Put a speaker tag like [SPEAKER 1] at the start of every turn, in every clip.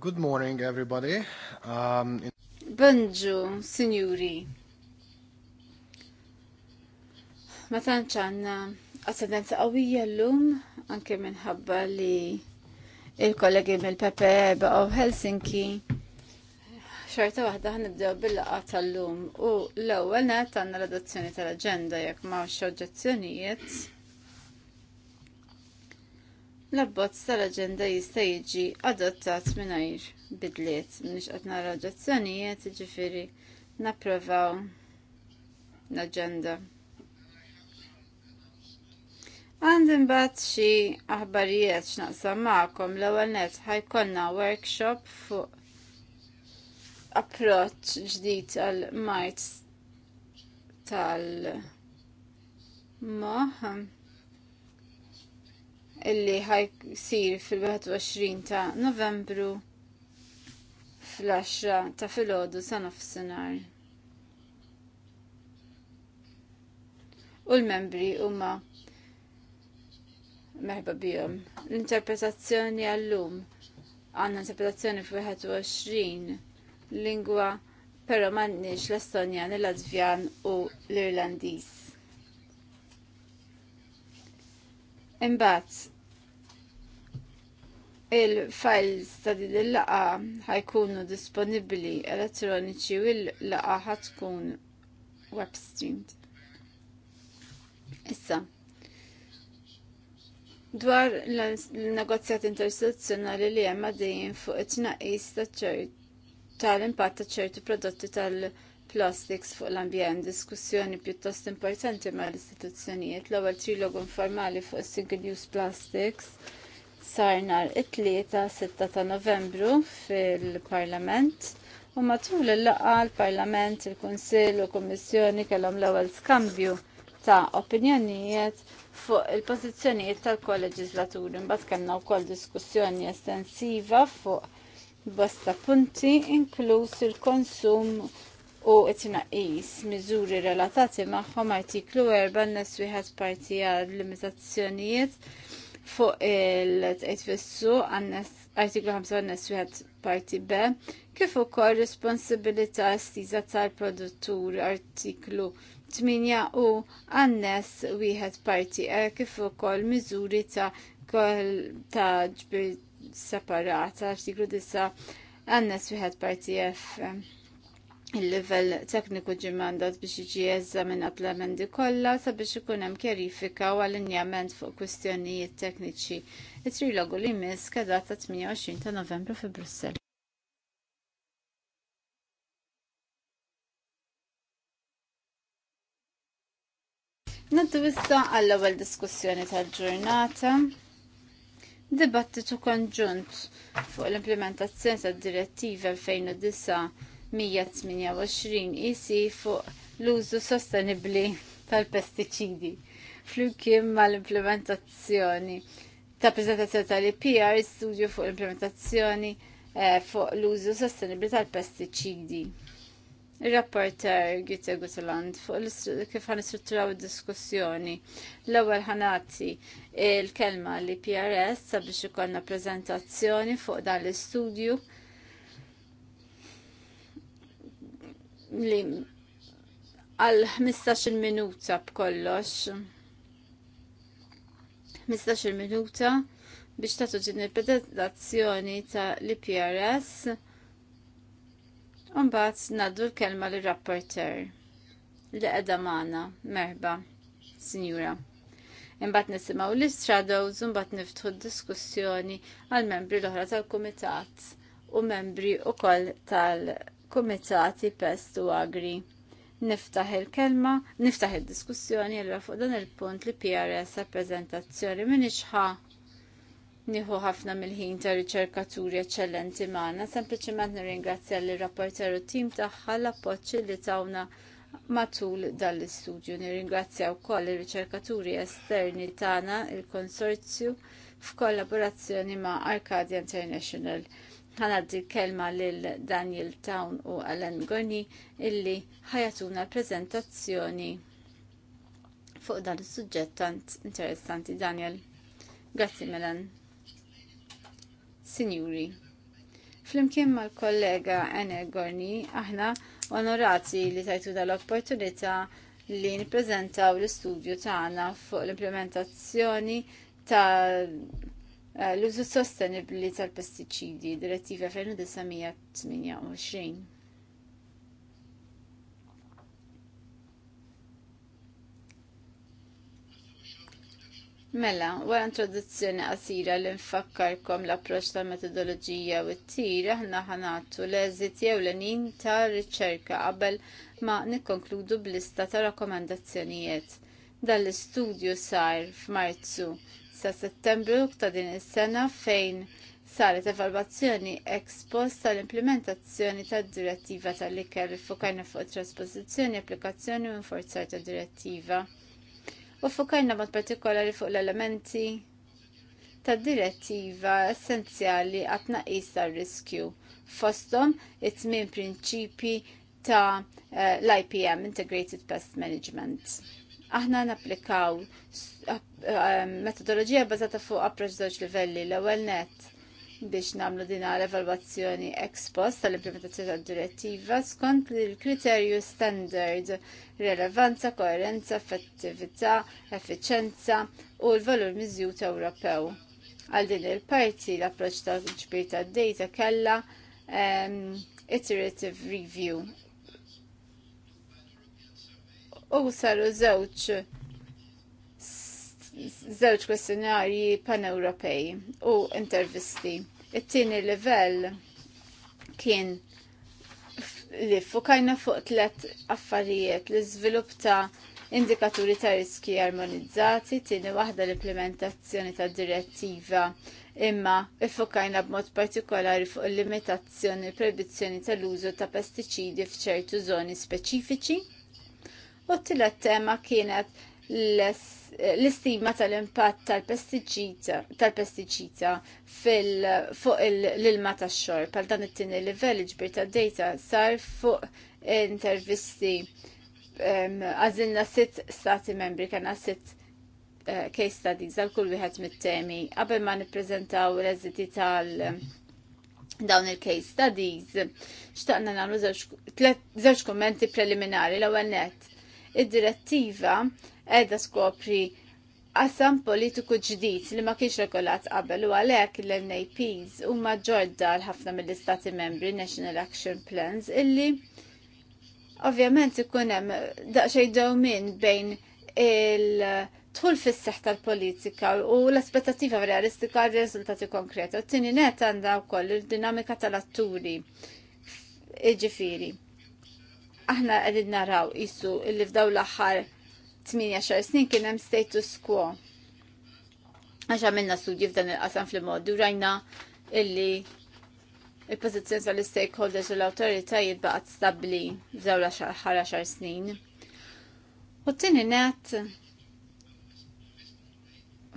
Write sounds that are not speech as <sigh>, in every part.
[SPEAKER 1] Good morning, everybody. Um, in...
[SPEAKER 2] Bonġu, signori. Ma tantx għandna għawija qawwija llum anke minħabba li il-kollegi mill pepe baqgħu Helsinki. Xorta waħda ħanibdew bil-laqgħa tal-lum u l-ewwel nett għandna l-adozzjoni tal-aġenda jekk ma' oġġezzjonijiet l-abbozz tal-aġenda jista' jiġi adottat mingħajr bidliet mhix qed nara oġġezzjonijiet jiġifieri napprovaw l-aġenda. Għandi mbagħad xi aħbarijiet x'naqsam magħkom l-ewwel nett ħajkollna workshop fuq approċċ ġdid għal mart tal-moħħ illi ħaj sir fil-21 ta' novembru fl-10 ta' filgħodu sa' nofsinhar. U l-membri huma meħba bihom. L-interpretazzjoni għallum għandna interpretazzjoni fil 21 lingwa però m'għandniex l-Estonjan, l-Latvjan u l-Irlandiż. Imbagħad il-files ta' din il-laqa ħajkunu disponibbli elettroniċi u l-laqa ħatkun web streamed. Issa, dwar l-negozjat interstituzzjonali li hemm għaddejjin fuq it-tnaqqis tal-impatt ta' ċertu prodotti tal-, -tal plastics fuq l-ambjent, diskussjoni pjuttost importanti mal istituzzjonijiet L-ewwel trilogu informali fuq single use plastics sar nhar it-tlieta 6 ta' Novembru fil-Parlament. U matul il laqgħa l-Parlament, il-Kunsill u l-Kummissjoni kellhom l-ewwel skambju ta' opinjonijiet fuq il-pożizzjonijiet tal-kolleġislaturi. Imbagħad kellna wkoll diskussjoni estensiva fuq bosta punti inkluż il-konsum u it is miżuri relatati magħhom artiklu 4 nes wieħed parti għal limitazzjonijiet fuq il-tqejt fissu artiklu 5 nes wieħed parti B kif ukoll responsabilità stiża tal-produttur artiklu 8 u għannes wieħed parti E kif ukoll miżuri ta' ta' ġbir separata artiklu 9 għannes wieħed parti F il-level tekniku ġimandat biex iġi eżaminat l-emendi kollha sabiex ikun hemm kjerifika u allinjament fuq kwistjonijiet tekniċi. It-trilogu li jmiss kedata 28 ta' Novembru fi Brussell. Naddu issa għall-ewwel diskussjoni tal-ġurnata. Dibattitu konġunt fuq l-implementazzjoni tad-direttiva 2009 128 isi fuq l-użu sostenibli tal-pestiċidi flimkien mal-implementazzjoni ta' prezentazzjoni tal-IPR studju fuq l-implementazzjoni eh, fuq l-użu sostenibli tal-pestiċidi. Il-rapporter Gitte Gutland fuq kif ħan istrutturaw diskussjoni l-ewwel ħanati il-kelma li PRS sabiex ikollna prezentazzjoni fuq dan l-istudju li għal 15 minuta b'kollox. 15 minuta biex tagħtu din il-prezentazzjoni ta' l-PRS u mbagħad ngħaddu l-kelma lir rapporter li qiegħda magħna merba, Sinjura. Imbagħad nisimgħu l-shadows u mbagħad niftħu d-diskussjoni għal membri l-oħra tal-kumitat u membri wkoll tal-, -kumitat, kumitati pest u agri. Niftaħ il-kelma, niftaħ il-diskussjoni l fuq dan il-punt li PRS rappresentazzjoni minn iċħa Nieħu ħafna mill-ħin ta' riċerkaturi eċċellenti maħna, sempliċement nirringrazzja l rapporter u tim tagħha l appoċi li tawna matul dal-istudju. Nirringrazzja koll ir-riċerkaturi esterni tagħna il-Konsorzju f'kollaborazzjoni ma' Arcadia International di kelma lil Daniel Town u Alan Gorni illi ħajatuna l-prezentazzjoni fuq dan is-suġġett tant interessanti Daniel. Grazzi Melan. Signuri, Flimkien mal-kollega Ene Gorni, aħna onorati li tajtu dal-opportunità li nippreżentaw l-istudju tagħna fuq l-implementazzjoni ta' Eh, l-użu sostenibli tal-pestiċidi, direttiva 1928. Mela, wara introduzzjoni qasira li nfakkarkom l-approċċ tal metodoloġija u t-tir aħna ħanatu l-eżit jew l-nin ta' riċerka qabel ma nikkonkludu bl-ista ta' rakkomandazzjonijiet. Dan l istudju sar f'Marzu sa' settembru ta' din is-sena fejn saret evalwazzjoni ex post tal-implementazzjoni tad-direttiva tal-ikel fukajna fuq trasposizzjoni, applikazzjoni u nforzar tad direttiva. U fukajna mod partikolari fuq l-elementi tad-direttiva essenzjali għat-naqis tar-riskju fostom it-tmien prinċipi ta' eh, l-IPM, Integrated Pest Management. Aħna napplikaw Um, metodoloġija bazata fuq approċ żewġ livelli. L-ewwel net biex namlu din l-evalwazzjoni ex post tal-implementazzjoni tad-direttiva skont il kriterju standard rilevanza, koerenza, effettività, effiċenza u l-valur miżjut Ewropew. Għal din il-parti l-approċ tal-ġbir tad-data kellha um, iterative review. U saru żewġ żewġ kwestjonarji pan-Ewropej u intervisti. It-tieni livell kien li fukajna fuq tlet affarijiet l iżvilupp ta' indikaturi ta' riski armonizzati, tieni waħda l-implementazzjoni ta' direttiva imma ifukajna b'mod partikolari fuq il-limitazzjoni u proibizzjoni tal-użu ta' pestiċidi f'ċertu żoni speċifiċi. U t-tielet tema kienet l-ess l-istima tal-impatt tal-pestiċita fil fuq l-ilma tax-xor pal dan it-tieni livell ġbir ta' data sar fuq intervisti għażilna sitt stati membri kena sitt eh, case studies għal kull wieħed mit-temi qabel ma nippreżentaw reżiti tal- dawn il-case studies, xtaqna nagħmlu żewġ kummenti preliminari l-ewwel nett. Id-direttiva edha skopri għasam politiku ġdid li ma kienx regolat qabel u għalhekk l-NAPs huma ġodda l ħafna mill-Istati Membri National Action Plans illi ovvjament ikun hemm daqsxejn dewmien bejn il- tħul fis-seħ tal-politika u l-aspettativa realistika għal riżultati konkreti. U t-tini net għandha wkoll il-dinamika tal-atturi ġifiri. Aħna qegħdin naraw isu illi f'daw l-aħħar 18 snin kien hemm status quo. Għax għamilna studji f'dan il-qasam fil-mod rajna illi il-pożizzjoni tal-stakeholders u l-awtoritajiet baqgħet stabbli f'dawla ħara xar snin. U t tini net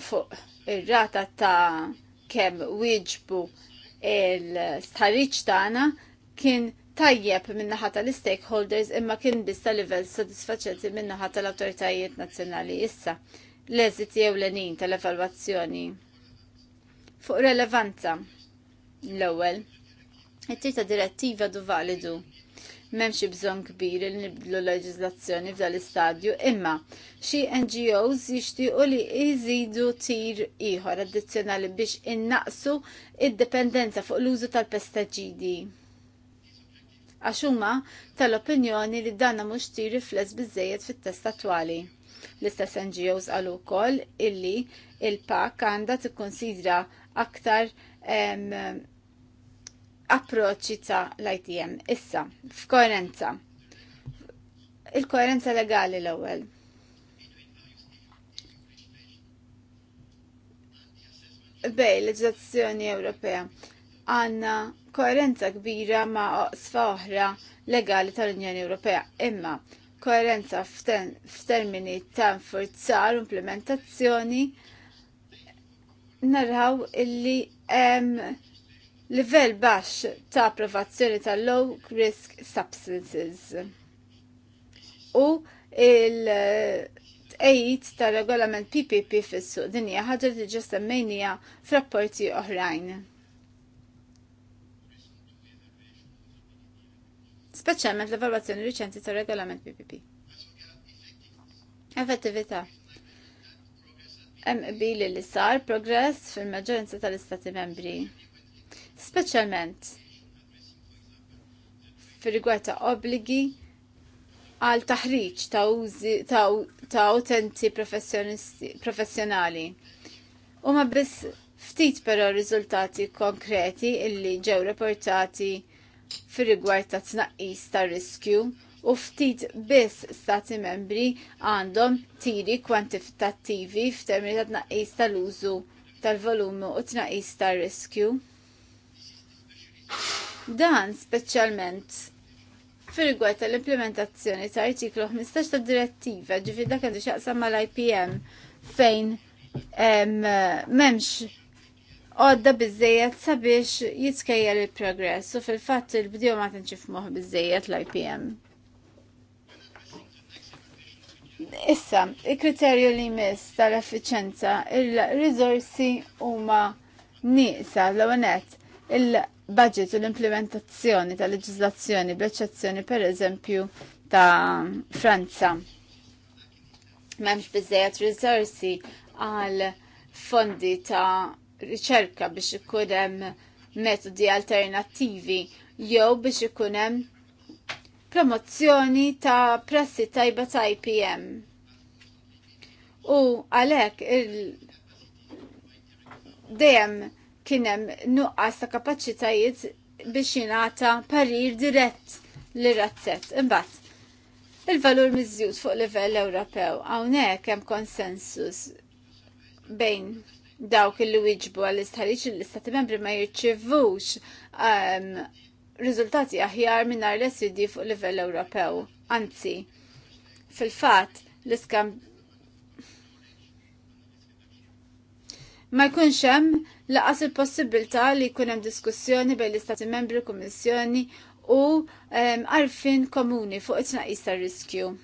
[SPEAKER 2] fuq ir-rata ta' kemm wieġbu il-stħarriġ tagħna kien tajjeb minnaħa tal-stakeholders imma kien biss ta' livell sodisfaċenti minnaħa tal-autoritajiet nazzjonali issa l-eżit jew l-enin tal-evalwazzjoni. Fuq relevanza, l-ewwel, it tita direttiva du validu. Memx bżon kbir il-niblu leġizlazzjoni f'dal istadju imma xi NGOs jixtiequ li jżidu tir ieħor addizzjonali biex innaqsu id dependenza fuq l-użu tal pestaġidi għax huma tal-opinjoni li danna mhux tiri fles biżejjed fit-test attwali. L-istess NGOs għal ukoll illi il-pak għandha konsidra aktar approċċi ta' l-ITM. Issa, f'koerenza. Il-koerenza legali l-ewwel. Bej, leġizazzjoni Ewropea għanna koerenza kbira ma' oqsfa oħra legali tal-Unjoni Ewropea imma koerenza f'termini ta' forzar implementazzjoni narraw illi hemm livell baxx ta' approvazzjoni ta' low risk substances. U il tqejjid ta' regolament PPP fis-suq dinja ħaġa li ġesta semmejnija f'rapporti oħrajn. Specialment l-evalwazzjoni riċenti tar-regolament PPP. Effettività. Hemm qbil li sar progress fil-maġġoranza tal-Istati membri. Speċjalment fir-rigward ta' obbligi għal taħriġ ta' użi ta' utenti professjonali. U ma biss ftit però riżultati konkreti illi ġew reportati fir-rigward ta' tnaqqis ta' riskju u ftit biss stati membri għandhom tiri kwantitattivi f'termini ta' tnaqqis tal-użu tal-volumu u tnaqqis ta' riskju. Dan speċjalment fil-rigward tal-implementazzjoni ta' artiklu 15 ta' direttiva ġifir dak għandu xaqsam mal-IPM fejn memx għodda bizzejet sabiex jitkejjel il-progress u fil-fatt il-bdiju ma tinċif moħ bizzejet l-IPM. Issa, il-kriterju li jmiss tal-effiċenza, il-rizorsi huma nieqsa l-għonet il-budget u l-implementazzjoni tal-leġizlazzjoni bl-eċezzjoni per eżempju ta' Franza. Memx bizzejet rizorsi għal fondi ta' riċerka biex ikun hemm metodi alternattivi jew biex ikun hemm promozzjoni ta' prezzi tajba ta' IPM. U għalhekk il dejjem kien hemm nuqqas ta' kapaċitajiet biex jingħata parir dirett li razzett. Imbagħad Il-valur miżjud fuq livell Ewropew hawnhekk hemm konsensus bejn dawk il wieġbu għall-istħarriċ l-istati membri ma jirċivux um, riżultati aħjar minnar l-SVD fuq livell Ewropew. Anzi, fil-fat, l-iskam ma jkunx hemm laqas il-possibilità li jkun hemm diskussjoni bejn l-Istati Membri, Kummissjoni u għarfin um, komuni fuq it-tnaqqis tar-riskju.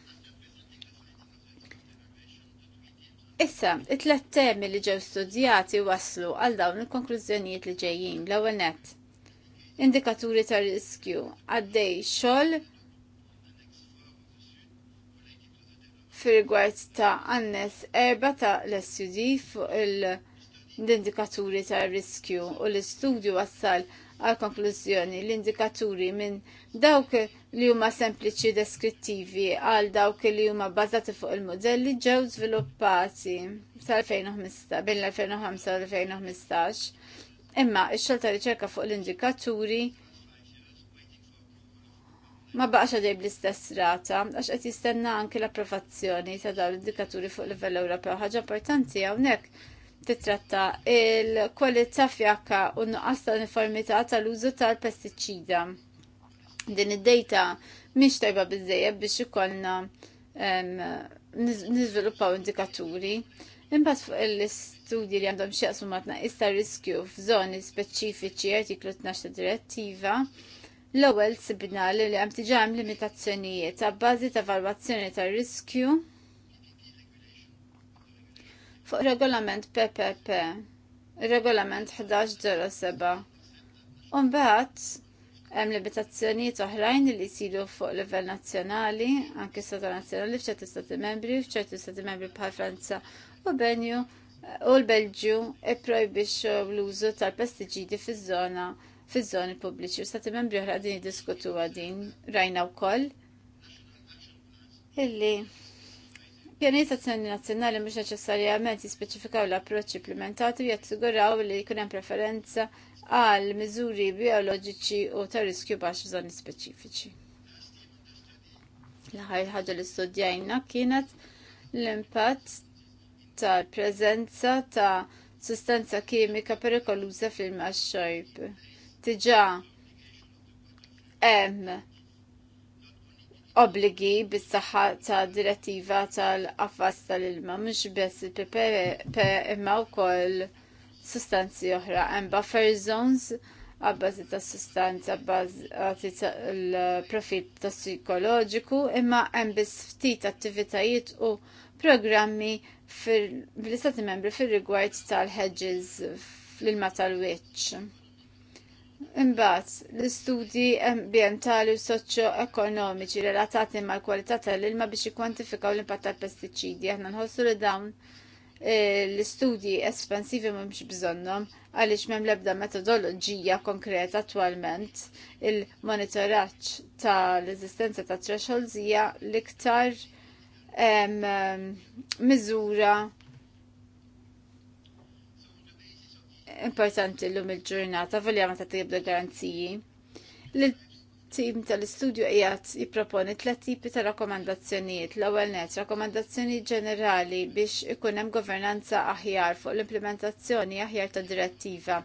[SPEAKER 2] Issa, it-tlet temi li ġew studjati waslu għal dawn il-konklużjonijiet li ġejjin l ewwel nett. Indikaturi ta' riskju għaddej xogħol fil rigward ta' annes erba ta' l-SUD fuq l-indikaturi ta' riskju u l-istudju wassal għal konklużjoni l-indikaturi minn dawk li huma sempliċi deskrittivi għal dawk li huma bbażati fuq il-modelli ġew żviluppati sal-2015 bejn l-2005 u l-2015. Imma x-xogħol ta' riċerka fuq l-indikaturi ma baqax għadej bl-istess rata, għax qed jistenna anki l-approvazzjoni ta' dawn l-indikaturi fuq livell Ewropew. Ħaġa importanti hawnhekk titratta il-kwalità fjakka u nuqqas tal-uniformità tal-użu tal-pestiċida. Din id-dejta miex tajba bizzejja biex ikollna niżviluppaw indikaturi. Imbagħad fuq l-istudji li għandhom x'jaqsmu ma tnaqqis riskju f'żoni speċifiċi artiklu 12 direttiva l-ewwel sibna li hemm tiġa hemm limitazzjonijiet ta' bażi ta' valwazzjoni tar-riskju fuq regolament PPP, regolament 1107. Umbaħt, hemm limitazzjonijiet oħrajn li jsiru fuq livell nazzjonali, anke stata nazzjonali f'ċerti stati membri, f'ċerti stati membri bħal Franza u Benju u l-Belġju ipprojbixxu l-użu tal-pestiċidi fiż-żona fiż-żoni pubbliċi u stati membri oħra din jiddiskutu din rajna wkoll illi Pjanijiet azzjoni nazzjonali mhux neċessarjament jispeċifikaw l-approċċ implementati u siguraw li jkun hemm preferenza għal miżuri bioloġiċi u ta' riskju baxx zoni speċifiċi. L-ħajr ħaġa li studjajna kienet l-impatt tal-preżenza ta' sustanza kimika perikoluża fil maċċajb Tiġa hemm obbligi bis-saħħa ta' direttiva tal-qafas tal-ilma mhux biss il-PPE imma wkoll sustanzi oħra hemm buffer zones għabbażi ta' sustanza għabbażi tal profil tossikoloġiku imma hemm biss ftit attivitajiet u programmi bl istati membri fir rigward tal-hedges fl-ilma tal-wiċċ. Imbagħad l-istudji ambjentali u soċjo-ekonomiċi relatati mal-kwalità tal-ilma biex jikkwantifikaw l-impatt tal-pestiċidi. Aħna nħossu li dawn eh, l-istudji espansivi mhumx bżonnhom għaliex m'hemm l-ebda metodoloġija konkreta attwalment il-monitoraġġ tal-eżistenza ta' thresholds hija l-iktar miżura importanti l-lum il-ġurnata, volja ma ta' tibdu garanziji. L-tim tal-istudju ijat jiproponi tlet tipi ta' rakomandazzjonijiet. L-ewel net, rakomandazzjoni ġenerali biex ikunem governanza aħjar fuq l-implementazzjoni aħjar ta' direttiva.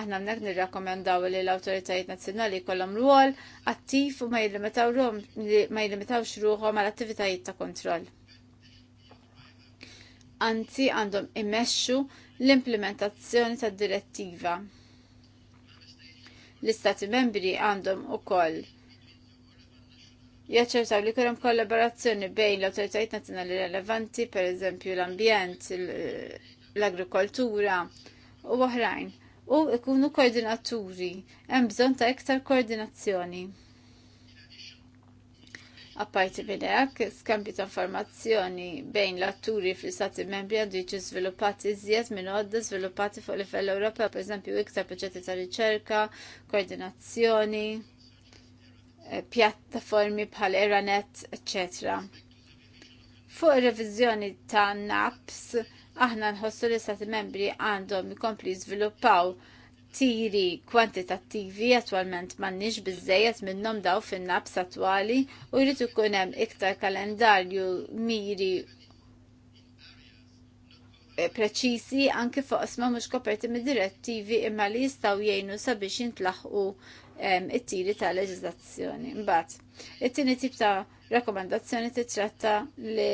[SPEAKER 2] Aħna mnek nirrakomendaw li l-autoritajiet nazzjonali kollom l-għol attiv u ma jillimitawx ruħom għal attivitajiet ta' kontroll. Anzi, għandhom immexxu l-implementazzjoni tad-direttiva. L-Istati membri għandhom ukoll jaċċertaw li kurem kollaborazzjoni bejn l autoritajt nazjonali relevanti, per eżempju l-ambjent, l-agrikoltura u oħrajn, u ikunu koordinaturi, hemm bżonn ta' iktar koordinazzjoni. Apparti minn hekk, skambju ta' informazzjoni bejn l-atturi fl-istati membri għandu jiġu sviluppati zjed minn għodda sviluppati fuq livell Ewropew, pereżempju iktar proġetti ta' riċerka, koordinazzjoni, eh, pjattaformi bħal Eranet, eccetera. Fuq ir-reviżjoni ta' NAPS, aħna nħossu li stati membri għandhom jkompli jiżviluppaw tiri kwantitattivi attualment mannix bizzejet minnom daw fin naps attwali u jrid ikun hemm iktar kalendarju miri eh, preċisi anke fuq mhux koperti mid-direttivi imma li jistgħu jgħinu sabiex jintlaħqu ehm, it-tiri ta' leġiżlazzjoni. Mbagħad, it-tieni tip ta' rakkomandazzjoni titratta li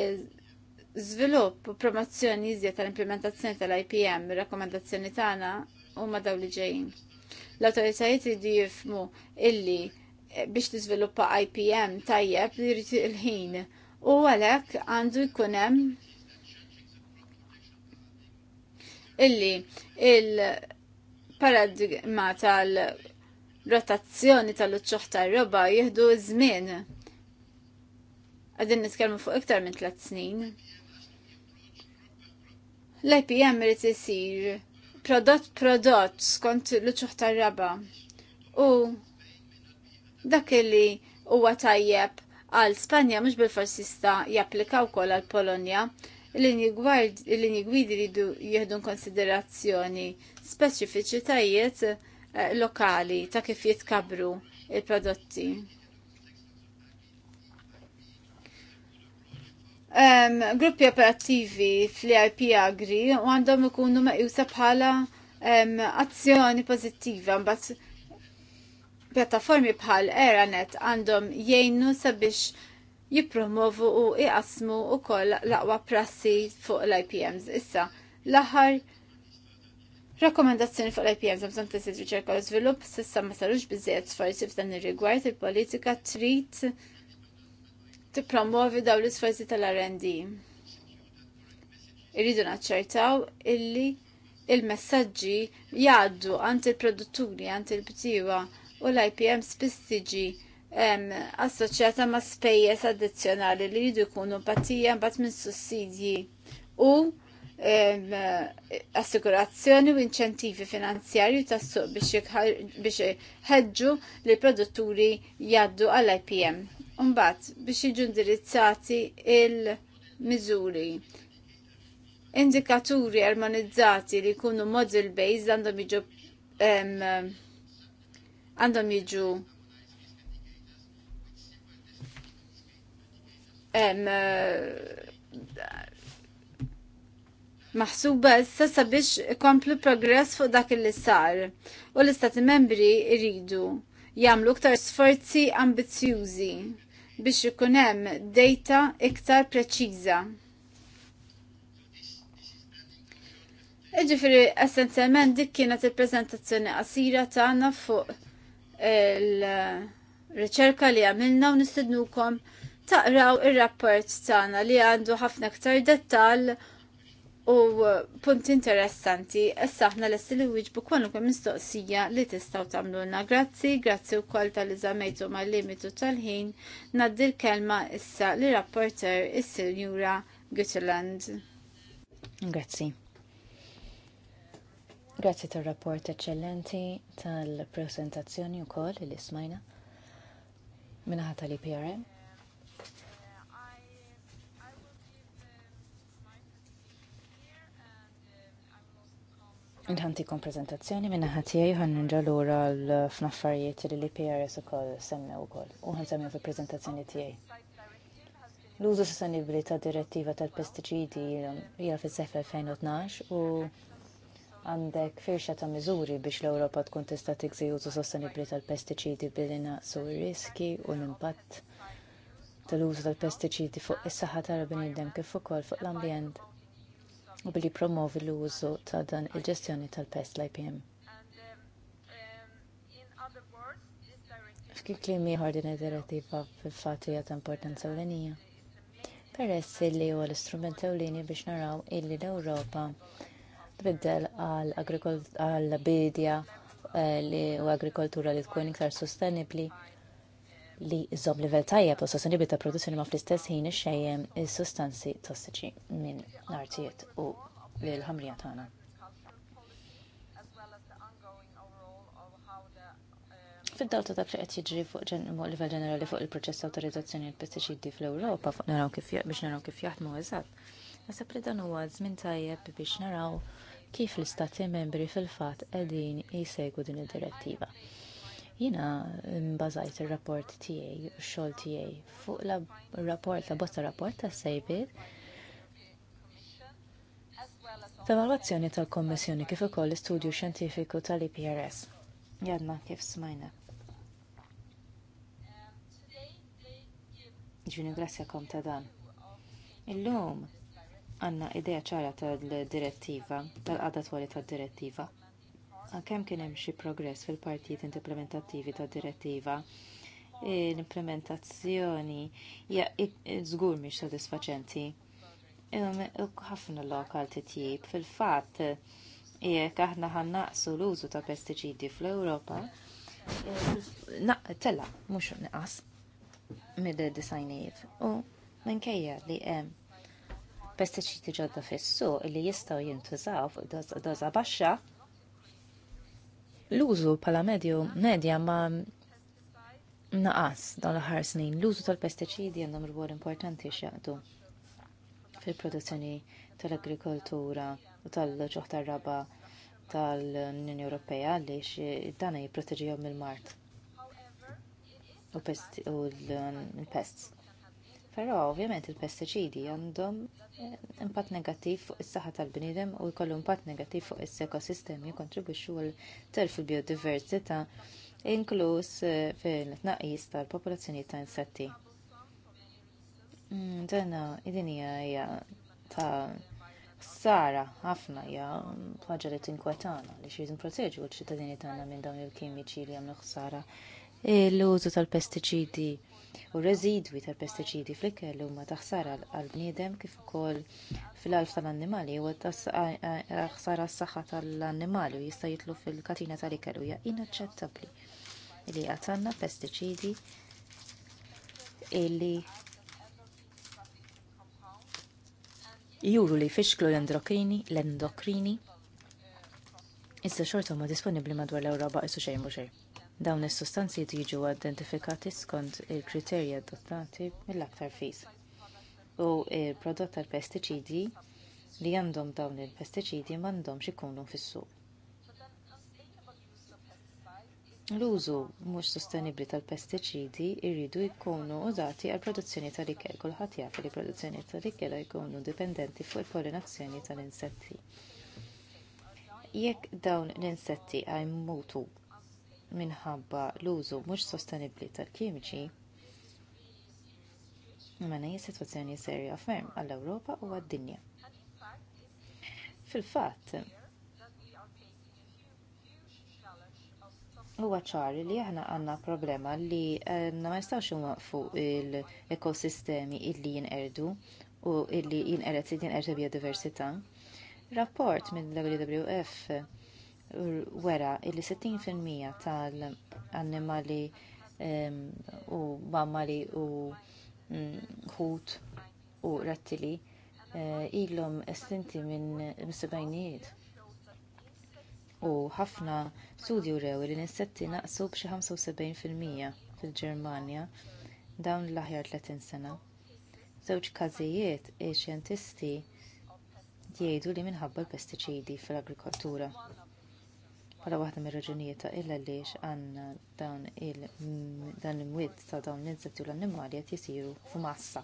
[SPEAKER 2] Zvilupp u promozzjoni iżjed tal-implementazzjoni tal-IPM, ir-rakkomandazzjoni tagħna U daw li ġejn. L-autoritajiet li jifmu illi eh, biex tiżviluppa IPM tajjeb li rriti il-ħin u għalhekk għandu jkun hemm illi il-paradigma tal-rotazzjoni tal-uċċuħ tar-roba jieħdu żmien. Għadin nitkellmu fuq iktar minn tliet snin. L-IPM irid isir prodott prodott skont li tal raba. U dak li huwa tajjeb għal Spanja mhux bil forsista japplika wkoll għal Polonja l-linji gwidi ridu jieħdu konsiderazzjoni speċifiċitajiet eh, lokali ta' kif jitkabru il-prodotti. um, gruppi operattivi fl-IP agri u għandhom ikunu meqjusa bħala um, azzjoni pozittiva mbagħad pjattaformi bħal Eranet għandhom jgħinu sabiex jippromovu u iqasmu u koll laqwa prassi fuq l-IPMs. Issa, l-aħħar Rakkomendazzjoni fuq l-IPMs għamżon t-sidri ċerka u svilup, sissa ma sarux bizziet forsi f'dan ir-rigward il-politika trid tippromovi daw l-isforzi tal-R&D. Irridu naċċertaw illi il-messagġi jgħaddu għand il-produtturi, għand il-btiwa u l-IPM spistiġi assoċjata ma' spejjeż addizzjonali li jridu jkunu patija bat minn sussidji u assigurazzjoni u inċentivi finanzjarju tas-suq biex ħeġġu li produtturi jaddu għall-IPM. Umbat biex jiġu indirizzati il-miżuri. Indikaturi armonizzati li jkunu model based għandhom jiġu għandhom jiġu maħsuba issa sabiex komplu progress fuq dak li sar u l-istati membri iridu jagħmlu iktar sforzi ambizjużi biex ikun hemm data iktar preċiża. Iġifieri essenzjalment dik kienet il-preżentazzjoni qasira tagħna fuq il-riċerka li għamilna u nistednukom taqraw ir-rapport tagħna li għandu ħafna iktar dettall u uh, punt interessanti, issa aħna lesti li wieġbu kwalunkwe mistoqsija li tistgħu tamluna. Grazzi, grazzi wkoll tal-iżamejtu mal-limitu tal-ħin, naddi l-kelma issa li rapporter is-Sinjura Gutterland.
[SPEAKER 3] Grazzi. Grazzi tal-rapport eccellenti tal-presentazzjoni u kol li smajna minnaħat tal-IPRM. Nħantikom prezentazzjoni minna ħatijaj għan nġalura l-fnaffarijiet li l-IPRS u kol semmi u kol. U għan semmi fil-prezentazzjoni tijaj. L-użu sostenibili ta' direttiva tal-pesticidi um, hija fis seħf 2012 u għandek firxa ta' miżuri biex l-Ewropa tkun tista' tigżi użu sostenibili tal-pesticidi billi naqsu r-riski u l-impatt tal-użu tal-pesticidi fuq is-saħħa tal-bniedem kif ukoll fuq l-ambjent u billi promovi l-użu ta' dan il-ġestjoni tal-pest l-IPM. F'kien klim ieħor din id-direttiva fil-fatt li ta' importanza ewlenija. Peress li huwa l-istrument ewlieni biex naraw illi l-Ewropa tbiddel għal bidja eh, li u agrikoltura li tkun iktar sostenibbli li jżomm livell tajjeb u sostenibbli ta' produzzjoni ma fl-istess ħin ixxejjem is-sustanzi tossiċi minn l-artijiet u l-ħamrija tagħna. Fid-dawl ta' dak li qed jiġri fuq livell ġenerali fuq il-proċess ta' awtorizzazzjoni tal-pestiċidi fl-Ewropa fuq naraw kif biex naraw kif jaħdmu eżatt. Naħseb li dan huwa żmien tajjeb biex naraw kif l-istati membri fil-fatt qegħdin jsegwu din id-direttiva. Jiena mbażajt ir-rapport tiegħi, x-xogħol tiegħi fuq la rapport, la bosta rapport ta' sejbiet l valwazzjoni tal-Kommissjoni kif ukoll l-istudju xjentifiku tal-IPRS. Jadna kif smajna. Ġuni grazzjakom ta' dan. Illum għandna idea ċara tad direttiva tal-qada twali tad direttiva kemm kien hemm xi progress fil-partijiet implementattivi tad direttiva l-implementazzjoni hija żgur mhix sodisfaċenti. Ħafna lokal titjib fil-fatt jekk aħna ħannaqsu l-użu ta' pestiċidi fl-Ewropa, tella mhux nqas mid-disajnijiet u minkejja li hemm pestiċidi ġodda fis-suq li jistgħu jintużaw fuq baxxa, L-użu pala medju medja ma naqas dan l-ħar snin. L-użu tal-pestiċidi għandhom rwol importanti x'jaqdu fil-produzzjoni tal-agrikoltura u tal-ġoħ tal raba tal-Unjoni Ewropea għaliex dana jiprotegġi mill-mart u l-pests Però ovvjament il-pestiċidi għandhom eh, impatt negattiv fuq is-saħħa tal-bniedem u jkollu impatt negattiv fuq is-ekosistemi jikkontribwixxu għal telf il-biodiversità inkluż eh, fil-tnaqqis tal-popolazzjoni ta' insetti. id-din mm, hija ta' sara ħafna hija ħaġa li tinkwetana li xi nproteġu l-ċittadini tagħna minn dawn il-kimiċi li jagħmlu ħsara eh, l-użu tal-pestiċidi u residwi tal-pestiċidi fl-ikel huma ta' ħsara għall-bniedem kif ukoll fil-alf tal-annimali u ta' ħsara s-saħħa tal-annimali u jista' jitlu fil-katina tal-ikel u hija inaċċettabbli li għandna pestiċidi illi juru li jfixklu l-endokrini, l-endokrini, issa xorta huma disponibbli madwar l-Ewropa isu xejn mhux xejn. Dawn is-sustanzi jiġu identifikati skont il-kriterji adottati mill-aktar fis. U l prodott tal-pestiċidi li għandhom dawn il-pestiċidi m'għandhomx ikunu fis-suq. L-użu mhux sostenibbli tal-pestiċidi jridu jkunu użati għall produzzjoni tal-ikel. Kulħadd jaf li produzzjoni tal-ikel jkunu dipendenti fuq il-pollinazzjoni tal-insetti. Jekk dawn l-insetti għajmutu minħabba l-użu mhux sostenibbli tal-kimiċi Mena hija sitwazzjoni serja ferm għall-Ewropa u għad-dinja. Fil-fatt, huwa ċari li aħna għandna problema li eh, ma nistgħux nwaqfu l-ekosistemi illi jinqerdu u illi jinqered li biodiversità. Rapport minn WWF wera illi 60% tal-annimali u mammali u mm, ħut u rattili eh, ilhom estinti minn sebajnijiet. U ħafna studju rew li l-insetti naqsu b'xi 75% fil-Ġermanja dawn l-aħjar 30 sena. Żewġ każijiet ix-xjentisti jgħidu li minħabba l-pestiċidi fl-agrikoltura. Bħala waħda mir raġunijiet ta' illa għaliex għandna dan il imwiet ta' dawn l inzettu u l-annimali qed jisiru f'massa.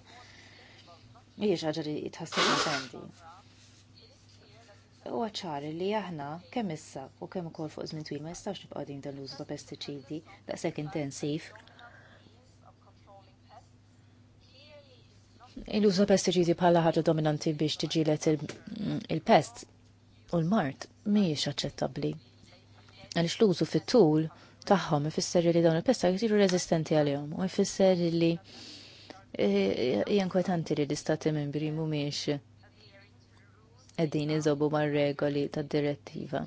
[SPEAKER 3] Mhijiex ħaġa li jitħassib sendi. Huwa ċari li aħna kemm issa u kemm ukoll fuq żmien twil ma jistax nibqa' din dan l-użu ta' pestiċidi daqshekk intensiv. il-użu pestiċidi bħala ħaġa dominanti biex tiġilet il-pest u l-mart mhijiex aċċettabbli għalix l-użu fit-tul tagħhom ifisser li dawn il-pesta jisiru għal għalihom u jfisser li eh, jankwetanti li l-istati membri mhumiex qegħdin iżobu mar-regoli tad-direttiva.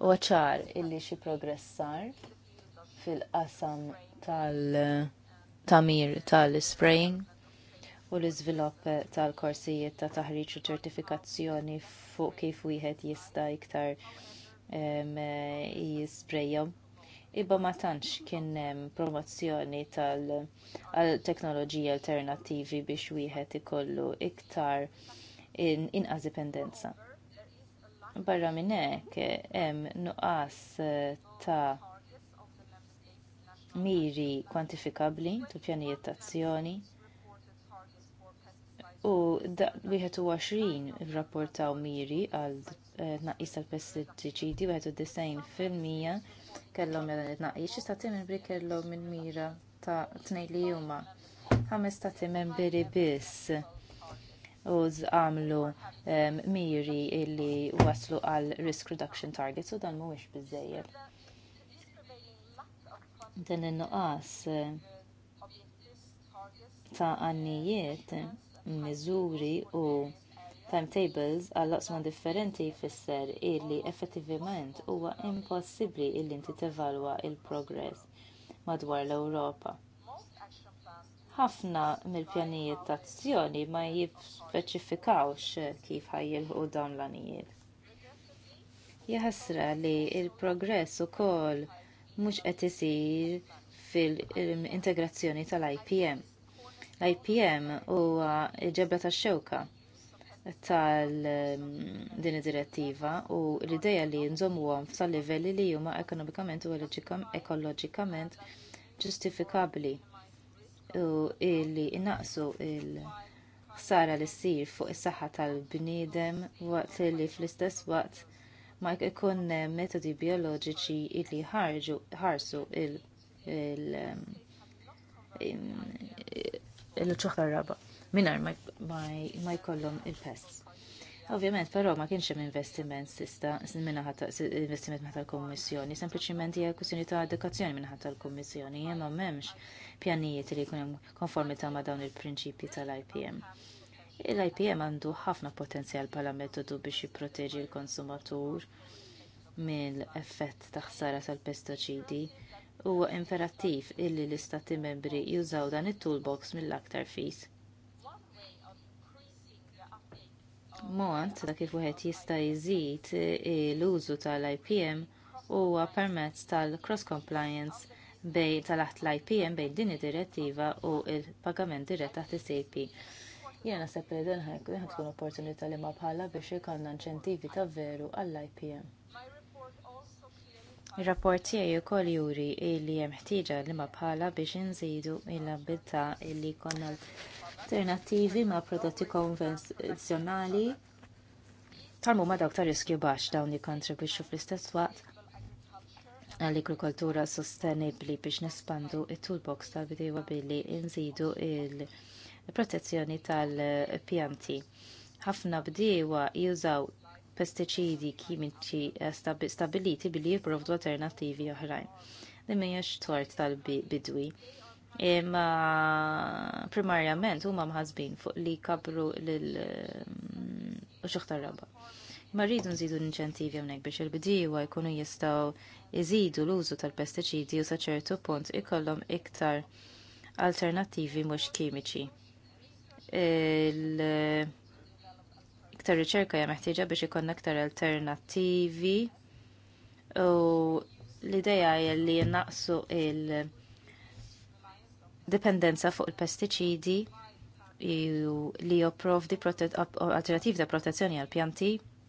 [SPEAKER 3] U għacħar illi xi progressar fil-qasam tal-tamir tal-spraying u l izvilop tal-korsijiet ta' taħriġ u ċertifikazzjoni fuq kif wieħed jista' iktar Eh, jisprejjom. Iba ma tantx kien promozzjoni tal-teknoloġiji alternattivi biex wieħed ikollu iktar inqas dipendenza. Barra minn hekk hemm nuqqas eh, ta' miri kwantifikabbli tu pjanijiet ta' azzjoni u 21 rrapportaw miri għal tnaqqis tal-pestiċidi wieħed d disajn fil-mija kellhom dan it-tnaqqis xi stati membri kellhom il-mira ta' tnejn li huma ħames stati membri biss u għamlu miri illi waslu għal risk reduction targets u dan mhuwiex biżżejjed. Dan in-nuqqas eh, ta' għannijiet, miżuri u timetables għal oqsma differenti jfisser illi effettivament huwa impossibbli illi inti tevalwa l progress madwar l-Ewropa. Ħafna mill-pjanijiet ta' azzjoni ma jispeċifikawx kif ħajjilħu dawn l-anijiet. Jaħasra li l progress ukoll mhux qed isir fil-integrazzjoni tal-IPM. L-IPM huwa ġebla tax xewka tal ehm, din id-direttiva u l-ideja li għom f'sal livelli li huma ekonomikament u ekoloġikament ġustifikabbli u li innaqsu l ħsara li ssir fuq is-saħħa tal-bniedem waqt li fl-istess waqt ma jkun metodi bioloġiċi li ħarġu ħarsu il- il- ehm, il raba minar ma jkollhom il-pest. Ovvjament, però ma kienx hemm investiment sista minna investiment meta l kummissjoni sempliċiment hija kwistjoni ta' edukazzjoni minn tal-Kummissjoni, kommissjoni hemm m'hemmx pjanijiet li jkun hemm konformità ma' dawn il-prinċipji tal-IPM. L-IPM għandu ħafna potenzjal bħala metodu biex jipproteġi l-konsumatur mill-effett ta' ħsara tal pestoċidi huwa imperattiv illi l-istati membri jużaw dan it-toolbox mill-aktar fis mod ta' kif wieħed jista' jżid e, l-użu tal-IPM huwa permezz tal-cross compliance bej tal-aħt l-IPM bejn din id-direttiva u l pagament dirett taħt is-CP. Jiena naħseb li dan tkun opportunità li ma bħala biex ikollna inċentivi ta' veru għall-IPM. Ir-rapport tiegħi wkoll juri li hemm ħtieġa li ma bħala biex inżidu l-abilità li jkollna alternattivi ma' prodotti konvenzjonali tal ma dawk ta' riskju baxx dawn li kontribwixxu fl-istess waqt għall-agrikoltura sostenibbli biex nespandu il toolbox tal-bidejwa billi nżidu il-protezzjoni tal-pjanti. Ħafna bdiewa jużaw pestiċidi kimiċi stabiliti billi jipprovdu alternattivi oħrajn. Li mhijiex tort tal-bidwi. Imma primarjament huma mħazbin fuq li kabru lil mm, uxuħta raba. Ma rridu nżidu l-inċentivi hawnhekk biex il-bdiewa jkunu jistgħu iżidu l-użu tal-pestiċidi u saċertu punt ikollhom iktar alternattivi mhux kimiċi. Iktar riċerka hija meħtieġa biex ikon aktar alternattivi u l-idea li naqsu il- dipendenza fuq il-pestiċidi li jopprovdi alternativ ta' protezzjoni għal pjanti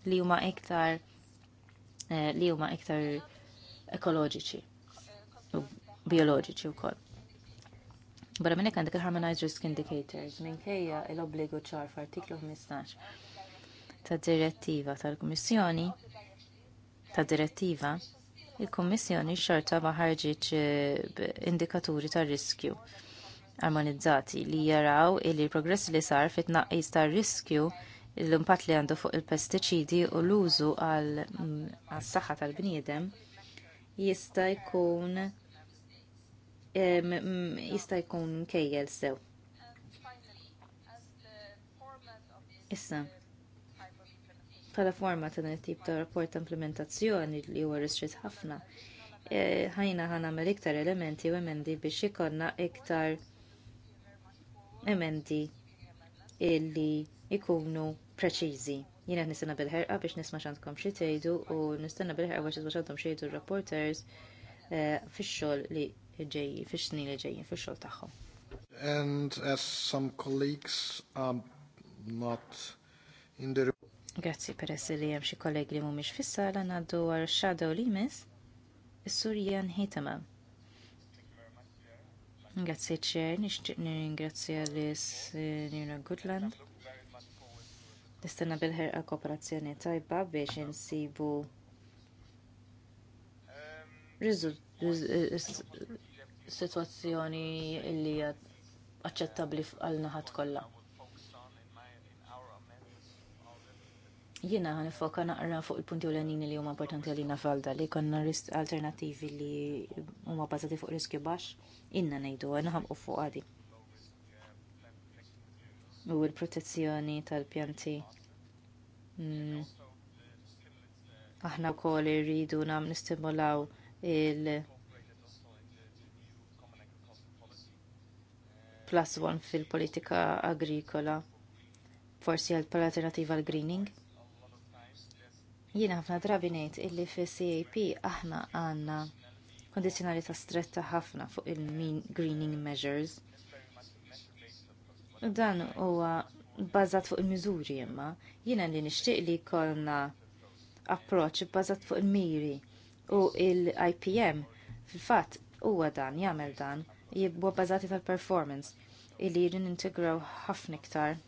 [SPEAKER 3] li huma iktar eh, li huma iktar ekoloġiċi u bioloġiċi wkoll. Barra minn hekk għandek il-Harmonized Risk Indicators minkejja l-obbligu ċar f'artiklu 15 ta' direttiva tal-Kummissjoni ta' direttiva il-Kommissjoni xorta ma ħarġitx eh, indikaturi ta' riskju armonizzati li jaraw li l-progress li sar fit tnaqqis ta' riskju l-impatt li għandu fuq il-pestiċidi u l-użu għal mm, saħħa tal-bniedem jista' jkun mm, jista' jkun kejjel sew. Issa, Bħala forma ta' dan tip ta' rapport ta' implementazzjoni li huwa ristrit ħafna, e, ħajna ħana mel iktar elementi u emendi biex ikonna iktar emendi illi ikunu preċiżi. Jien qed nistenna bil-ħerqa biex nisma' x'għandkom xi tgħidu u nistenna bil-ħerqa biex nisma' x'għandhom xi jgħidu reporters e, fix-xogħol li ġejji, fix-snin li ġejjin fix-xogħol tagħhom.
[SPEAKER 1] And as some colleagues are not in the
[SPEAKER 3] Grazzi peress li hemm xi kollegi li mhumiex fis-sala ngħaddu għal shadow li jmiss is-Sur Jan Hitama. Grazzi ċer, nixtieq nirringrazzja lis Nina Goodland. Nista'na bil-ħerqa kooperazzjoni tajba biex insibu situazzjoni li aċċettabbli għal naħat kollha. Jina għan foka naqra fuq il-punti u l-għanini li huma importanti għalli nafalda li konna risk alternativi li huma bazati fuq riskju bax, inna nejdu, għanħam u fuq għadi. U l-protezzjoni tal-pjanti. Mm. Aħna u koll irridu nam nistimulaw il- plus one fil-politika agrikola. Forsi għal-alternativa għal-greening Jiena ħafna drabi ngħid illi fis-CAP aħna għandna kondizjonalità stretta ħafna fuq il-mean greening measures. Dan huwa bbażat fuq il-miżuri imma jiena li nixtieq li jkollna approċċ bbażat fuq il-miri u l il ipm fil-fatt huwa dan jagħmel dan jibbu bbażati tal-performance illi jrid nintegraw ħafna iktar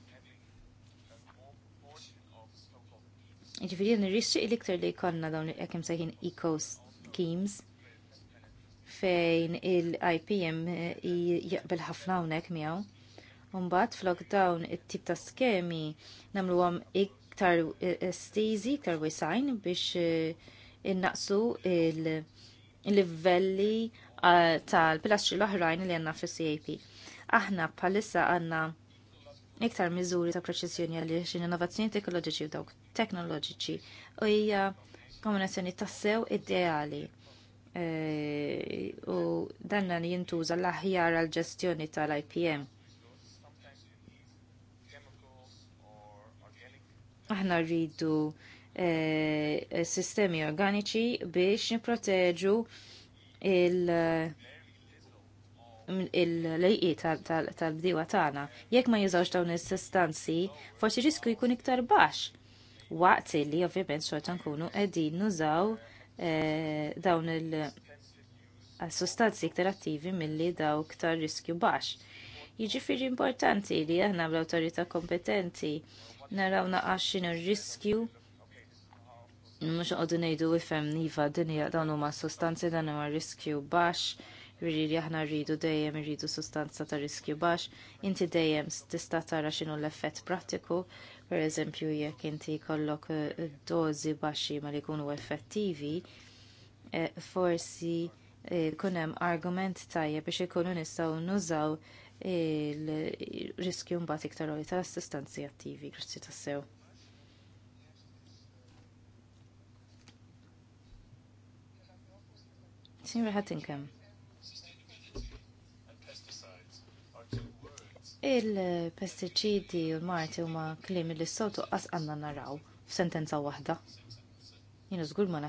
[SPEAKER 3] Ġifiri nirrixxi il-iktar li jkollna dawn jekk hemm sejħin eco schemes fejn il-IPM eh, jaqbel ħafna hawnhekk miegħu. Umbat, flok dawn it-tip ta' skemi nagħmluhom iktar eh, stizi, iktar wisajn biex eh, innaqsu il-livelli tal-pilastri l-oħrajn li għanna fis-CAP. Aħna bħalissa għandna iktar miżuri ta' għalli xin innovazzjoni teknoloġiċi u dawk teknoloġiċi u hija kombinazzjoni tassew ideali. E, u danna li jintuża l-aħjar għal ġestjoni tal-IPM. Aħna rridu e, sistemi organiċi biex niproteġu il- il-lejqi tal-bdiwa tagħna. Jekk ma jużawx dawn is-sustanzi, forsi riskju jkun iktar baxx. Waqt li ovvjament xorta nkunu qegħdin nużaw eh, dawn il-sustanzi iktar attivi milli daw iktar riskju baxx. Jiġifieri importanti li aħna bl-awtorità kompetenti naraw naqax ir riskju mhux qogħdu ngħidu ifhem iva dinja dawn huma sustanzi dan huma riskju baxx Juri jiġifieri li aħna rridu dejjem rridu sustanza ta' riskju baxx, inti dejjem tista' tara x'inhu l-effett prattiku, pereżempju jekk inti jkollok eh, dożi baxxi ma li jkunu effettivi, eh, forsi eh, jkun hemm argument tajjeb biex ikunu nistgħu nużaw il-riskju mbagħad iktar għoli tal-assistanzi attivi, grazzi tassew. Sinjur ħatinkem. Il-pestiċidi u l-marti huma kliem li s-soltu qas għandna naraw f'sentenza waħda. Jien żgur ma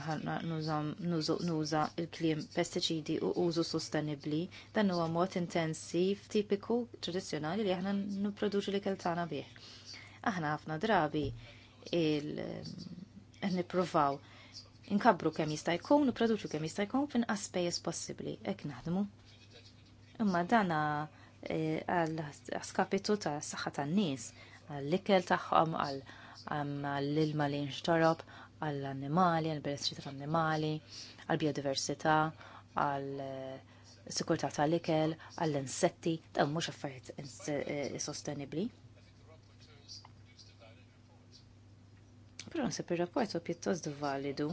[SPEAKER 3] nuża il-kliem pestiċidi u użu sostenibbli dan huwa mod intensiv tipiku tradizzjonali li aħna nipproduċu l-ikel tagħna bih. Aħna ħafna drabi il-nipruvaw eh, inkabru kemm jista' jkun, nipproduċu kemm jista' jkun f'inqas spejjeż possibbli, hekk naħdmu. Imma dana Eh, għal skapitu ta' saħħa tan-nies, għall-ikel tagħhom għall-ilma li nxtorob, għall-annimali, għall-benessri tal-annimali, għall-biodiversità, għall-sikurtà tal-ikel, għall-insetti, ta' mhux affarijiet eh, sostenibbli. Però nsib ir-rapport u pjuttost validu.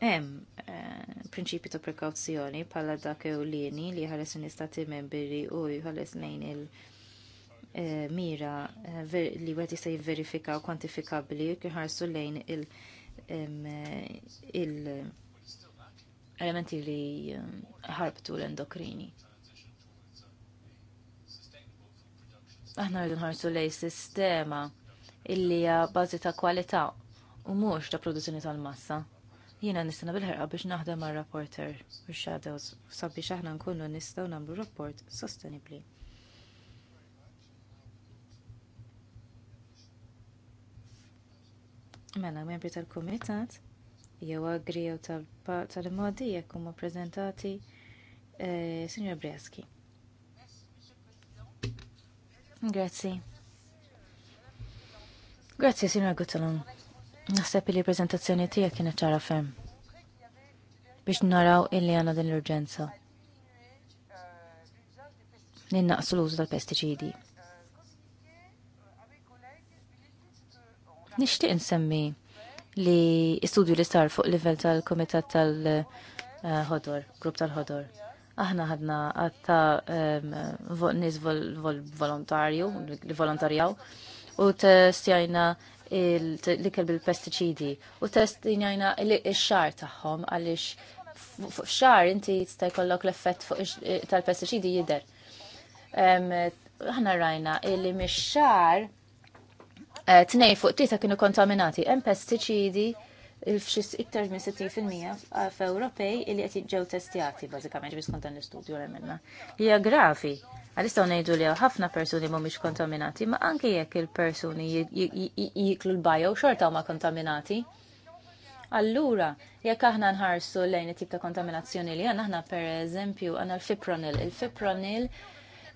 [SPEAKER 3] Hemm Eh, prinċipju ta' prekawzjoni bħala dak ewlieni li ħares n-istati membri u jħares lejn il-mira eh, eh, li għet jista' jivverifika u kwantifikabli kħarsu lejn
[SPEAKER 4] il-elementi
[SPEAKER 3] li ħarbtu l-endokrini. Aħna rridu nħarsu lejn sistema illi hija bażi ta' kwalità u mhux ta' produzzjoni tal-massa. Jiena nistana bil ħarqa biex naħdem ma' rapporter u shadows sabiex aħna nkunu nistgħu nagħmlu rapport sostenibbli. Mela membri tal-kumitat jew agri jew tal-modi jekk huma preżentati eh, Signor Breski. Grazzi. Grazzi, Signor Guttalon. Naħseb li prezentazzjoni tiegħek kienet ċara ferm biex naraw illi għandha din l-urġenza. Ninnaqsu l-użu tal-pestiċidi. Nixtieq insemmi li studju li sar fuq livell tal-Komitat tal-Ħodor, Grupp tal-Ħodor. Aħna ħadna għatta ehm, nis volontarju, li volontarjaw, u t-stjajna li kelb il pesticidi u testinjajna il-xar taħħom għalix xar inti jista' jkollok l-effett eh, tal-pesticidi jider. Ħana rajna illi mix-xar eh, t-nej fuq tita kienu kontaminati. Hemm pesticidi il-fxis iktar minn 60% f'Ewropej li qed ġew testjati bażikament biex l-istudju li minna. Hija grafi Għalistaw nejdu li ħafna persuni mumiex kontaminati, ma anke jekk il-persuni jiklu l-bajo xorta ma kontaminati. Allura, jekk aħna nħarsu lejn it-tip ta' kontaminazzjoni li għanna aħna per eżempju għanna l-fipronil. Il-fipronil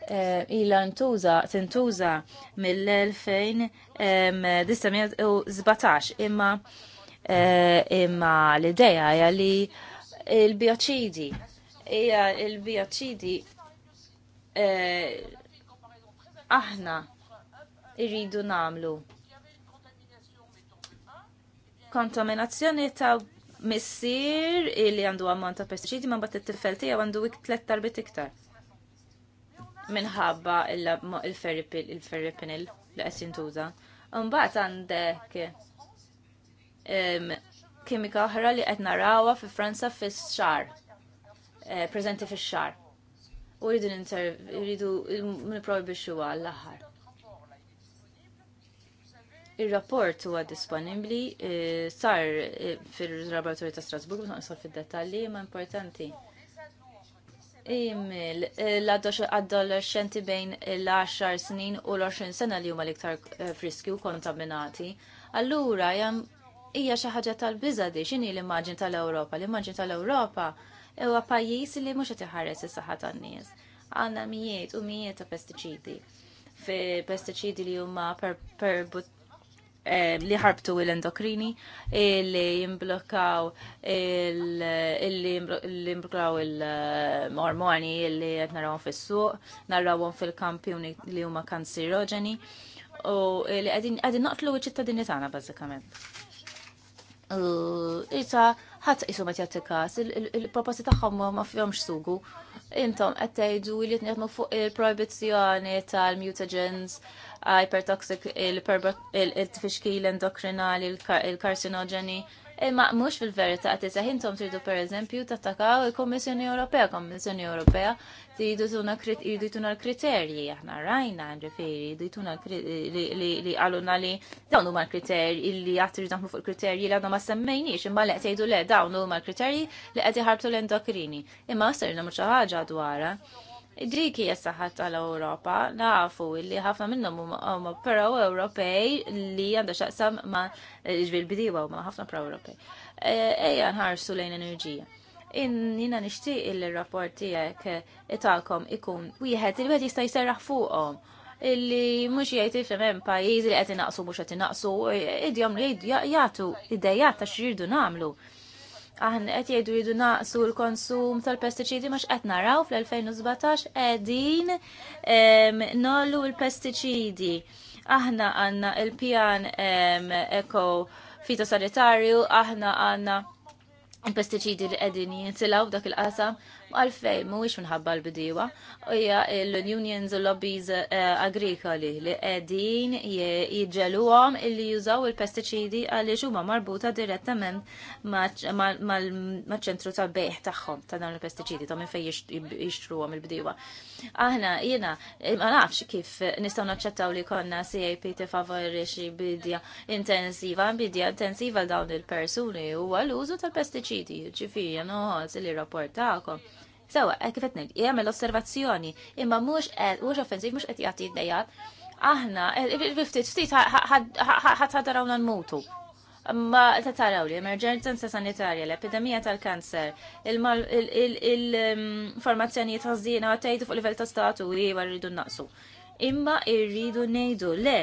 [SPEAKER 3] eh, ila ntuża tintuża mill-2017 eh, imma eh, imma l-ideja hija li il-bioċidi hija il-bioċidi Eh, aħna irridu namlu kontaminazzjoni ta' missir illi għandu għamman ta' pesticidi ma' bat t-tifelti tiegħu għandu tlet tarbit iktar. Minħabba il-ferripinil li qed jintuża. Mbagħad għandek kimika oħra li qed narawha fi Franza fix-xar. Eh, preżenti fix-xar u rridu rridu niprojbixxu għall-aħħar. Il-rapport huwa disponibbli eh, sar eh, fil-Laboratorju ta' Strasburg, ma nisol fid-dettalji, ma importanti. Imil, eh, l-adolescenti bejn l-10 snin u l-20 sena li huma l-iktar friski u kontaminati, allura jam hija xi ħaġa tal-biża di x'inhi l-immaġin tal-Ewropa. L-immaġin tal-Ewropa Ewa pajjiż li mhux qed iħares is-saħħa tan-nies. mijiet u mijiet ta' pestiċidi fi pesticidi li huma per, per Eh, li ħarbtu l-endokrini, li jimblokkaw li jimblokkaw il-mormoni eh, li qed narawhom fis-suq, narawhom fil-kampjuni li huma kanserogeni u li qegħdin naqtlu ċittadini tagħna bażikament. Ita ħadd isu ma tjagħti każ, il-proposti tagħhom ma fjom sugu. Intom qed tgħidu li qed fuq il-proibizzjoni tal-mutagens hypertoxic il-tfixkil endokrinali, il-karsinogeni. Imma mhux fil-verità qed intom tridu pereżempju tattakaw il-Kommissjoni Ewropea, Kommissjoni Ewropea jridu tuna kriterji, tuna l-kriterji, aħna rajna ġifiri, jridu tuna li għaluna li dawn huma l-kriterji, li għatri daħmu fuq kriterji li għadna ma semmejniex, imma li għetejdu le dawn huma kriterji li għet ħartu l-endokrini. Imma għasarna muċa ħagġa dwarha. Dik hija saħħat tal-Ewropa, nafu li ħafna minnhom huma Pro Ewropej li għandha x'aqsam ma' ġbir bidiewa huma ħafna pro Ewropej. Eh, ejja nħarsu lejn enerġija Jina nixtieq il-rapport tiegħek italkom ikun wieħed il-wieħed jista' jserraħ fuqhom illi mhux jajti ifhem hemm pajjiżi li qed inaqsu mhux qed inaqsu, idjom li jagħtu idejat ta' xirdu nagħmlu. Aħna qed jgħidu jridu naqsu l-konsum tal-pestiċidi mhux qed naraw fl-2017 qegħdin nollu l-pestiċidi. Aħna għandna il-pjan eko fitosanitarju, aħna għandna u pesticidi li għedin jinsilaw dak il-qasam għalfej mhuwiex minħabba l u hija l-unions u lobbies eh, agrikoli li qegħdin jiġġeluhom illi jużaw il-pestiċidi għaliex huma marbuta direttament maċ-ċentru ta' beħ tagħhom ta' dawn il-pestiċidi ta' minn fejn jixtruhom il bidiwa Aħna jiena eh, ma nafx kif nistgħu naċċettaw li konna CAP xi bidja intensiva, bidja intensiva dawn il-persuni huwa l-użu tal-pestiċidi, ġifieri noħos li rapportakom Sawa, e, kif qed ngħid, jagħmel osservazzjoni, imma mhux e, mhux offensiv mhux qed jagħti id Aħna e, ftit ftit n nmutu. Ma ta' taraw li emerġenza sanitarja, l-epidemija tal-kanser, il-formazzjonijiet um, ħażina tgħidu fuq livell ta' statu ieħor rridu naqsu. Imma irridu ngħidu le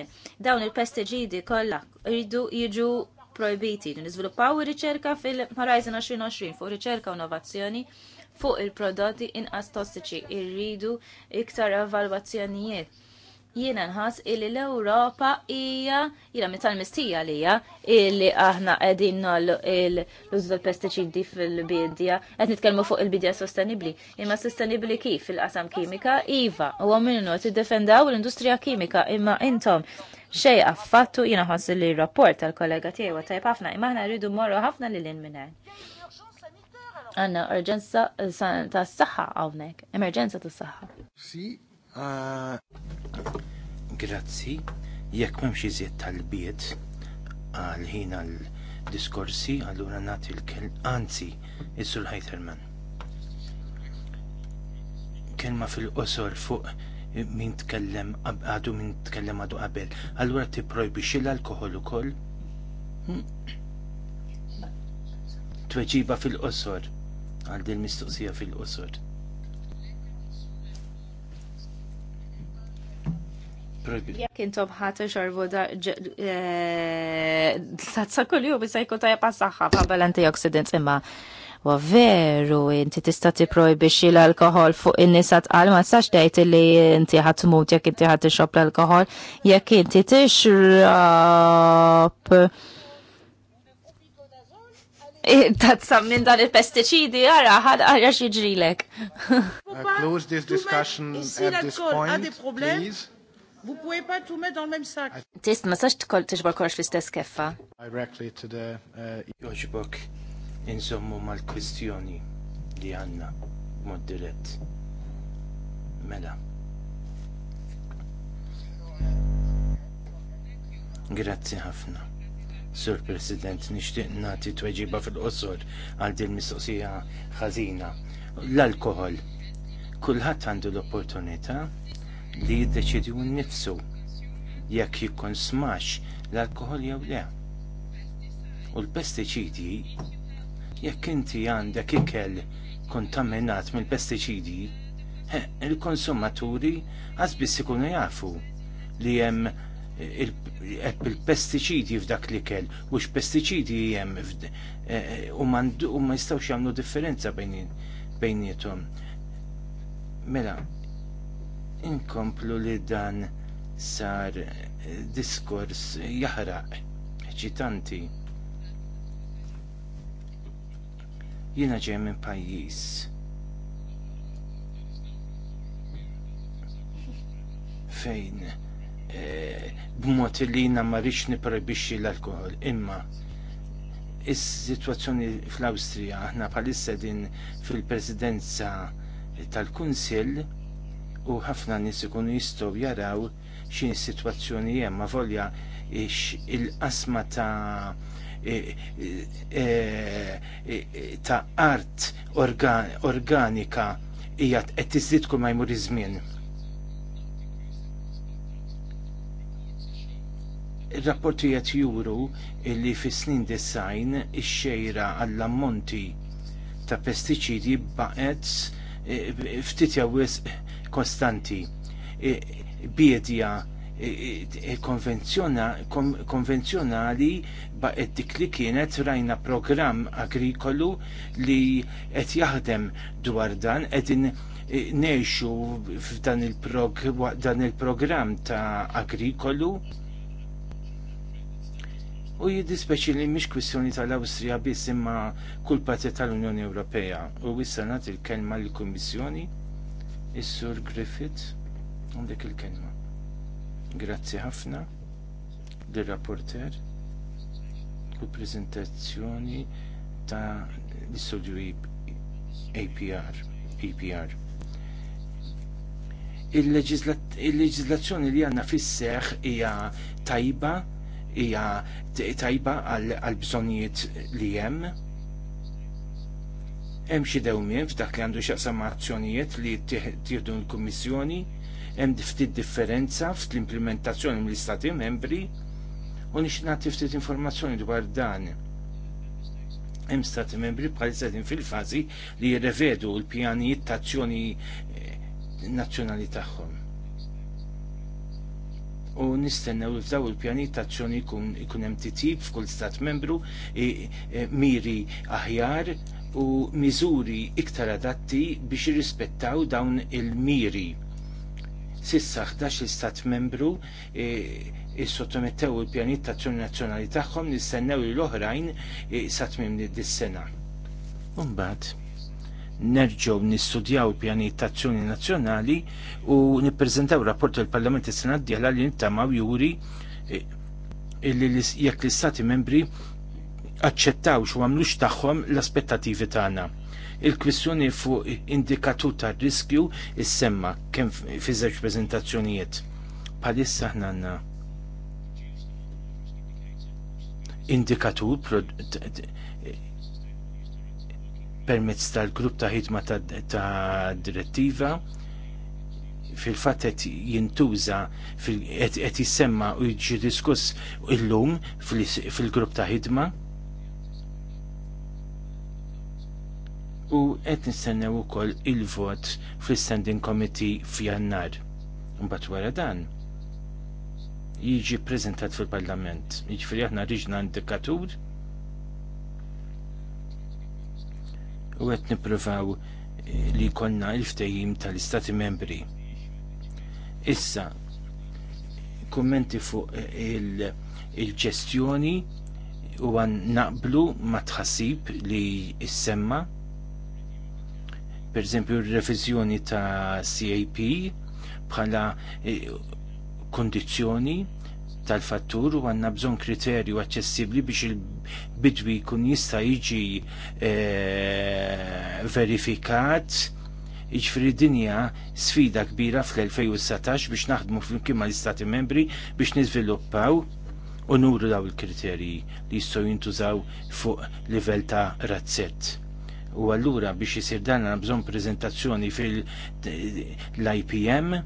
[SPEAKER 3] dawn il-pestiġidi kollha rridu jiġu proibiti, niżviluppaw ir-riċerka fil-Horizon 2020 fuq riċerka u innovazzjoni fuq il-prodotti inqas tossiċi irridu iktar evalwazzjonijiet. Jiena nħas illi l-Ewropa hija jiena mital mistija li hija illi aħna qegħdin nollu l-użu tal-pestiċidi fil-bidja qed nitkellmu fuq il-bidja sostenibbli. Imma sostenibbli kif il-qasam kimika iva huwa minnu tiddefendaw l-industrija kimika imma intom xej affattu jiena ħossi li rapport tal-kollega tiegħu wa tajb ħafna imma aħna rridu morru ħafna lil min Għanna urġenza eh, ta' s-saxħa għawnek, emerġenza ta' s-saxħa. Si,
[SPEAKER 5] eh, grazzi, jekk memx iżjed tal-biet għal-ħin għal-diskorsi, għallura nati l-kelm, anzi, issul ħajterman. Kelma fil-qosor fuq min tkellem għadu min tkellem għadu qabel. Allura ti projbixi l-alkohol ukoll?
[SPEAKER 4] Hm?
[SPEAKER 5] Tweġiba fil-qosor għal din mistoqsija fil-qosor.
[SPEAKER 3] Jek intom ħata xorbu da eh, t-satsa kol jum bisa jkun tajjeb għas-saħħa qabel antioxidants imma wa veru inti tista' tipprojbixxi l-alkohol fuq il-nisat tqal ma tistax tgħid li inti ħat mut jek inti ħadd tixrob l-alkohol jek inti t tixrob Eh, Tazzam minn dan il-pesticidi, għara, ħad għara xieġrilek.
[SPEAKER 1] Uh, close this discussion at this point, please. Vous pouvez pas tout mettre dans le même sac.
[SPEAKER 3] Tist, ma sax tkoll tiġbor korx fl-istess keffa.
[SPEAKER 5] Directly to the... Uh, Joġbok, insommu mal-kwistjoni li għanna, mod Mela. Grazie ħafna. Sur President, nixtieq nagħti tweġiba fil-qosor għal din mistoqsija ħażina. L-alkohol. Kulħadd għandu l-opportunità li jiddeċidi nnifsu jekk jikkonsmax l-alkohol jew le. U l-pestiċidi jekk inti għandek ikel kontaminat mill-pestiċidi, il-konsumaturi għazbis ikunu jafu li hemm għed bil-pestiċidi f'dak li kell eh, eh, u x-pesticidi hemm u ma jistgħux jagħmlu differenza bejnietom. Mela, inkomplu li dan sar eh, diskors jaħraq ċitanti. Jiena ġej minn pajjiż fejn b'mod li jina marriċ niprojbixxi l-alkohol. Imma, is-situazzjoni fl-Awstrija, aħna palissa din fil-presidenza tal-Kunsill u ħafna nis ikunu jistgħu jaraw x'in situazzjoni hemm ma volja il-qasma ta' E, e, e, ta' art organ, organika hija qed tiżdid ma jmur iż Il-rapporti juru illi fis-snin design ix-xejra għall-ammonti ta' pestiċidi baqgħet e, ftit jawis kostanti. E, biedja e, konvenzjonali baqgħet dik li kienet rajna programm agrikolu li qed jaħdem dwar dan qegħdin ngħixu f'dan il-programm ta' agrikolu U jiddispeċi li mhix kwistjoni tal-Awstrija biss imma kull parti tal-Unjoni Ewropea. U issa nagħti il-kelma lill kummissjoni is-Sur Griffith għandek il-kelma. Grazzi ħafna dir rapporter u prezentazzjoni ta' l-istudju APR. APR. Il-leġizlazzjoni li għandna fisseħ hija tajba hija tajba għal bżonnijiet li hemm. Hemm xi dewmien f'dak li għandu x'aqsam azzjonijiet li tieħdu l-Kummissjoni, hemm ftit differenza fl-implementazzjoni mill-Istati membri u nix ftit informazzjoni dwar dan. Hemm stati membri bħal din fil-fażi li jirrevedu l-pjanijiet ta' azzjoni eh, nazzjonali tagħhom u nistennew l-żaw il-pjani tazzjoni ikun hemm titjib f'kull stat membru miri aħjar u miżuri iktar adatti biex jirrispettaw dawn il-miri. Sissa 11 stat membru is-sottomettew il-pjanijiet tazzjoni nazzjonali tagħhom nistennew l-oħrajn sa tmiem dis-sena. Umbagħad nerġgħu nistudjaw pjanijiet ta' azzjoni nazzjonali u nippreżentaw rapport il parlament is-sena d-dieħla li nittamaw juri eh, jekk l-istati membri aċċettawx u għamlux tagħhom l-aspettativi tagħna. Il-kwistjoni fuq indikatur ta' riskju is-semma kemm fi żewġ preżentazzjonijiet. Palissa ħna għandna indikatur permezz tal-grupp ta' ħidma ta' direttiva fil-fatt qed jintuża qed jissemma u jiġi diskuss illum fil-grupp ta' ħidma. U qed nistennew ukoll il-vot fl-Standing Committee f'Jannar. Mbagħad wara dan jiġi ppreżentat fil-Parlament. Jiġifieri aħna riġna indikatur u qed nippruvaw eh, li konna il-ftejim tal-Istati membri. Issa, kummenti fuq eh, il-ġestjoni il u għan naqblu ma tħassib li semma, per esempio il-revizjoni ta' CAP bħala eh, kondizjoni tal-fattur u għanna bżon kriterju aċċessibli biex il-bidwi kun jista jiġi eh, verifikat iġfri dinja sfida kbira fl 2017 biex naħdmu fl-imkien ma l-istati membri biex nizviluppaw u nuru daw il-kriterji li jistgħu jintużaw fuq livell ta' razzett. U allura biex jisir dan għabżon bżonn preżentazzjoni fil-IPM eh,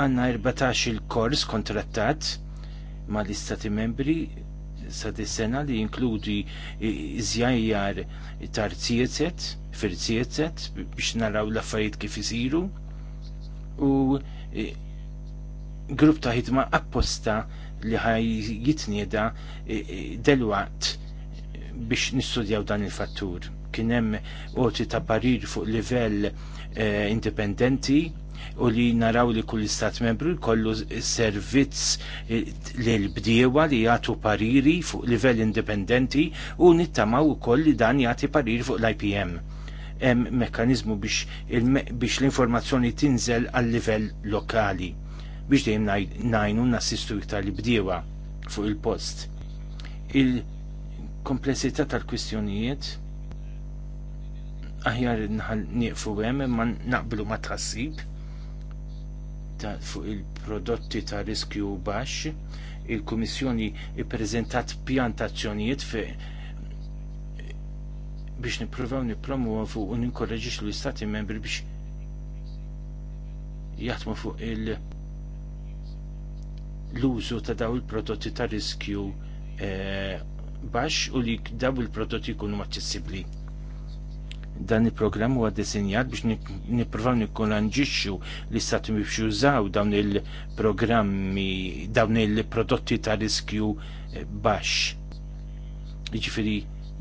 [SPEAKER 5] għanna 14 il-kors kontrattat ma l-istati membri sa' dis-sena li jinkludi zjajjar tar tietzet, e fir tietzet e biex naraw l-affarijiet kif isiru u grupp ta' ħidma apposta li ħaj jitnieda delwaqt biex nistudjaw dan il-fattur. Kien hemm oti ta' parir fuq livell eh, indipendenti u li naraw li kull istat membru jkollu servizz eh, l bdiewa li jagħtu pariri fuq livell indipendenti u nittamaw ukoll li dan jagħti pariri fuq l-IPM hemm mekkaniżmu biex l-informazzjoni tinżel għal livell lokali biex dejjem najnu nassistu iktar li bdiewa fuq il-post. Il-komplessità tal-kwistjonijiet aħjar nieqfu hemm imma naqblu ma tħassib fuq il-prodotti ta' riskju baxx, il-Kummissjoni ippreżentat pjan ta' azzjonijiet biex nippruvaw nippromuovu u ninkorreġix l-Istati membri biex jaħdmu fuq il- l-użu ta' daw il-prodotti ta' riskju eh, baxx u li daw il-prodotti jkunu aċċessibbli Dan il-programm huwa ddisinjat biex nippruvaw nikkolanġixxu li stati biex jużaw dawn il-programmi, dawn il-prodotti ta' riskju eh, baxx. Jiġifieri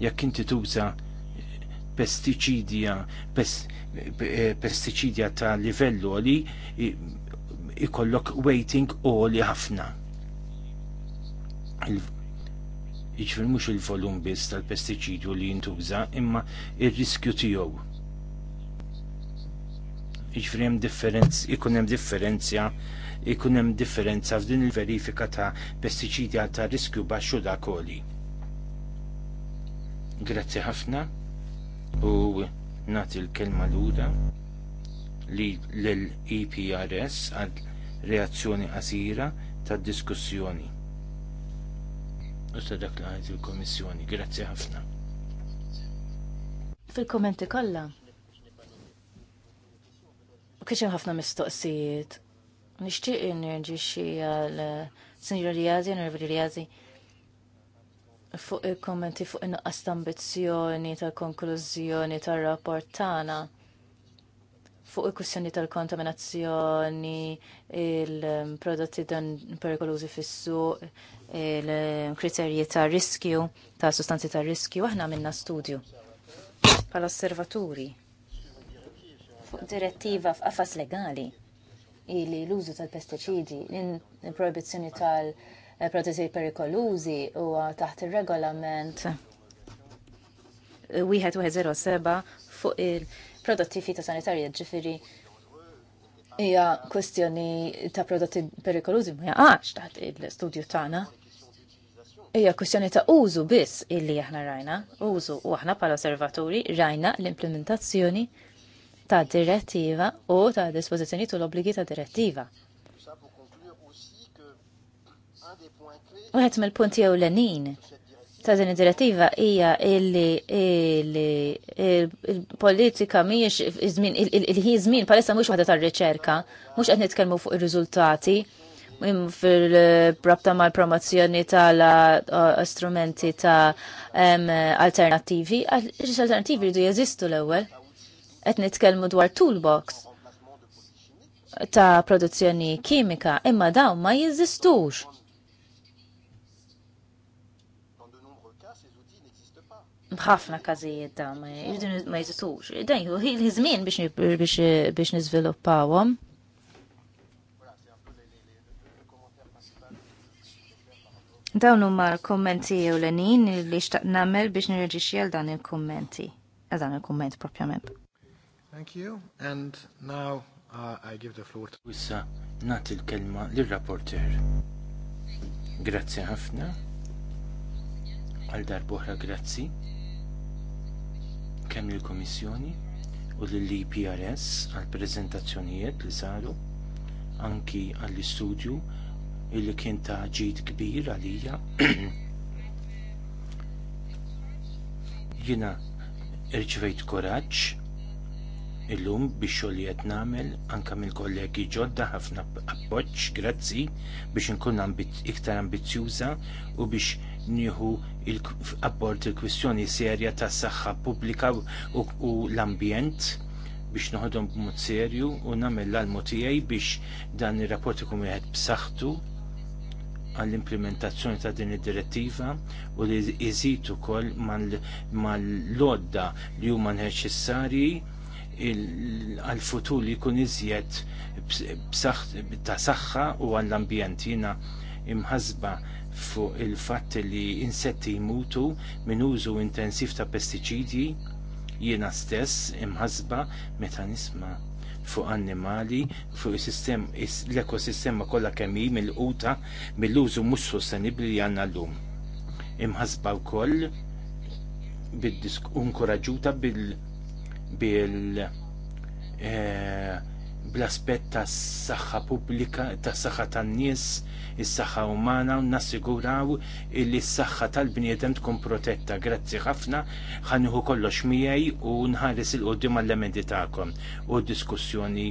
[SPEAKER 5] jekk inti tuża eh, pestiċidja, eh, pestiċidja ta' livellu li ikollok waiting all ħafna Iġfir mhux il-volum biss tal pesticidju li jintuża imma il riskju tiegħu. Iġfir jem differenz, ikun hemm differenzja ikun hemm differenza f'din il-verifika ta' pesticidja ta' riskju baxxu da' koli. Grazzi ħafna u nagħti l-kelma lura li l-EPRS għal reazzjoni qasira tad diskussjoni u ta' dak li għajt il-Komissjoni. Grazzi ħafna.
[SPEAKER 3] Fil-kommenti kollha. U kiex ħafna mistoqsijiet. Nixtieq nirġi xie għal eh, Sinjura Rijazi, Nervi Rijazi. fuq il-kommenti fuq in-nuqqas ambizzjoni tal-konklużjoni tar-rapport tagħna fuq il-kussjoni tal-kontaminazzjoni, il-prodotti dan perikolużi fis-suq, il-kriterji ta' riskju, ta' sustanzi ta' riskju, aħna minna studju pal osservaturi fuq direttiva f'qafas legali li l-użu tal-pestiċidi, l-proibizzjoni tal-prodotti perikolużi u taħt il-regolament 1107 fuq il-prodotti fitosanitarji ġifiri hija kwestjoni ta' prodotti perikolużi ma jaqax taħt il-studju tagħna. Eja kustjoni ta' użu biss illi aħna rajna, użu u aħna pala osservaturi rajna l-implementazzjoni ta' direttiva u ta' dispozizjoni u l-obbligi ta' direttiva. Uħet mill-punti l-enin ta' din id-direttiva hija illi il-politika mhijiex il-ħin żmien palissa mhux waħda tar-riċerka, mhux qed nitkellmu fuq ir-riżultati, fil prabta mal promozzjoni tal-strumenti ta' alternativi. Alternativi rridu jeżistu l ewel Qed nitkellmu dwar toolbox ta' produzzjoni kimika, imma dawn ma jeżistux. Mħafna każijiet da ma jizitux. Dan hu ħin żmien biex biex biex niżviluppawhom. Dawn huma l-kommenti ewlenin li xtaq nagħmel biex nirreġixxi għal dan il-kummenti. Għal dan il-kumment propjament.
[SPEAKER 1] Thank you. And now uh, I give
[SPEAKER 5] the floor to Wissa nagħti l-kelma lir-rapporter. Grazzi ħafna. Għal darbohra grazzi. Kemm il-Komissjoni u l-IPRS għal prezentazzjonijiet li saru anki għall-istudju illi kien ta' ġid kbir għalija. <clears throat> Jina irċivejt koraġġ illum biex xogħol qed nagħmel anke mill-kollegi ġodda ħafna appoġġ, grazzi biex inkun iktar ambizzjuża u biex nieħu abbord il-kwistjoni serja tas saħħa pubblika u, u l-ambjent biex noħodhom b'mod serju u nagħmel l-almu tiegħi biex dan ir-rapport ikun wieħed b'saħħtu għall-implementazzjoni ta' din id-direttiva u li jżid ukoll mal-lodda li huma neċessarji għal-futur li jkun iżjed ta' saħħa u għall-ambjent jiena imħasba fuq il-fatt li insetti jmutu minn użu intensiv ta' pestiċidi jiena stess imħasba meta nisma' fuq annimali, fuq l-ekosistema kollha kemm mill-quta mill-użu mhux sostenibbli li għandna llum. Imħasba wkoll unkoraġuta bil bil eh, bl-aspett tas-saħħa pubblika, tas-saħħa tan-nies, is-saħħa umana u nassiguraw li s-saħħa tal-bniedem tkun protetta. Grazzi ħafna ħanniħu kollox miegħi u nħares il-qudiem għall-emendi tagħkom u diskussjoni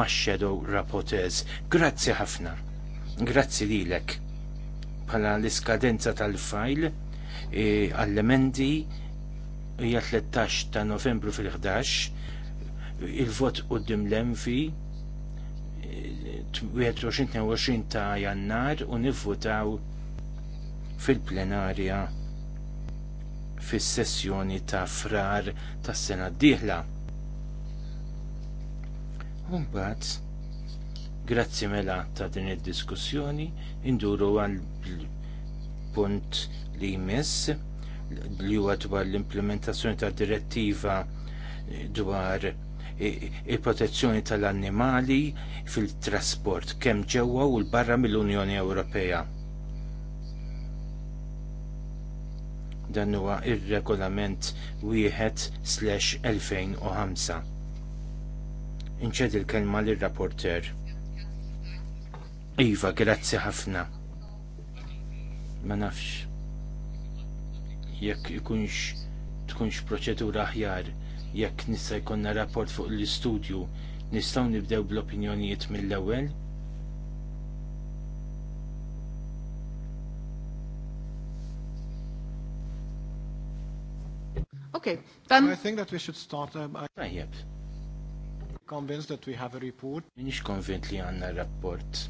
[SPEAKER 5] max-shadow rapporteurs. Grazzi ħafna. Grazzi lilek bħala l-iskadenza tal-fajl e, għall-emendi hija 13 ta' Novembru fil-11 il-vot qudiem l-envi 22 ta' jannar u nivvutaw fil-plenarja fis-sessjoni ta' frar tas sena d-dieħla. Umbat, grazzi mela ta' din id-diskussjoni, induru għal punt li jmiss li huwa dwar l-implementazzjoni ta' direttiva dwar il-protezzjoni tal-annimali fil-trasport kemm ġewwa u l-barra mill-Unjoni Ewropea. Dan huwa ir-regolament wieħed slash 2005. Inċed il-kelma lir-rapporter. Iva, grazzi ħafna. Ma nafx. Jekk ikunx tkunx proċedura aħjar jekk nista' jkollna rapport fuq l-istudju nistgħu nibdew bl-opinjonijiet mill-ewwel.
[SPEAKER 1] Okay, then I think that we should start uh, um, by convinced that we have a
[SPEAKER 5] report. Minix konvint li għanna rapport,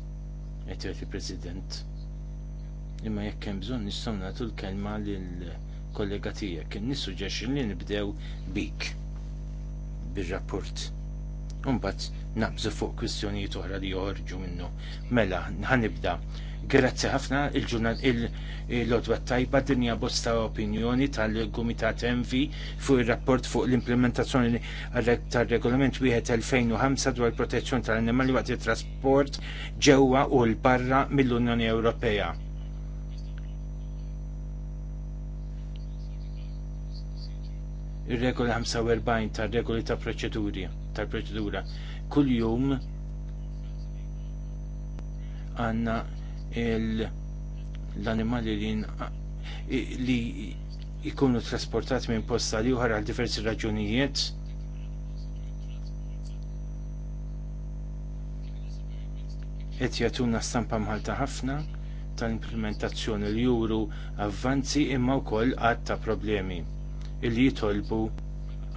[SPEAKER 5] qed il-President. Imma jekk hemm bżonn nistgħu nagħtu l-kelma lill kollega tiegħek. Nissuġġerxin li nibdew bik bil rapport Unbat naqbżu fuq kwistjonijiet oħra li joħorġu minnu. Mela, nħanibda. Grazzi ħafna il-ġurnal il-lodwa tajba dinja bosta opinjoni tal-Gumitat Envi fuq il-rapport fuq l-implementazzjoni tal-regolament 2005 dwar protezzjoni tal-annimali waqt il-trasport ġewwa u l-barra mill-Unjoni Ewropea ir-regola 45 ta' regoli ta' proċeduri ta' proċedura. Kull jum għanna l-animali li li jikunu trasportat minn posta li uħar għal diversi raġunijiet qed jagħtuna stampa mħalta ħafna tal-implementazzjoni li juru avvanzi imma wkoll koll ta' problemi illi jitolbu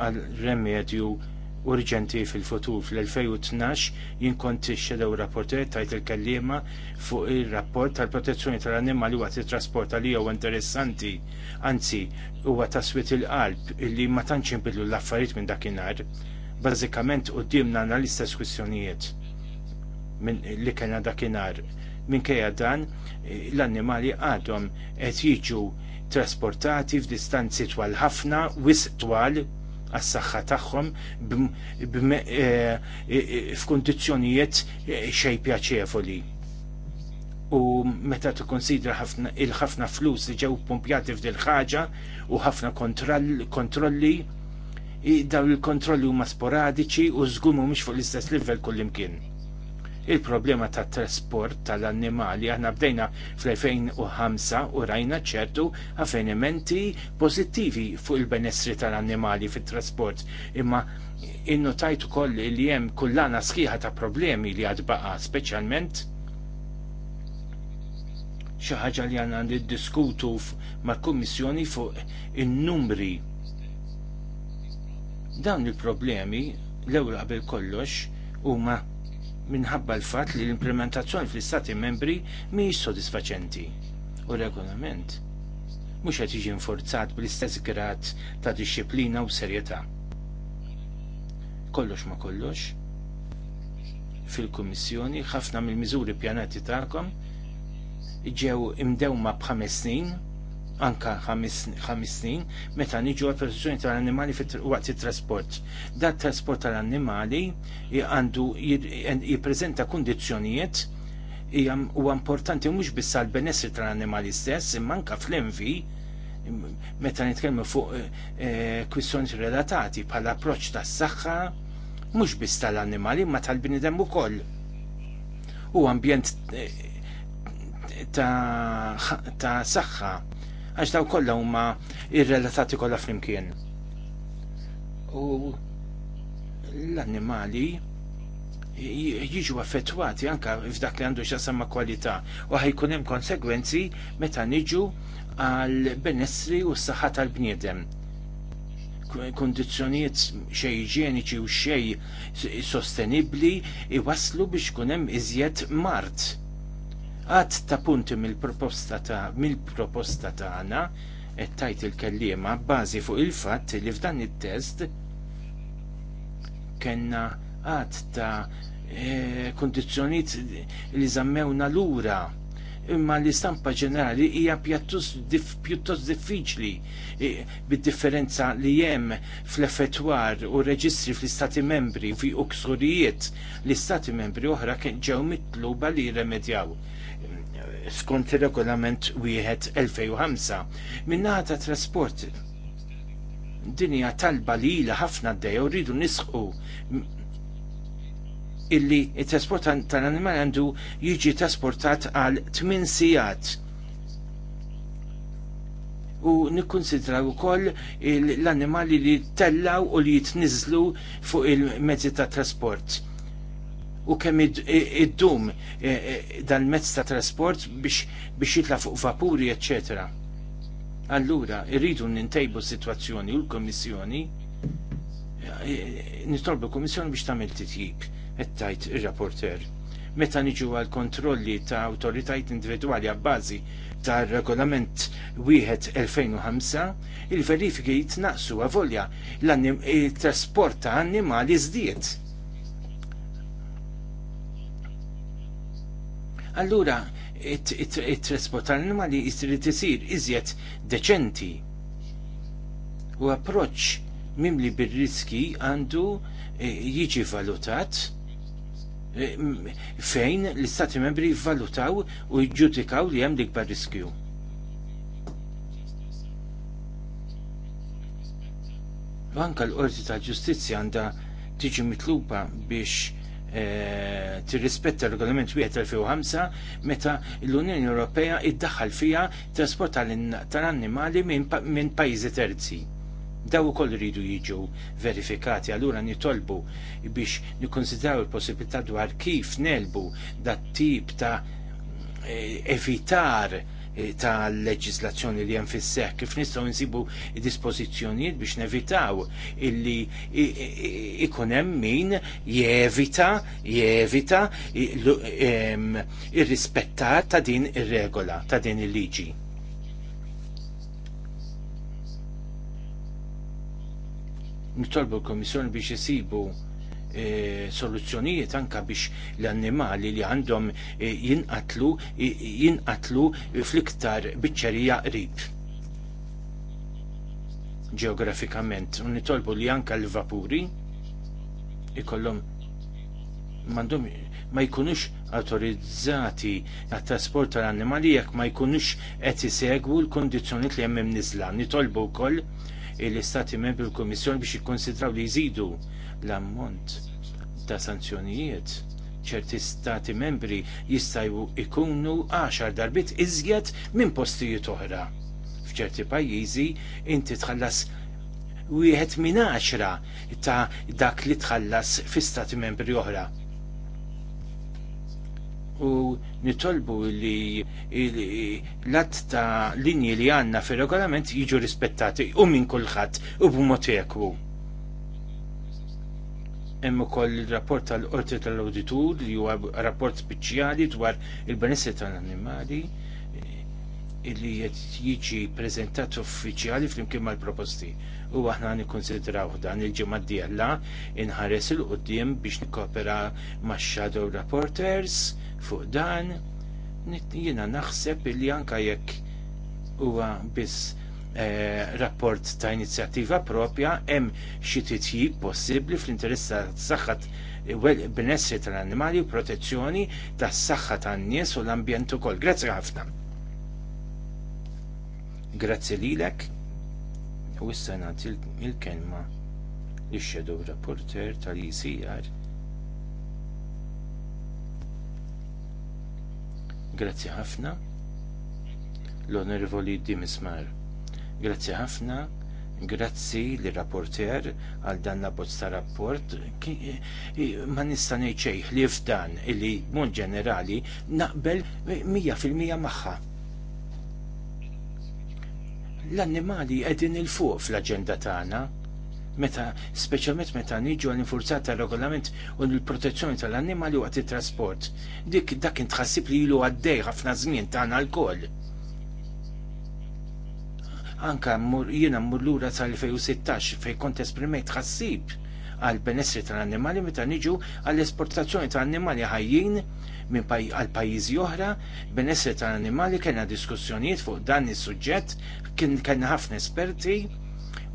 [SPEAKER 5] għal remedju urġenti fil-futur. Fl-2012 jien kont ix tajt il-kellima fuq ir-rapport tal-protezzjoni tal-annimali waqt it trasporta li huwa interessanti. Anzi, huwa taswit il-qalb illi ma tantx inbidlu l-affarijiet minn dakinhar. Bażikament qudiemna għandna l-istess kwistjonijiet li kellna dakinhar. Minkejja dan l-annimali għadhom qed jiġu trasportati f'distanzi twal ħafna, wisq twal għas-saħħa tagħhom eh, eh, f'kundizzjonijiet eh, xej pjaċevoli. U meta tikkonsidra il-ħafna flus li ġew pumpjati f'dil ħaġa u ħafna kontrolli, dawn il-kontrolli huma sporadiċi u żgumu mhux fuq l-istess livell kullimkien il-problema ta' trasport tal-annimali aħna bdejna fl-2005 u rajna ċertu avvenimenti pozittivi fuq il-benessri tal-annimali fit-trasport imma innotajt ukoll li hemm kullana sħiħa ta' problemi li għad baqa speċjalment xi ħaġa li għandna niddiskutu mal-Kummissjoni fuq in-numri. Dawn il-problemi l-ewwel qabel kollox huma minħabba l-fatt li l-implementazzjoni fl-istati membri mhijiex sodisfaċenti u regolament mhux qed jiġi nforzat bl-istess grad ta' disċiplina u serjetà. Kollox ma kollox, fil-Kummissjoni ħafna mill-miżuri pjanati tagħkom ġew imdewma b'ħames snin anka ħames snin meta niġu għal protezzjoni tal-annimali waqt it-trasport. Dat trasport tal-annimali għandu jippreżenta kundizzjonijiet huwa importanti mhux biss għal benessri tal-annimali stess, imma anka fl-envi meta nitkellmu fuq eh, eh, kwistjoni relatati bħal approċċ tas-saħħa mhux biss tal-annimali ma tal-bniedem ukoll. U ambjent eh, ta' saħħa għax daw kollha huma irrelatati kollha flimkien. U l-annimali jiġu affettwati anka f'dak li għandu xasamma kwalità u ħajkun hemm konsegwenzi meta niġu għal benessri u s-saħħa tal-bniedem kondizjonijiet xej iġieniċi u xej sostenibli iwaslu biex kunem iżjed mart għad ta' punti mill-proposta ta' mill-proposta tagħna qed tajt il-kellima bazi fuq il-fatt li f'dan it-test kena għad ta' kondizjoniet kundizzjonijiet li l lura imma l-istampa ġenerali hija pjuttost diffiċli e, bid-differenza li hemm fl-effettwar u reġistri fl-istati membri fi uksurijiet l-istati membri oħra kien ġew mitluba li jirremedjaw skont ir-regolament wieħed 2005 min-naħa ta' trasport dinja talba li ila ħafna d u rridu nisħu illi il-trasport tal-animal għandu jiġi trasportat għal 8 sijat u nikkonsidraw ukoll l-annimali li tellaw u li jitniżlu fuq il-mezzi ta' trasport u kemm id-dum e- e- dal-mezz ta' trasport biex jitla fuq vapuri, etc. Allura, irridu nintejbu situazzjoni u l-Komissjoni, e- nitolbu l-Komissjoni biex tamil titjib, ettajt il-rapporter. Meta niġu għal kontrolli ta' autoritajt individuali għabbazi ta' regolament 1-2005, il-verifiki jitnaqsu għavolja l-trasport ta' annimali zdiet allura it-trasport tal-animali jistrid isir iżjed deċenti. U approċċ mimli bir-riski għandu e, jiġi valutat e, fejn l-istati membri jivvalutaw u jġudikaw li hemm l-ikbar riskju. Banka l-Qorti tal-Ġustizzja għandha tiġi mitluba biex Eh, tirrispetta l-regolament 2005 meta l-Unjoni Ewropea iddaħħal fija trasport tal-annimali minn pajjiżi terzi. Daw ukoll iridu jiġu verifikati, allura nitolbu biex nikkonsidraw il-possibilità dwar kif nelbu dat tip ta' eh, evitar Eh, ta' leġislazzjoni li hemm kif nistgħu nsibu dispożizzjonijiet biex nevitaw illi ikunem hemm min jevita jevita ir ta' din ir-regola ta' din il-liġi. Nitolbu l-Komissjoni biex jisibu E, soluzzjonijiet anka biex l-annimali li għandhom e, jinqatlu e, jinqatlu fl-iktar biċċerija qrib ġeografikament u nitolbu li anka l-vapuri ikollhom mandum ma jkunux autorizzati għat trasport tal-annimali jekk ma jkunux qed isegwu l-kondizzjonijiet li hemm nizla. Nitolbu wkoll l-Istati Membri l-Kummissjoni biex jikkonsidraw li jżidu l-ammont ta' sanzjonijiet ċerti stati membri jistajwu ikunu għaxar darbit iżjed minn postijiet oħra. F'ċerti pajjiżi inti tħallas wieħed minn għaxra ta' dak li tħallas fi stati membri oħra. U nitolbu li l-att ta' linji li għanna fil-regolament jiġu rispettati u minn kulħadd u b'mod ekwu hemm ukoll ir-rapport tal-Qorti tal-Awditur li huwa rapport speċjali dwar il-benessri tal-annimali illi eh, qed jiġi preżentat uffiċjali flimkien mal-proposti. U aħna nikkonsidraw dan il-ġimgħa d inħares il qudiem biex nikkopera max-shadow reporters fuq dan. Jiena naħseb illi anke jekk huwa biss Eh, rapport ta' inizjattiva propja hemm xi titjib possibbli fl-interess tas-saħħa benessri tal-annimali u protezzjoni tas-saħħa tan-nies u l-ambjent ukoll. Grazzi ħafna. Grazzi lilek u issa nagħti il-kelma lix shadow rapporter tal-ICR. Grazzi ħafna l-Onorevoli Dimismar. Grazzi ħafna, grazzi li rapporter għal dan l-abbozz ta' rapport. Ma nista' ngħid li f'dan illi mon ġenerali naqbel 100% magħha l-annimali edin il-fuq fl-agenda tagħna. Meta, speċjalment meta niġu għal-infurzat tal-regolament u l-protezzjoni tal-annimali waqt it-trasport. Dik dak intħassib li ilu għaddej ħafna żmien tagħna l-koll anka jiena mmur lura tal-2016 fejn kont esprimejt ħassib għal benessri tal-annimali meta niġu għall esportazzjoni tal-annimali ħajjin minn għal pajjiżi oħra, benessri tal-annimali kena diskussjonijiet fuq dan is-suġġett, kien kena ħafna esperti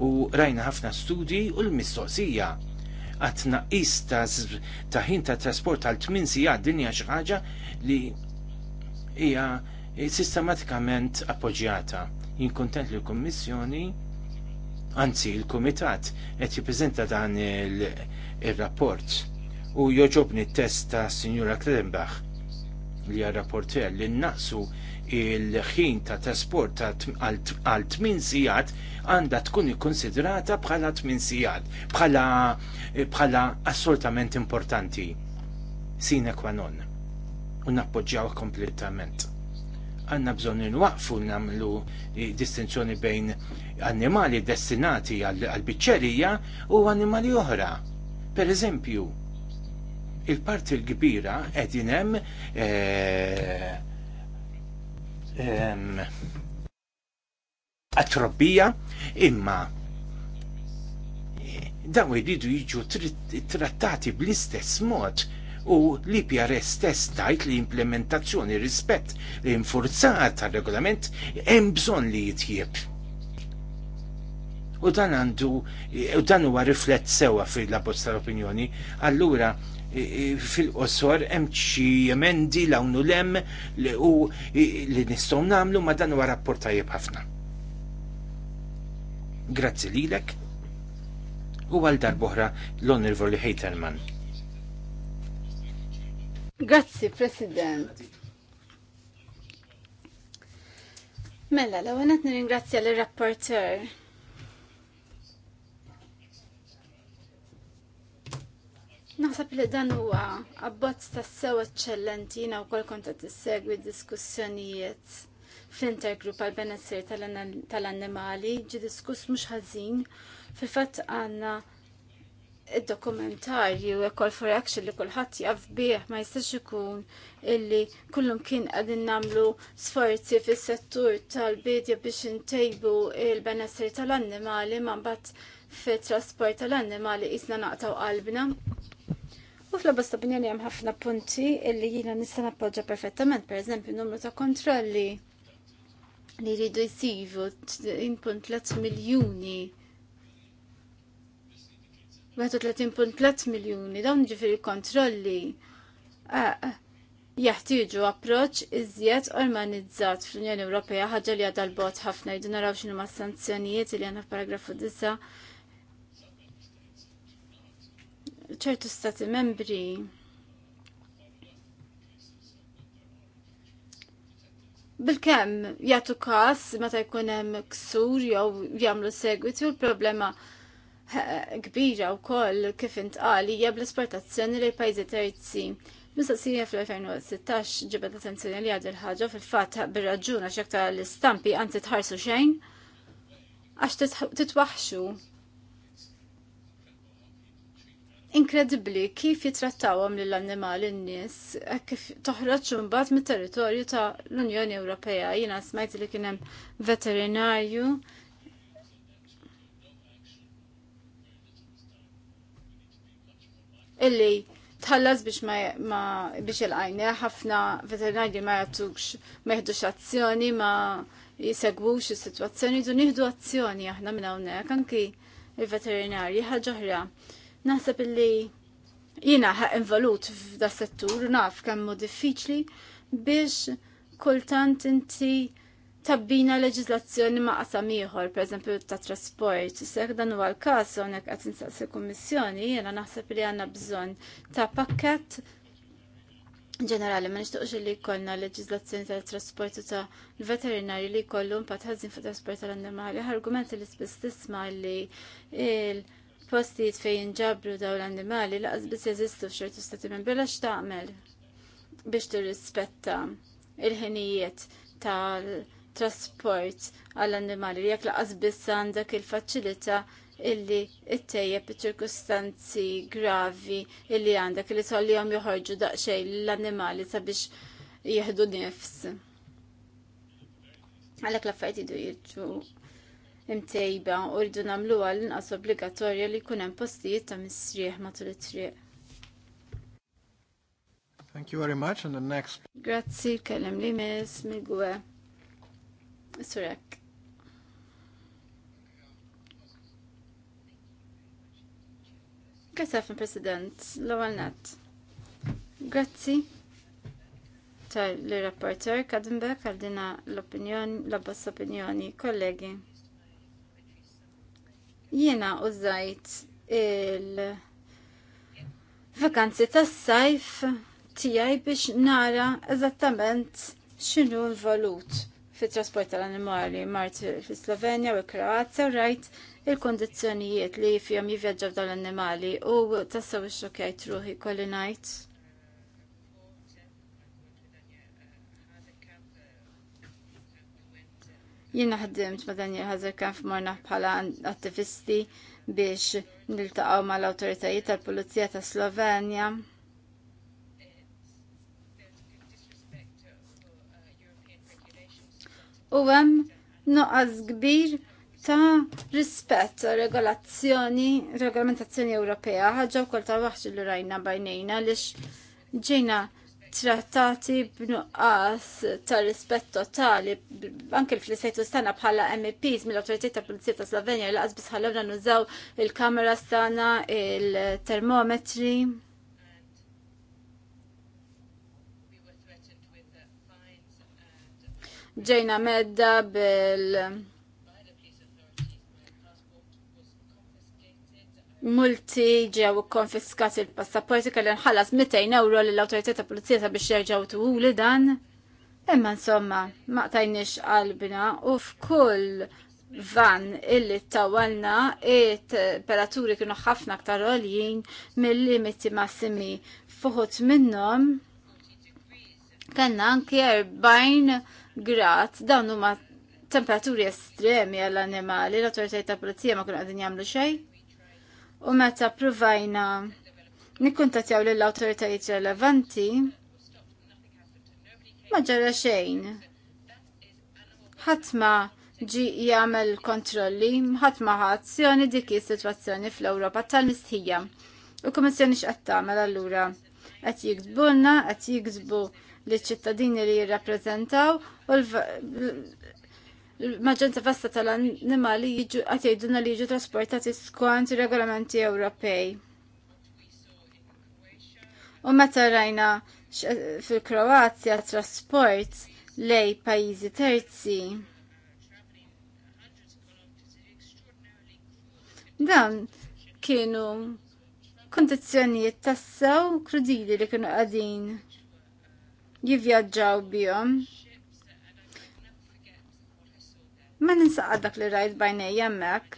[SPEAKER 5] u rajna ħafna studji u l-mistoqsija Għatna naqis ta' ħin ta' trasport għal 8 sijad dinja xi ħaġa li hija sistematikament appoġġjata jinkontent li l-Kommissjoni anzi il-Kumitat qed jippreżenta dan il-rapport u joġobni test ta' Sinjura Kredenbach li għal rapporter li naqsu il-ħin ta' trasport għal 8 sijat għanda tkun ikkonsidrata bħala 8 sijat, bħala, bħala assolutament importanti. Sine qua non. U nappoġġjaw kompletament għanna bżon nwaqfu namlu eh, distinzjoni bejn animali destinati għal-bicċerija u animali oħra. Per eżempju, il-parti l-kbira qegħdin hemm eh, atrobbija imma eh, daw iridu jiġu trattati bl-istess mod u l PRS stess tajt li implementazzjoni rispett li infurzat tal regolament hemm bżonn li jitjieb. U dan għandu, u dan huwa riflett sewa fil-labbozz tal-opinjoni, allura fil-qosor hemm xi emendi l-għawnu li u li nistgħu nagħmlu ma dan huwa rapport tajjeb ħafna. Grazzi lilek u għal darbohra l-Onorevoli Heiterman.
[SPEAKER 2] Grazzi, President. Mela, l għanet nir-ingrazzja l-rapporter. Naħseb li dan huwa abbozz ta' sew eċċellenti jiena wkoll kont qed issegwi diskussjonijiet fl-intergrupp għal benessir tal-annimali ġi diskuss mhux ħażin fil fatt għandna id-dokumentarju u Call for Action li kullħat jaf bih ma jistax ikun illi kullum kien għadin namlu sforzi fis settur tal-bidja biex intejbu il-benessri tal-annimali ma bat fit trasport tal-annimali jisna naqtaw qalbna. U fl-abbas opinjoni hemm ħafna punti illi jina nista' nappoġġa perfettament, pereżempju numru ta' kontrolli li jridu jsivu 1.3 miljuni 31.3 miljoni dawn ġifiri kontrolli jeħtieġu approċ iżjed organizzat fl-Unjoni Ewropea ħaġa li għadha l-bot ħafna jdu naraw x'inhu ma' sanzjonijiet li għandna f'paragrafu 9 ċertu stati membri bil-kem jagħtu każ meta jkun hemm ksur jew jagħmlu u l-problema kbira u koll kif intqal hija bl-esportazzjoni lejn pajjiżi terzi. Mistaqsija fl-2016 ġibet attenzjoni li għad il-ħaġa fil-fatt bir-raġuna x'aktar l-istampi anzi tħarsu xejn għax titwaħxu. Inkredibbli kif jitrattawhom lill-annimali n-nies e kif toħroġ imbagħad mit-territorju ta' l-Unjoni Ewropea. Jiena smajt li kien hemm veterinarju illi tħallas biex ma, ma biex il-għajne, ħafna veterinari ma jattux, ma jihdux azzjoni, ma jisegwux il-situazzjoni, dun jihdu azzjoni aħna minn hawnhekk anki il-veterinari ħaġoħra. Naħseb illi jina ħa involut f'da settur, naf kemm diffiċli biex kultant inti tabbina leġizlazzjoni ma' qasam ieħor, pereżempju ta' trasport. Sek dan huwa l-każ hawnhekk qed insaqsi kummissjoni, jiena naħseb li għandna bżonn ta' pakkett ġenerali ma nixtieqx li jkollna leġizlazzjoni tal-trasport ta' veterinari li jkollhom impatt ħażin fuq trasport tal-annimali. Argumenti li spiss tisma' li il-postijiet fejn ġabru dawn l-annimali laqas biss jeżistu f'xertu stati membri għax tagħmel biex tirrispetta il-ħinijiet tal- trasport għall-annimali li jekk laqas biss għandek il faċilita illi it-tejje ċirkustanzi gravi illi għandek li tollihom joħorġu daqsxejn l-annimali sabiex jieħdu nifs. Għalhekk l-affarijiet idu jiġu imtejba u rridu nagħmluha l-inqas obbligatorja li jkun hemm postijiet ta' misriħ matul it-triq.
[SPEAKER 1] Thank you very much and the next.
[SPEAKER 2] Grazzi kellem li mis migwe. Surek. Għasaf, President, l-għal nat. Grazzi tal-rapporter Kadenbeck għal l-opinjoni, l-abbas opinjoni, kollegi. Jiena użajt il-vakanzi tas-sajf tijaj biex nara eżattament xinu l-valut fit-trasport tal-animali mart fi slovenja u l-Kroazja rajt il-kondizjonijiet li fihom jivvjaġġaw dal animali annimali u tassaw ix-xokjajt ruħi kolli ngħid. Jien ħdimt ma' dan Daniel Hazerkan morna bħala attivisti biex niltaqgħu mal-awtoritajiet tal-Pulizija ta' Slovenja u hemm noqas kbir ta' rispett regolazzjoni, regolamentazzjoni Ewropea, ħagġa wkoll ta' waħġi li rajna bajnejna lix ġejna trattati b'nuqqas ta' rispett totali, anke fl-sejtu stana bħala MEPs mill autorità ta' pulizija ta' Slovenja li qasbis ħallewna nużaw il kameras stana, il-termometri. il termometri ġejna medda bil multi ġew konfiskat il-passaporti kelli nħallas 200 euro l autorità ta' pulizija sabiex jerġgħu tuħuli dan. Imma insomma, ma tajniex qalbina u f'kull van illi tawalna it-temperaturi kienu ħafna aktar għoljin mill-limiti massimi fuħut minnhom kellna anki 40 grad, dawn huma temperaturi estremi għall-annimali, l autorità ta' polizija ma kunu għadin jagħmlu xejn. U meta provajna nikkuntatjaw lill autoritajiet relevanti, ma ġara xejn. Ħatma ġi jagħmel kontrolli, ħatma ħazzjoni dik is-sitwazzjoni fl-Ewropa tal-mistħija. U kummissjoni x'qed tagħmel allura qed jiksbulna, qed jiksbu li ċittadini li jirrappreżentaw u vasta tal li jiġu għatjajduna li jiġu trasportati skont regolamenti Ewropej. U meta rajna fil-Kroazja trasport lej pajizi terzi. Dan kienu kondizjonijiet tassew krudili li kienu għadin jivjaġġaw bihom. Ma ninsaqqa dak li rajt bajnej jemmek.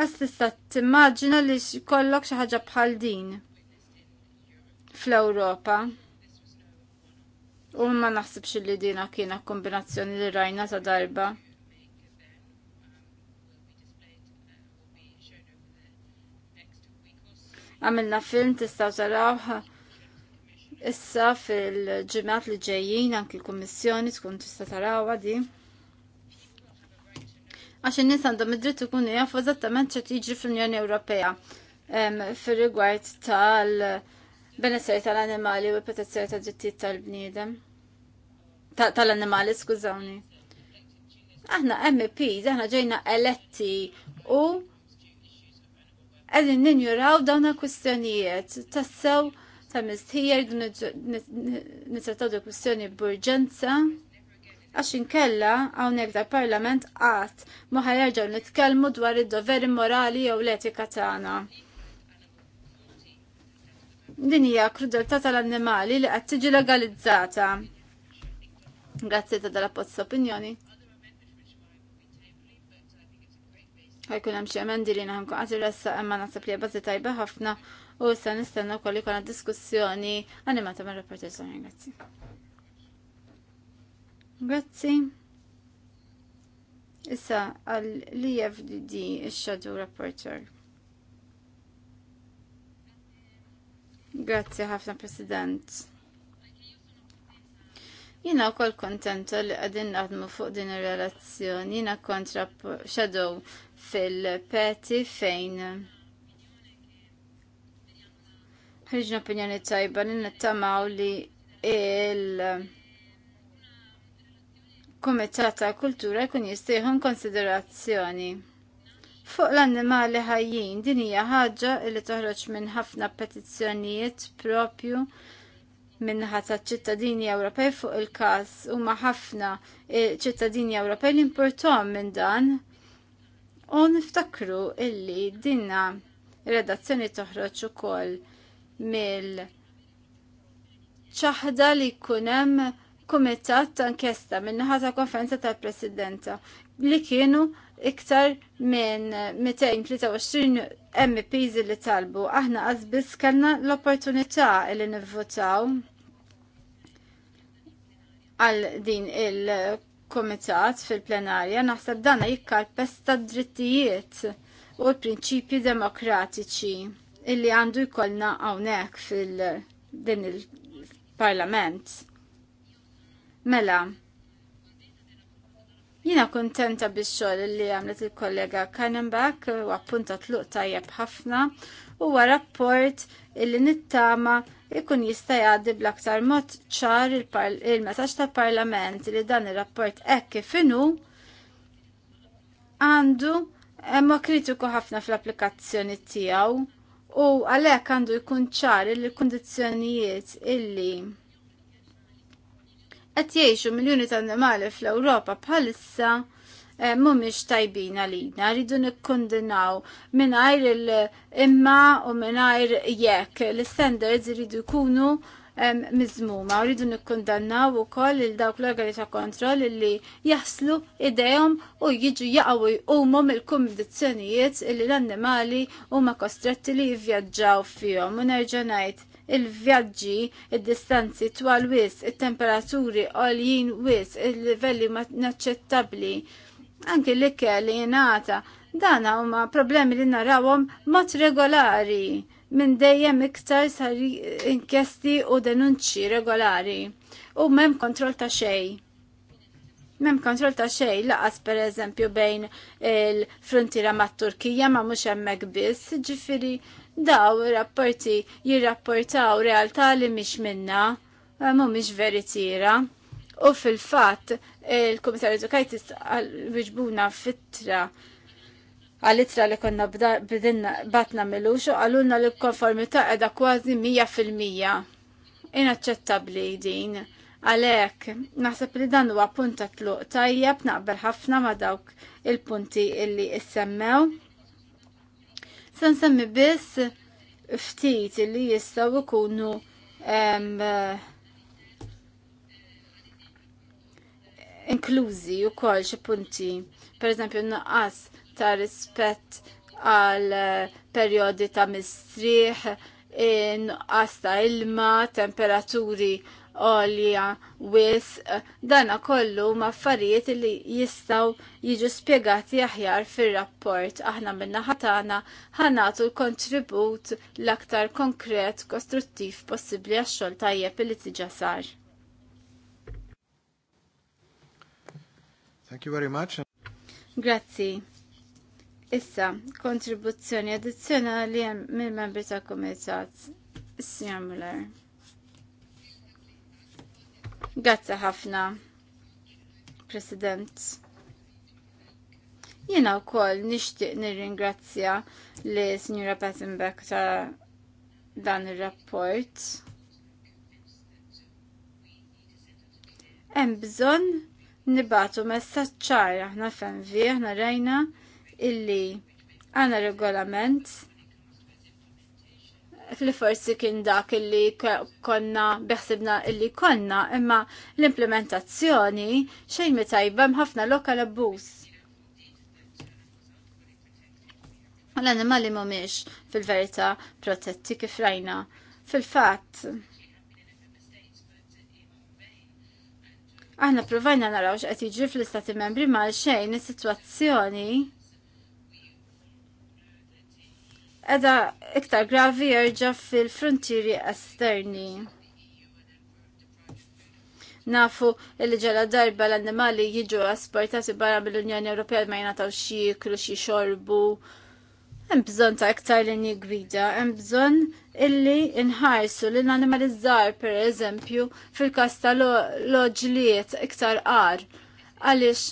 [SPEAKER 2] Għas tista' timmaġina li kollok xaħġa bħal din fl europa U ma naħsibx li dina kiena kombinazzjoni li rajna ta' darba. għamilna film tistaw tarawħ issa fil-ġimgħat li ġejjin anki l-kummissjoni tkun tista' tarawha di għax in-nies għandhom id-dritt ikunu jafu eżattament ċert jiġri fl-Unjoni Ewropea fir-rigward tal-benesseri tal-annimali u protezzjoni ta' drittijiet tal-bniedem. Tal-annimali, skużawni. Aħna MPs, aħna ġejna eletti u għedin ninjuraw dawna kwistjonijiet tassew ta' mistħijer, nitrattaw kustjoni kwistjoni b'urġenza għax inkella hawnhekk dal-Parlament qatt ma ħareġgħu nitkellmu dwar id-doveri morali jew l-etika tagħna. Din hija krudeltà tal-annimali li qed tiġi legalizzata. Grazzi ta' dalla pozza opinjoni. Għajkun hemm xi emendi li naħamku qatt irressa imma naħseb li bażi tajba ħafna u se nistenna wkoll ikolla diskussjoni animata mar-rapporter Grazzi. Grazzi. Issa għal li e FDD il-Shadow Reporter. Grazzi ħafna President. Jina u kol kontenta li għadin naħdmu fuq din il-relazzjoni, jina kontra Shadow fil-peti fejn ħriġna opinjoni tajba li nittamaw li il- Kumitat ta' Kultura jkun jistejħu konsiderazzjoni. Fuq l-annimali ħajjin din hija ħaġa li toħroġ minn ħafna petizzjonijiet propju minn ħata ċittadini Ewropej fuq il-każ huma ħafna ċittadini Ewropej li importom minn dan u niftakru illi dinna redazzjoni toħroġ ukoll mill ċaħda li kunem hemm kumitat ta' inkjesta minnaħa ta' konferenza tal-Presidenta li kienu iktar minn 223 MPs li talbu. Aħna għazbis kellna l-opportunità li nivvotaw għal din il-komitat fil-plenarja naħseb dana pesta drittijiet u l-prinċipji demokratiċi illi għandu jkollna hawnhekk fil-din il-parlament. Mela, jina kontenta biex xogħol li għamlet il-kollega Kanenbach u appunta tluq tajjeb ħafna huwa rapport illi nittama ikun jista' jgħaddi bl-aktar mod ċar il-messaġġ tal-Parlament li dan ir-rapport hekk kif għandu ma kritiku ħafna fl-applikazzjoni tiegħu u għalhekk għandu jkun ċar il-kundizzjonijiet illi qed jgħixu miljuni ta' annimali fl-Ewropa bħalissa eh, mhumiex tajbin għalina, rridu nikkondinaw mingħajr il-imma u mingħajr jekk l-standards rridu jkunu eh, mizmuma, rridu nikkondannaw ukoll il dawk l-organi ta' kontroll li jaslu idejhom u jiġu jaqgħu jqumhom il-kundizzjonijiet li l-annimali huma kostretti li jivvjaġġaw fihom u nerġa' ngħid il-vjaġġi, id-distanzi twal wis, it-temperaturi għoljin wis, il-livelli naċċettabli, anki l-ikkel li jenata, dan huma problemi li narawhom mod regolari minn dejjem iktar sar inkjesti u denunċi regolari u mem kontroll ta' xej. Mem kontroll ta' xej laqas per eżempju bejn il-frontiera mat Turkija ma' mhux hemmhekk biss, ġifieri daw rapporti jirrapportaw realtà li mhix minna, eh, mhumiex veritiera. U fil-fatt il-Kumitat Edukajtis wiġbuna fitra għal-itra li konna bidinna batna Miluxu għalunna li konformita edha kważi 100%. Inaċċettabli din. Għalek, naħseb li dan huwa punta tluq tajjeb naqbel ħafna ma dawk il-punti illi issemmew. Sen semmi biss ftit li jistaw ikunu inklużi u kol xe punti. Per eżempju, naqas ta' rispett għal eh, periodi ta' mistrieħ, naqas ta' ilma, temperaturi għolja wis eh, dana kollu maffarijiet li jistaw jiġu spiegati aħjar fil-rapport. Aħna minna ħatana ħanatu l-kontribut l-aktar konkret kostruttiv possibli għax tajjeb li tiġa sar.
[SPEAKER 1] Thank you very much.
[SPEAKER 2] Grazzi. Issa, kontribuzzjoni addizzjonali mill membri ta' komitat. Siamular. Grazzi ħafna, President. Jena u koll nishtiq nir-ringrazzja li Signora Pettenbeck ta' dan il-rapport. Hemm bżonn nibatu messaċċar aħna fem vi aħna rajna illi għandna regolament li forsi kien dak illi konna beħsibna illi konna imma l-implementazzjoni xejn mitajba ħafna lokal abbuż. L-animali mhumiex fil-verità protetti kif rajna. Fil-fatt, aħna provajna narawx qed jiġri fl-istati membri mal xejn is-sitwazzjoni edha iktar gravi jerġa' fil-frontieri esterni. Nafu li ġela darba l-annimali jiġu asportati barra mill-Unjoni Ewropea ma jnataw xi jiklu xi xorbu. Hemm bżonn ta' iktar linji nigwida, hemm bżonn illi nħarsu lill annimali żgħar pereżempju fil-każ ta' loġliet iktar qar għaliex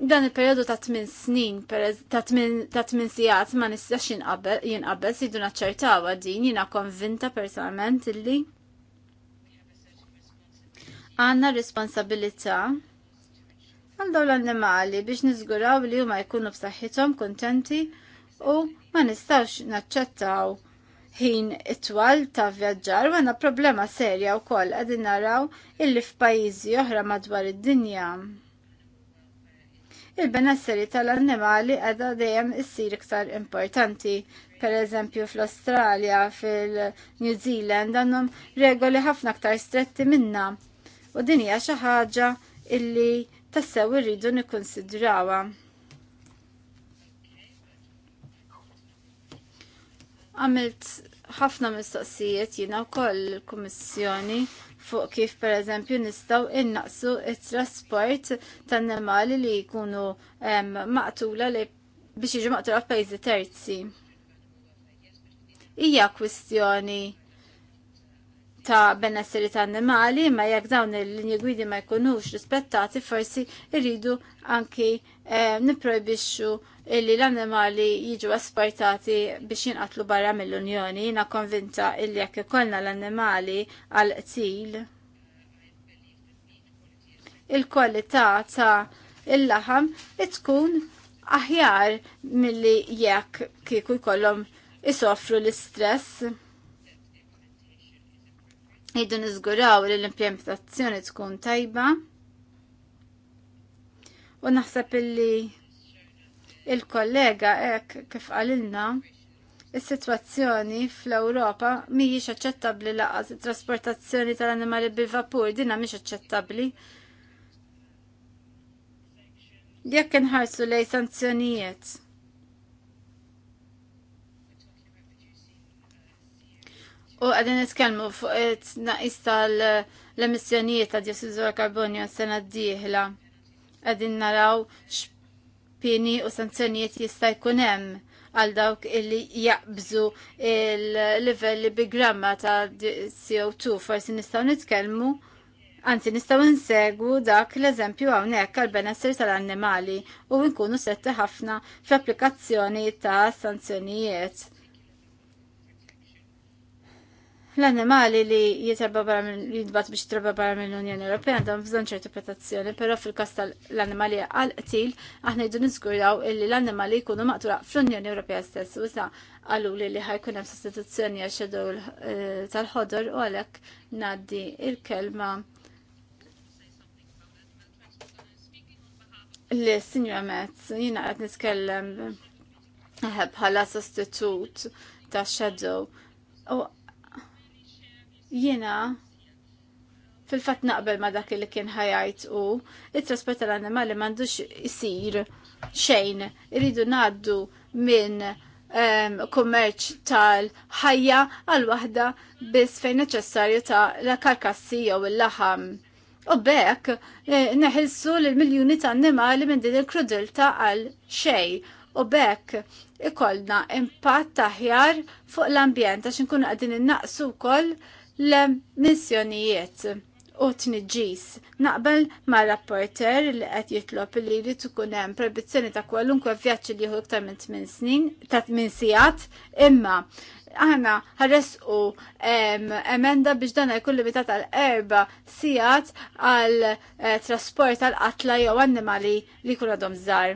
[SPEAKER 2] dan il-periodu ta' 8 snin, ta' 8 sijat ma' nistax jinqabbel, duna naċċertaw din jina konvinta personalment illi għanna responsabilità għal dawn l-annimali biex nizguraw li huma jkunu b'saħħithom kontenti u ma nistax naċċettaw ħin it-twal ta' vjaġġar u għanna problema serja u koll għadin naraw illi f'pajizi oħra madwar id-dinja il-benesseri tal-annimali għadha dejjem issir iktar importanti. Per eżempju fl-Australja, fil-New Zealand għandhom regoli ħafna aktar stretti minna. U din hija xi ħaġa illi tassew irridu nikkonsidrawha. Għamilt ħafna mistoqsijiet jina u koll kummissjoni fuq kif per eżempju nistaw innaqsu it-trasport tan-nemali li jkunu maqtula li biex jiġu maqtula f'pajzi terzi. Hija kwistjoni ta' benesseri ta' animali, ma jekk dawn il-linji gwidi ma jkunux rispettati, forsi irridu anki Eh, niprojbixxu illi l-annimali jiġu esportati biex jinqatlu barra mill-Unjoni, jina konvinta illi jekk ikollna l-annimali għal qtil. Il-kwalità ta' il-laħam tkun aħjar milli jekk kieku jkollhom isofru l-istress. Jidu niżguraw li l-implementazzjoni tkun tajba. U naħseb illi il-kollega ek kif għalilna Is-sitwazzjoni fl-Ewropa mhijiex aċċettabbli laqas it-trasportazzjoni tal animali bil-vapur dinha mhix aċċettabbli. Jekk nħarsu lej sanzjonijiet. U għadin nitkellmu fuq it naqis tal-emissjonijiet ta' diossidu karbonju s-sena d-dieħla. Għadin naraw x'pini u sanzjonijiet jista' jkun hemm għal dawk illi jaqbżu il-livelli bi gramma ta' CO2 forsi nistaw nitkellmu Anzi, nistaw nsegwu dak l-eżempju għawnek għal-benessir tal-annimali u nkunu setti ħafna fl-applikazzjoni ta' sanzjonijiet l-annimali li jitarba barra minn jidbat biex jitarba barra minn l-Unjoni Ewropea għandhom bżonn ċertu protezzjoni, però fil-kas tal-annimali għal-qtil aħna jdu niżguraw illi l-annimali jkunu maqtura fl-Unjoni Ewropea stess u sa għallu li li ħajkun hemm sostituzzjoni għax eh, tal-ħodor u għalhekk ngħaddi il-kelma li sinjura Metz jiena qed nitkellem bħala sostitut ta' shadow. Jiena fil-fatt naqbel ma dak li kien ħajajt u it trasporta tal-annimali m'għandux isir xejn. Iridu ngħaddu minn ehm, kummerċ tal-ħajja għal waħda biss fejn neċessarju ta' la karkassi jew il-laħam. U bekk e, neħilsu l-miljuni ta' annimali minn din il-krudilta għal xej. U bekk ikollna impatt taħjar fuq l-ambjent għax nkunu qegħdin innaqsu wkoll koll l-missjonijiet u tniġġis. Naqbel ma' rapporter li qed jitlop li jrid ikun hemm proibizzjoni ta' kwalunkwe vjaċ li jieħu iktar minn tmien snin ta' tmien sijat, imma aħna ħaresqu emenda biex dan jkun limitat għal erba sijat għal eh, trasport għal qatla jew annimali li jkun għadhom żgħar.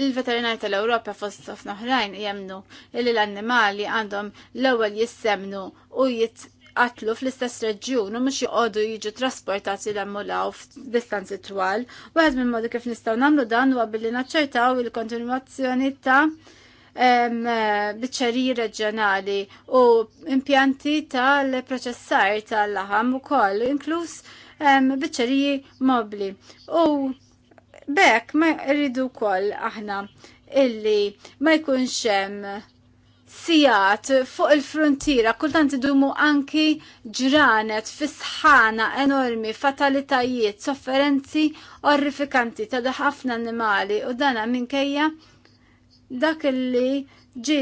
[SPEAKER 2] Il-veterinari tal-Ewropa fost ħafna oħrajn jemnu li l-annimali għandhom l-ewwel jissemnu u jitqatlu fl-istess reġjun u mhux joqogħdu jiġu trasportati l-ammulaw f'distanzi twal. Waħed minn modi kif nistgħu nagħmlu dan huwa billi naċċertaw il kontinuazzjoni ta' biċċeriji reġjonali u impjanti tal-proċessar tal-laħam u koll, inkluż biċċeriji mobli. U Bekk ma rridu koll aħna illi ma jkunx hemm sijat fuq il frontira kultant idumu anki ġranet fisħana enormi fatalitajiet, sofferenzi orrifikanti ta' ħafna animali u dana minkejja dak li ġi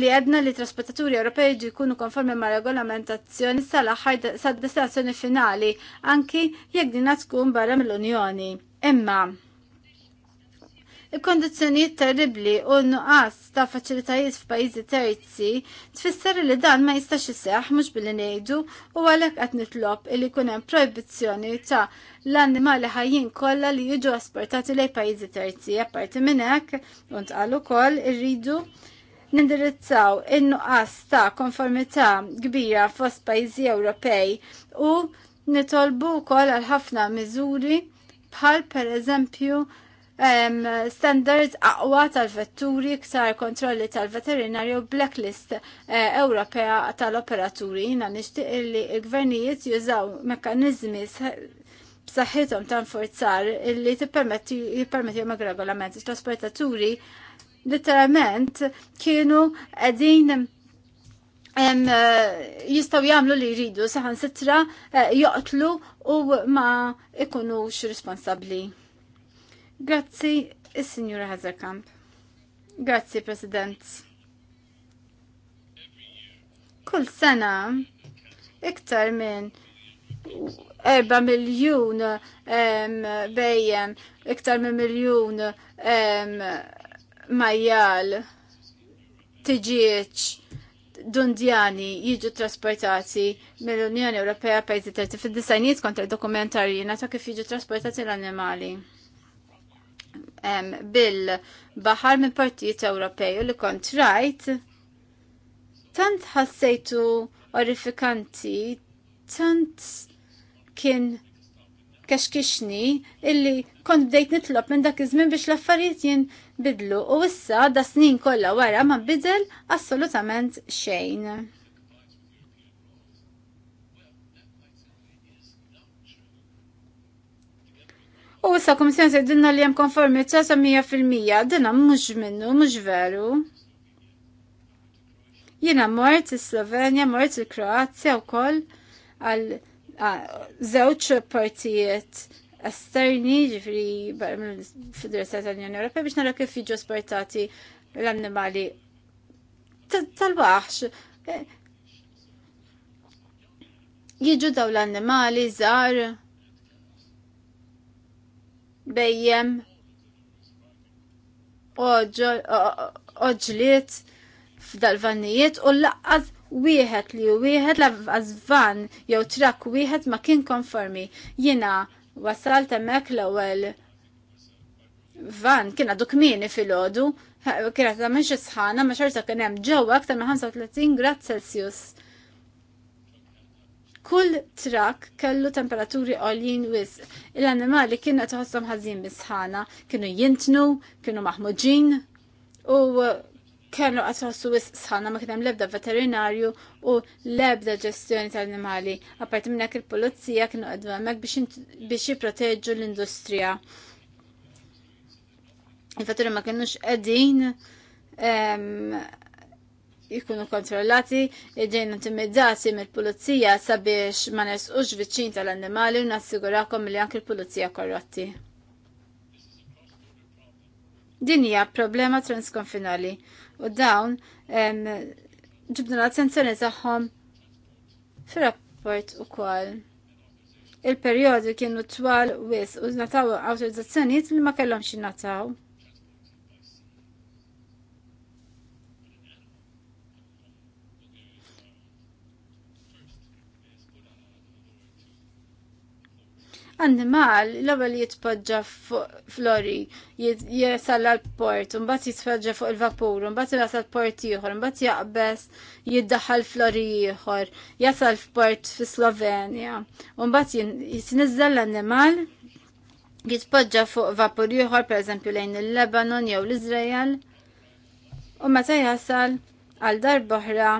[SPEAKER 2] li għedna li traspettaturi Ewropej ġi kunu konformi ma' regolamentazzjoni sal-aħħar sa' destinazzjoni finali, anki jekk din tkun barra mill-Unjoni. Imma, il-kondizjonijiet terribli u nuqqas ta' faċilitajiet f'pajjiżi terzi tfisser li dan ma jistax iseħħ mhux billi ngħidu u għalhekk qed nitlob li jkun hemm ta' l-annimali ħajjin kollha li jiġu asportati lejn pajjiżi terzi. Apparti minn hekk, u kol ukoll irridu nindirizzaw in-nuqqas ta' konformità kbira fost pajjiżi Ewropej u nitolbu wkoll għal ħafna miżuri bħal pereżempju um, standards aqwa tal-vetturi, iktar kontrolli tal-veterinarju, blacklist eh, Ewropea tal-operaturi. Jina nishtiq li l gvernijiet jużaw mekkanizmi b'saħħithom ta' nforzar illi jippermettu jom regolamenti trasportaturi literalment kienu qegħdin eh, jistaw jamlu li jridu saħan sitra eh, joqtlu u ma ikunux responsabli. Grazzi, il-Signora Hazerkamp. Grazzi, President. Kull sena iktar minn 4 miljun bejjem iktar minn miljun majjal tiġieċ dundjani jiġu trasportati mill-Unjoni Ewropea pajzi terti fil-disajniet kontra dokumentarjina ta' kif jiġu trasportati l-animali. Bil-bahar minn partijiet Ewropej u li kont rajt, tant ħassejtu orifikanti, tant kien kaxkixni illi kont bdejt nitlob minn dak iż-żmien biex l-affarijiet jien bidlu u issa da snin kollha wara ma bidel assolutament xejn. U issa komissjoni se dinna li hemm konformità fil 100% dinna mhux minnu, mhux veru. Jiena mort is-Slovenja, mort il-Kroazja wkoll għal żewġ partijiet esterni ġifri fil-dressa tal-Unjoni Ewropea biex nara kif jiġu sportati l-annimali tal baħx eh, Jiġu daw l-annimali, zar, bejjem, oġliet, f'dal-vannijiet u laqqas wieħed li wieħed laqqas van jew trak wieħed ma kien konformi. Jiena Wasalt hemmhekk l-ewwel van kien għadu kmini fil-ħodu, kienet ta' minn sħana, ma xorta kien hemm ġewwa aktar minn 35 grad Celsius. Kull trak kellu temperaturi għoljin wis. Il-annimali kienu tħossom ħażin bis-sħana, kienu jintnu, kienu maħmuġin u kellu għatħossu wis sħana ma kienem lebda veterinarju u lebda ġestjoni tal-animali. Apparti minnek il-polizija kienu għadwa mek biex jiproteġu l-industrija. Il-vetturi ma kienux għedin jikunu kontrollati, ġejn intimiddati mill-pulizija sabiex ma nesqux viċin tal-annimali u nassigurakom li anke l-pulizija korrotti. Din hija problema transkonfinali u dawn ġibdu l-attenzjoni tagħhom fir-rapport ukoll. Il-perjodu kienu twal wis u nataw awtorizzazzjonijiet li ma kellhomx jinnataw. Annimal, l-ewwel jitpoġġa flori, jesal l-port, u mbagħad jitpoġġa fuq il-vapur, mbagħad jasal port ieħor, mbagħad jaqbes jiddaħħal flori ieħor, jasal f'port fis Slovenja. U mbagħad jitniżżel l-annimal jitpoġġa fuq vapur ieħor pereżempju lejn il-Lebanon jew l-Iżrael. U meta jasal għal darba oħra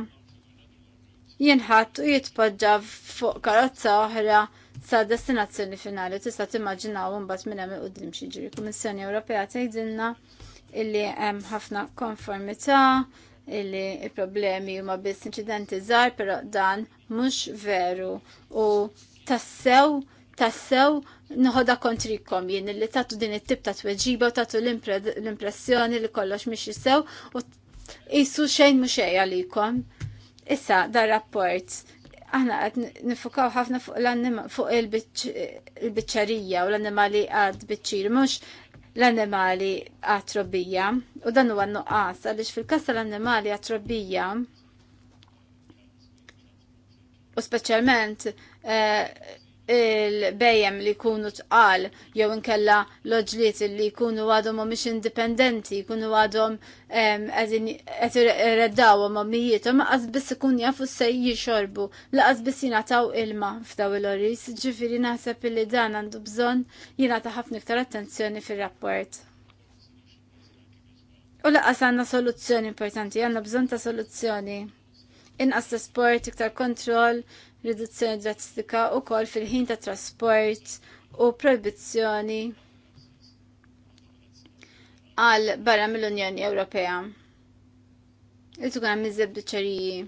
[SPEAKER 2] jinħatt u jitpoġġa fuq karozza oħra sa destinazzjoni finali tista' timmaġinaw imbagħad minn hemm il-qudiem xiġri. Kummissjoni Ewropea tgħidilna illi hemm ħafna konformità illi il-problemi huma biss inċidenti żgħar, però dan mhux veru u tassew tassew nħoda kontrikom jien li tatu din it-tip ta' tweġiba u tatu l-impressjoni li kollox mhix jisew u qisu xejn mhux għalikom. Issa dar rapport aħna qed nifukaw ħafna fuq l fuq il bicċarija u l-annimali għad bicċir, mhux l-annimali għad trobbija u dan għannu għas, għaliex fil-każ tal-annimali għad trobbija u speċjalment eh, il-bejjem li kunu tqal jew inkella loġliet li kunu għadhom mhumiex indipendenti, jkunu għadhom qed irreddawhom omijietom, għaz biss ikun jafu se jixorbu, laqas biss jingħataw ilma f'daw il-oris, ġifieri naħseb li dan għandu bżonn jingħata ħafna iktar attenzjoni fir-rapport. U laqas għandna soluzzjoni importanti, għandna bżonn ta' soluzzjoni. Inqas sport, iktar kontroll, riduzzjoni drastika u kol fil-ħin ta' trasport u proibizzjoni għal barra mill-Unjoni Ewropea. Irtu kuna mizzeb duċeriji.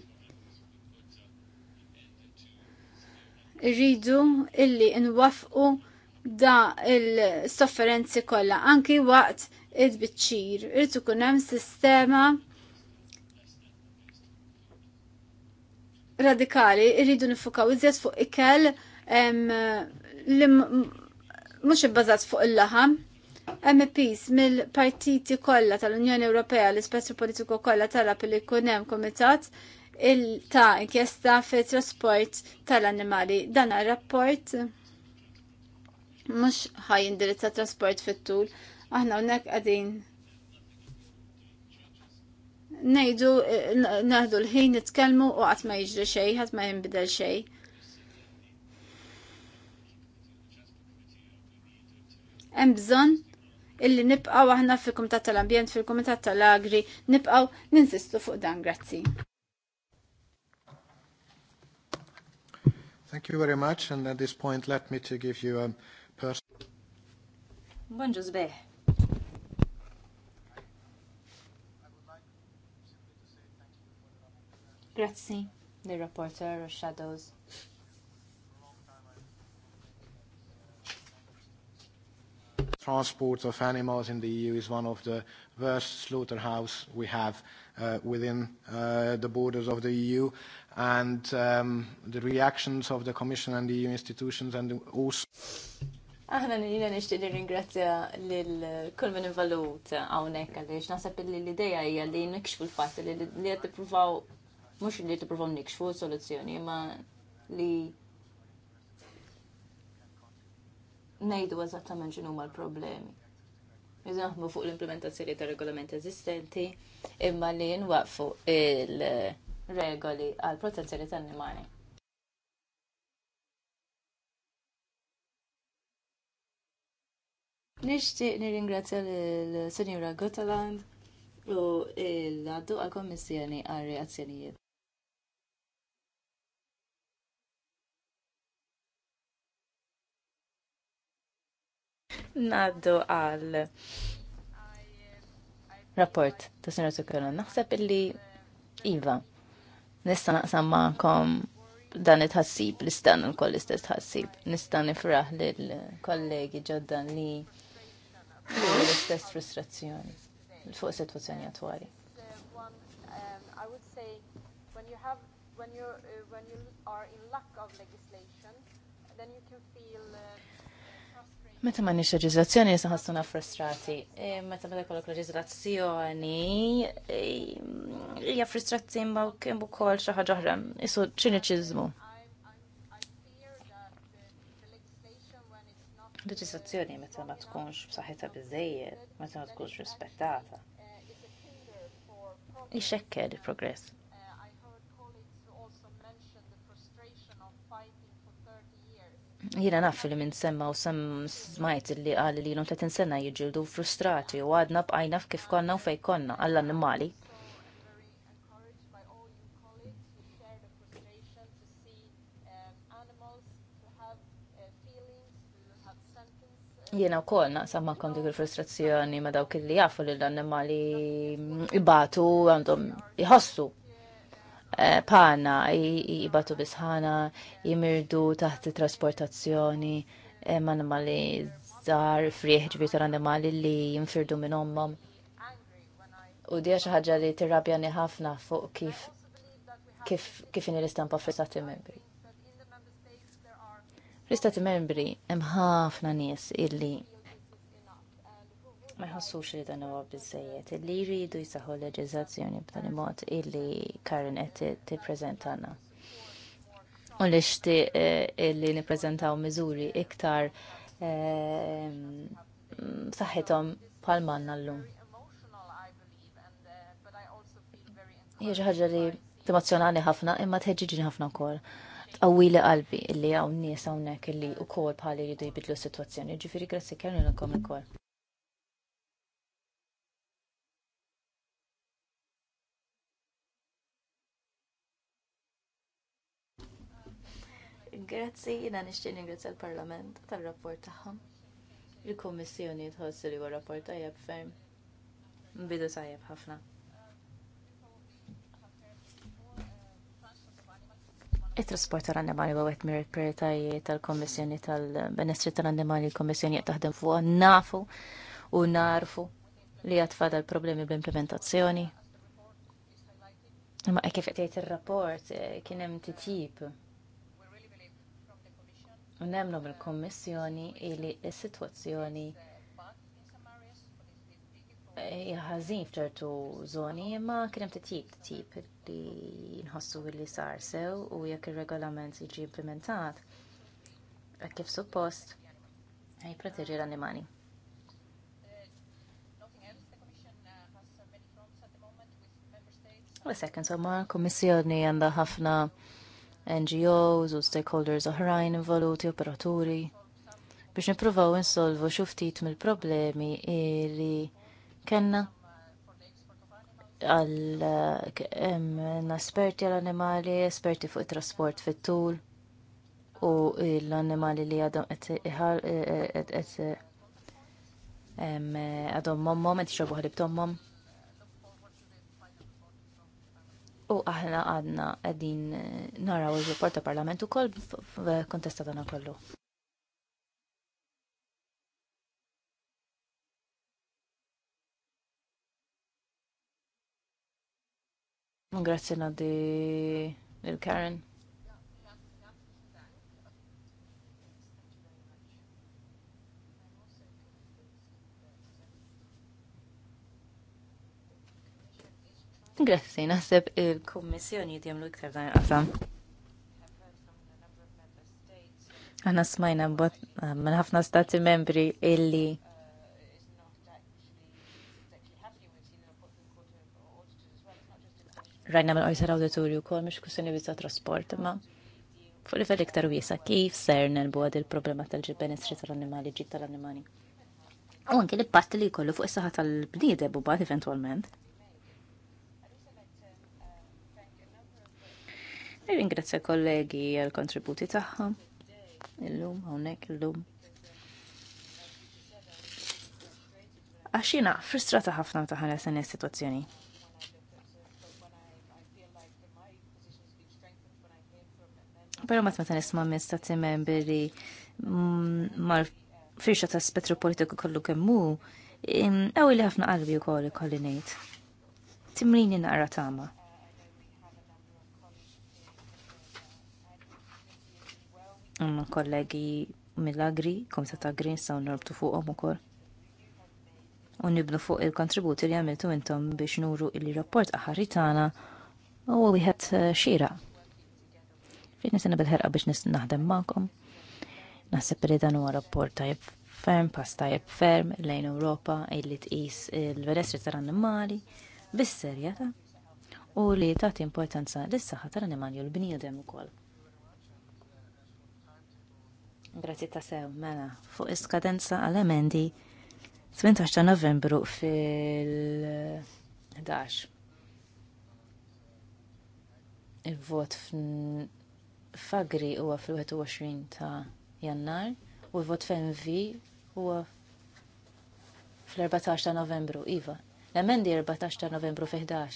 [SPEAKER 2] Irridu illi nwafqu da il-sofferenzi kollha anki waqt id bicċir Irtu kunem sistema sistema radikali irridu nifukaw iżjed fuq ikel li mhux ibbażat fuq il-laħam. MPs mill-partiti kollha tal-Unjoni Ewropea l-ispettru politiku kollha talab li jkun hemm kumitat ta' inkjesta fit trasport tal-annimali. Dan rapport mhux ħaj indirizza trasport fit-tul, aħna hawnhekk qegħdin nejdu eh, naħdu l-ħin nitkellmu u qatt ma jiġri xejn, ħadd ma jinbidel xejn. Hemm bżonn illi nibqgħu aħna fil-Kumitat tal-Ambjent fil-Kumitat tal-Agri nibqgħu ninsistu fuq dan grazzi.
[SPEAKER 1] Thank you very much and at this point let me to give you a personal
[SPEAKER 3] Grazzi The reporter of shadows.
[SPEAKER 1] Transport of animals in the EU is one of the worst slaughterhouse we have uh, within uh, the borders of the EU and um, the reactions of the Commission and the EU institutions and also
[SPEAKER 3] Aħna nina nishtiq li ringrazzja l-kull uh, minn involut għawnek għalix nasab li l-ideja hija li nikxfu l-fat li għed provaw mhux li nikx fuq soluzzjoni ma li ngħidu eżattament ġinu ma l-problemi. Iżaħmu fuq l-implementazzjoni ta' regolamenti eżistenti imma li nwaqfu il-regoli għal protezzjoni tan-nimani. Nishtiq nir-ingrazzja l-Senjura Gotaland u l-għaddu għal-Kommissjoni għal-Reazzjonijiet. Naddu għal rapport ta' s Sinra Tukkolo. Naħseb illi Iva, nista naqsam ma'kom dan it-ħassib, l-istan l-koll istess ħassib. Nista nifraħ l-kollegi ġoddan li l-istess frustrazzjoni fuq situazzjoni attwali. Uh, Meta ma nix reġizrazzjoni jisa ħastuna frustrati. E, meta ma dakollok reġizrazzjoni, e, ija frustrati imma kien ukoll xi ħaġa oħra, isu ċiniċiżmu. Leġizlazzjoni meta ma tkunx b'saħħitha biżejjed, meta ma tkunx rispettata. Ixekkel il-progress. Jina naf li minn semma u sem smajt li għal li l-um 30 sena jġildu frustrati u għadna bqajna f'kif konna u fej konna għall-annimali. Jena u kol naqsam ma' dik il-frustrazzjoni ma' dawk li jafu li l-annimali ibatu għandhom jħossu Eh, pana jibatu bisħana, jimirdu taħt trasportazzjoni, eh, manimali żar, friħ, ġbir tal-animali li jinfirdu minn ommom. U dija xi ħaġa li tirrabjani ħafna fuq kif kif kif inhi l-istampa fl-istati membri. Fl-istati membri hemm ħafna nies illi ma jħossux li dan huwa biżejjed illi jridu jsaħħu leġiżazzjoni b'dan il-mod illi Karen qed tippreżentana. U li xtieq eh, illi nippreżentaw miżuri iktar eh, saħħithom bħal manna llum. Hija xi ħaġa li timozzjonani ħafna imma tħeġġiġini ħafna wkoll tqawwi li qalbi illi hawn nies hawnhekk illi wkoll bħal jridu jbidlu s-sitwazzjoni. Ġifieri grazzi kellu lkom ukoll. Grazzi, jina nixtieq ningrazzja l-Parlament tal-rapport tagħhom. Il-Kummissjoni tħossi li huwa rapport tajjeb ferm. Mbidu tajjeb ħafna. Il-trasport tal-annimali huwa wieħed mir-prioritajiet tal-Kommissjoni tal benestri tal animali il kommissjoni qed taħdem fuq nafu u narfu li fada l-problemi bl-implementazzjoni. Ma kif qed jgħid ir-rapport eh, kien hemm tip U nemnu mill-Kommissjoni li s-sitwazzjoni jħazin f'ċertu zoni imma kien hemm titjib tip li nħossu li sar sew u jekk ir-regolament jiġi implementat e kif suppost jipproteġi l-annimali. U sekk insomma, l-Kummissjoni għandha ħafna NGOs u stakeholders oħrajn involuti, operaturi, biex nipruvaw insolvu xi ftit mill-problemi li kellna għal esperti għal animali, esperti fuq it-trasport fit-tul u l-animali li għadhom qed għadhom mommom, qed jixrobu ħalib U aħna għadna għedin eh, naraw il-rapport ta' parlament u koll dana kollu. Grazie nadi il-Karen. Grazzi, naħseb il-Kommissjoni jitjemlu iktar dan il-qasam. Għana smajna bot minn ħafna stati membri illi rajna minn qajsar auditorju kol mhux kwistjoni bizza trasport, ma fuq livell iktar wiesa kif ser nel għad il-problema tal-ġibbenestri tal animali ġid tal animali U anke l-impatt li jkollu fuq is saħat tal-bniedem u bad eventualment. Ringrazzja kollegi għal kontributi tagħhom illum hawnhekk illum. Għaxina frustrata ħafna ta' l is-sitwazzjoni. Pero ma t-meta nisma minn stati membri mm, mal firxa ta' spettru politiku kollu kemmu, għaw li ħafna qalbi u kolli kolli nejt. Timrini naqra tama. Għanna kollegi mill-agri, komitat agri, nistaw norbtu fuqom u koll. U nibnu fuq il-kontributi li għamiltu intom biex nuru il-rapport aħarri tagħna u wieħed eh, xira. Fejn nisena bil-ħerqa biex naħdem magħkom. Naħseb li dan huwa rapport tajb ferm, pass tajb ferm lejn Ewropa illi tqis il-benessri tal-annimali bis-serjeta u li tagħti importanza lis-saħħa tal-annimali u l-bniedem ukoll. Grazie ta' sew, mela, fuq iskadenza għal-emendi 18 novembru fil-11. Il-vot f'Agri huwa fil-21 ta' jannar u l-vot f'MV huwa fl-14 ta' novembru, Iva. L-emendi 14 ta' novembru fil-11.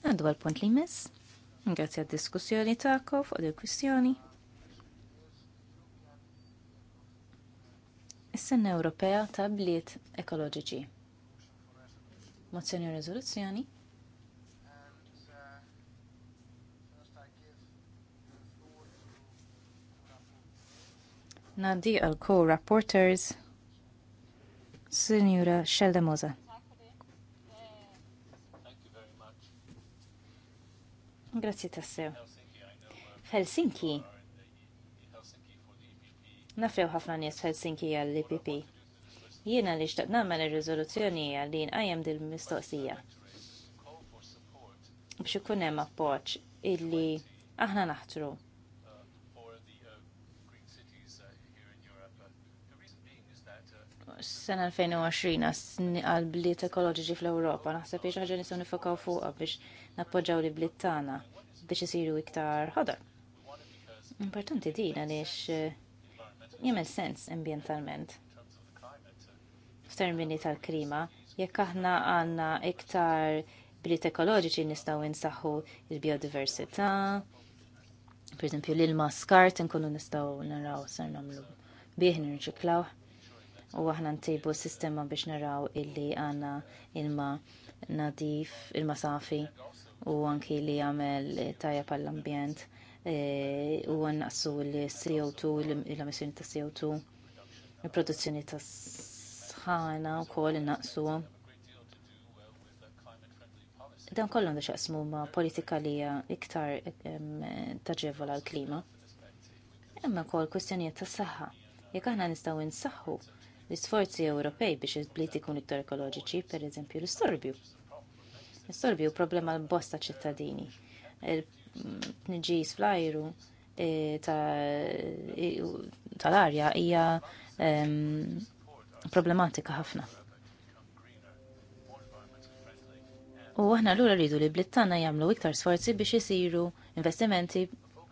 [SPEAKER 3] Għandu għal-punt li mis. Grazzi għad-diskussjoni ta'kom fuq il-kwistjoni. Is-Sena Ewropea ta' Bliet Ekoloġiċi. Mozzjoni u rezoluzzjoni. Nadi għal co-rapporters, Signora Sheldon Moza. Grazzi tassew. Helsinki. Nafrew ħafna nies Helsinki għall-IPP. Jiena li xtaqt nagħmel ir-riżoluzzjoni għalli nqajjem din mistoqsija Biex ikun hemm appoġġ illi aħna naħtru sena 2020 għal bliet ekoloġiċi fl-Ewropa. Naħseb biex ħaġa nistgħu nifokaw fuqa biex nappoġġaw li bliet tagħna biex isiru iktar ħodar. Importanti din għaliex eh, jemel sens ambjentalment. F'termini tal-klima, jekk aħna għandna iktar bliet ekoloġiċi nistgħu insaħħu il-biodiversità, per l-ilma skart nkunu nistgħu naraw sar nagħmlu bih nirċiklaw u aħna ntejbu s-sistema biex naraw illi għanna ilma nadif, ilma safi u anki li għamel tajja pal-ambjent e, u għannaqsu l-CO2, l-emissjoni ta' CO2, il-produzzjoni ta' sħana u kol naqsu. Dan kollu għandu xaqsmu ma' politika li iktar taġevola l-klima. Emma kol kwestjonijiet ta' saħħa jekk aħna nistgħu nsaħħu l-isforzi Ewropej biex il-bliet ikun iktar ekoloġiċi, per eżempju l-istorbju. L-istorbju problema l-bosta ċittadini. Il-nġis fl-ajru e, e, tal-arja hija problematika ħafna. U aħna l-ura rridu li blittana jamlu iktar sforzi biex jisiru investimenti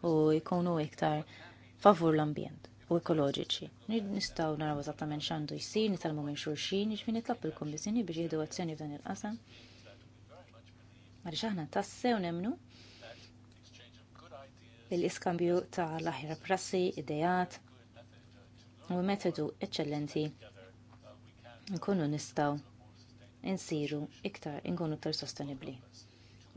[SPEAKER 3] u jkunu iktar favur l-ambjent u ekoloġiċi. Nistaw naraw eżattament x'għandu jsir, nitalmu minn xulxin, ġmin nitlob il-kommissjoni biex jieħdu azzjoni f'dan il-qasam. Għaliex aħna tassew nemnu l-iskambju ta' l-aħjar prassi, idejat u metodu eċċellenti nkunu nistaw insiru iktar, inkunu iktar sostenibbli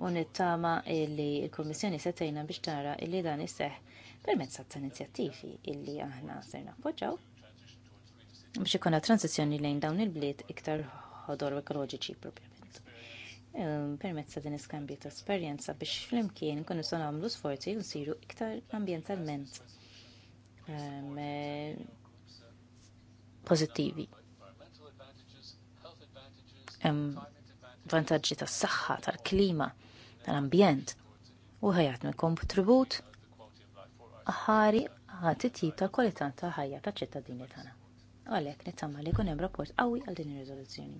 [SPEAKER 3] u nittama li l kummissjoni setejna biex tara li dan isseħħ permezz ta' inizjattivi illi aħna ser nappoġġaw biex ikonna transizjoni lejn dawn il-bliet iktar ħodor ekoloġiċi propjament. Ehm, permezz ta' din iskambju ta' esperjenza biex flimkien nkunu nistgħu nagħmlu sforzi nsiru iktar ambientalment ehm, pozittivi. Ehm, vantaġġi tas-saħħa, tal-klima, tal-ambjent u ħajatna kontribut ħari ħatitjib ta' kwalità ta' ħajja ta' ċittadini tagħna. Għalhekk nittama li jkun hemm rapport qawwi għal din ir-riżoluzzjoni.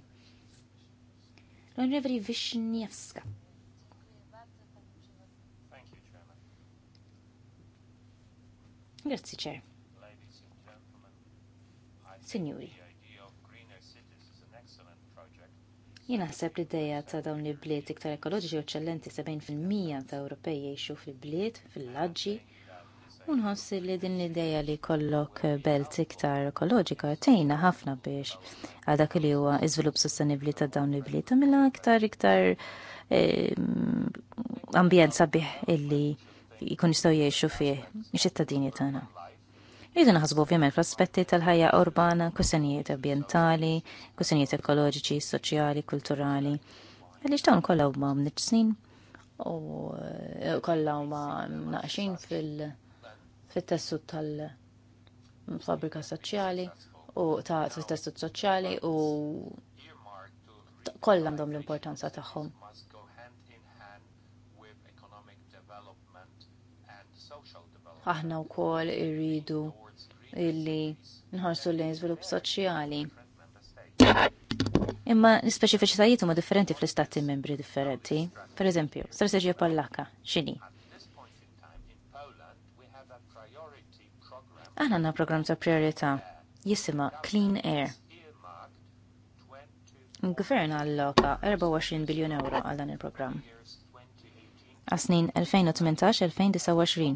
[SPEAKER 3] L-Onrevri Vishnevska. Grazzi ċer. Signori. Jien naħseb li d deja ta' dawn li bliet iktar ekoloġi u ċellenti 70% ta' Ewropej jiexu fil-bliet, fil-laġġi, Unħossi li din l-ideja li kollok belt iktar ekoloġika tejna ħafna biex għadak li huwa iżvilupp sostenibli ta' dawn il ta' mela iktar iktar ambjent sabiħ illi jkun jistgħu jgħixu fih iċ-ċittadini tagħna. Rridu ħasbu ovvjament fl-aspetti tal-ħajja urbana, kwistjonijiet ambjentali, kusenijiet ekoloġiċi, soċjali, kulturali. Għaliex dawn kollha huma mniġsin u eh, kollha huma naqxin fil- fit testu tal-fabrika soċjali u ta' fit testu soċjali u kollha għandhom l-importanza tagħhom. Aħna wkoll irridu illi nħarsu l żvilupp soċjali. Imma l-speċifiċitajiet huma differenti fl-istati membri differenti. Per eżempju, pal pallaka, x'inhi? Aħna għanna program ta' priorità jisima Clean Air. Gvern għall-loka 24 biljun euro għal dan il-programm. Għasnin 2018-2029.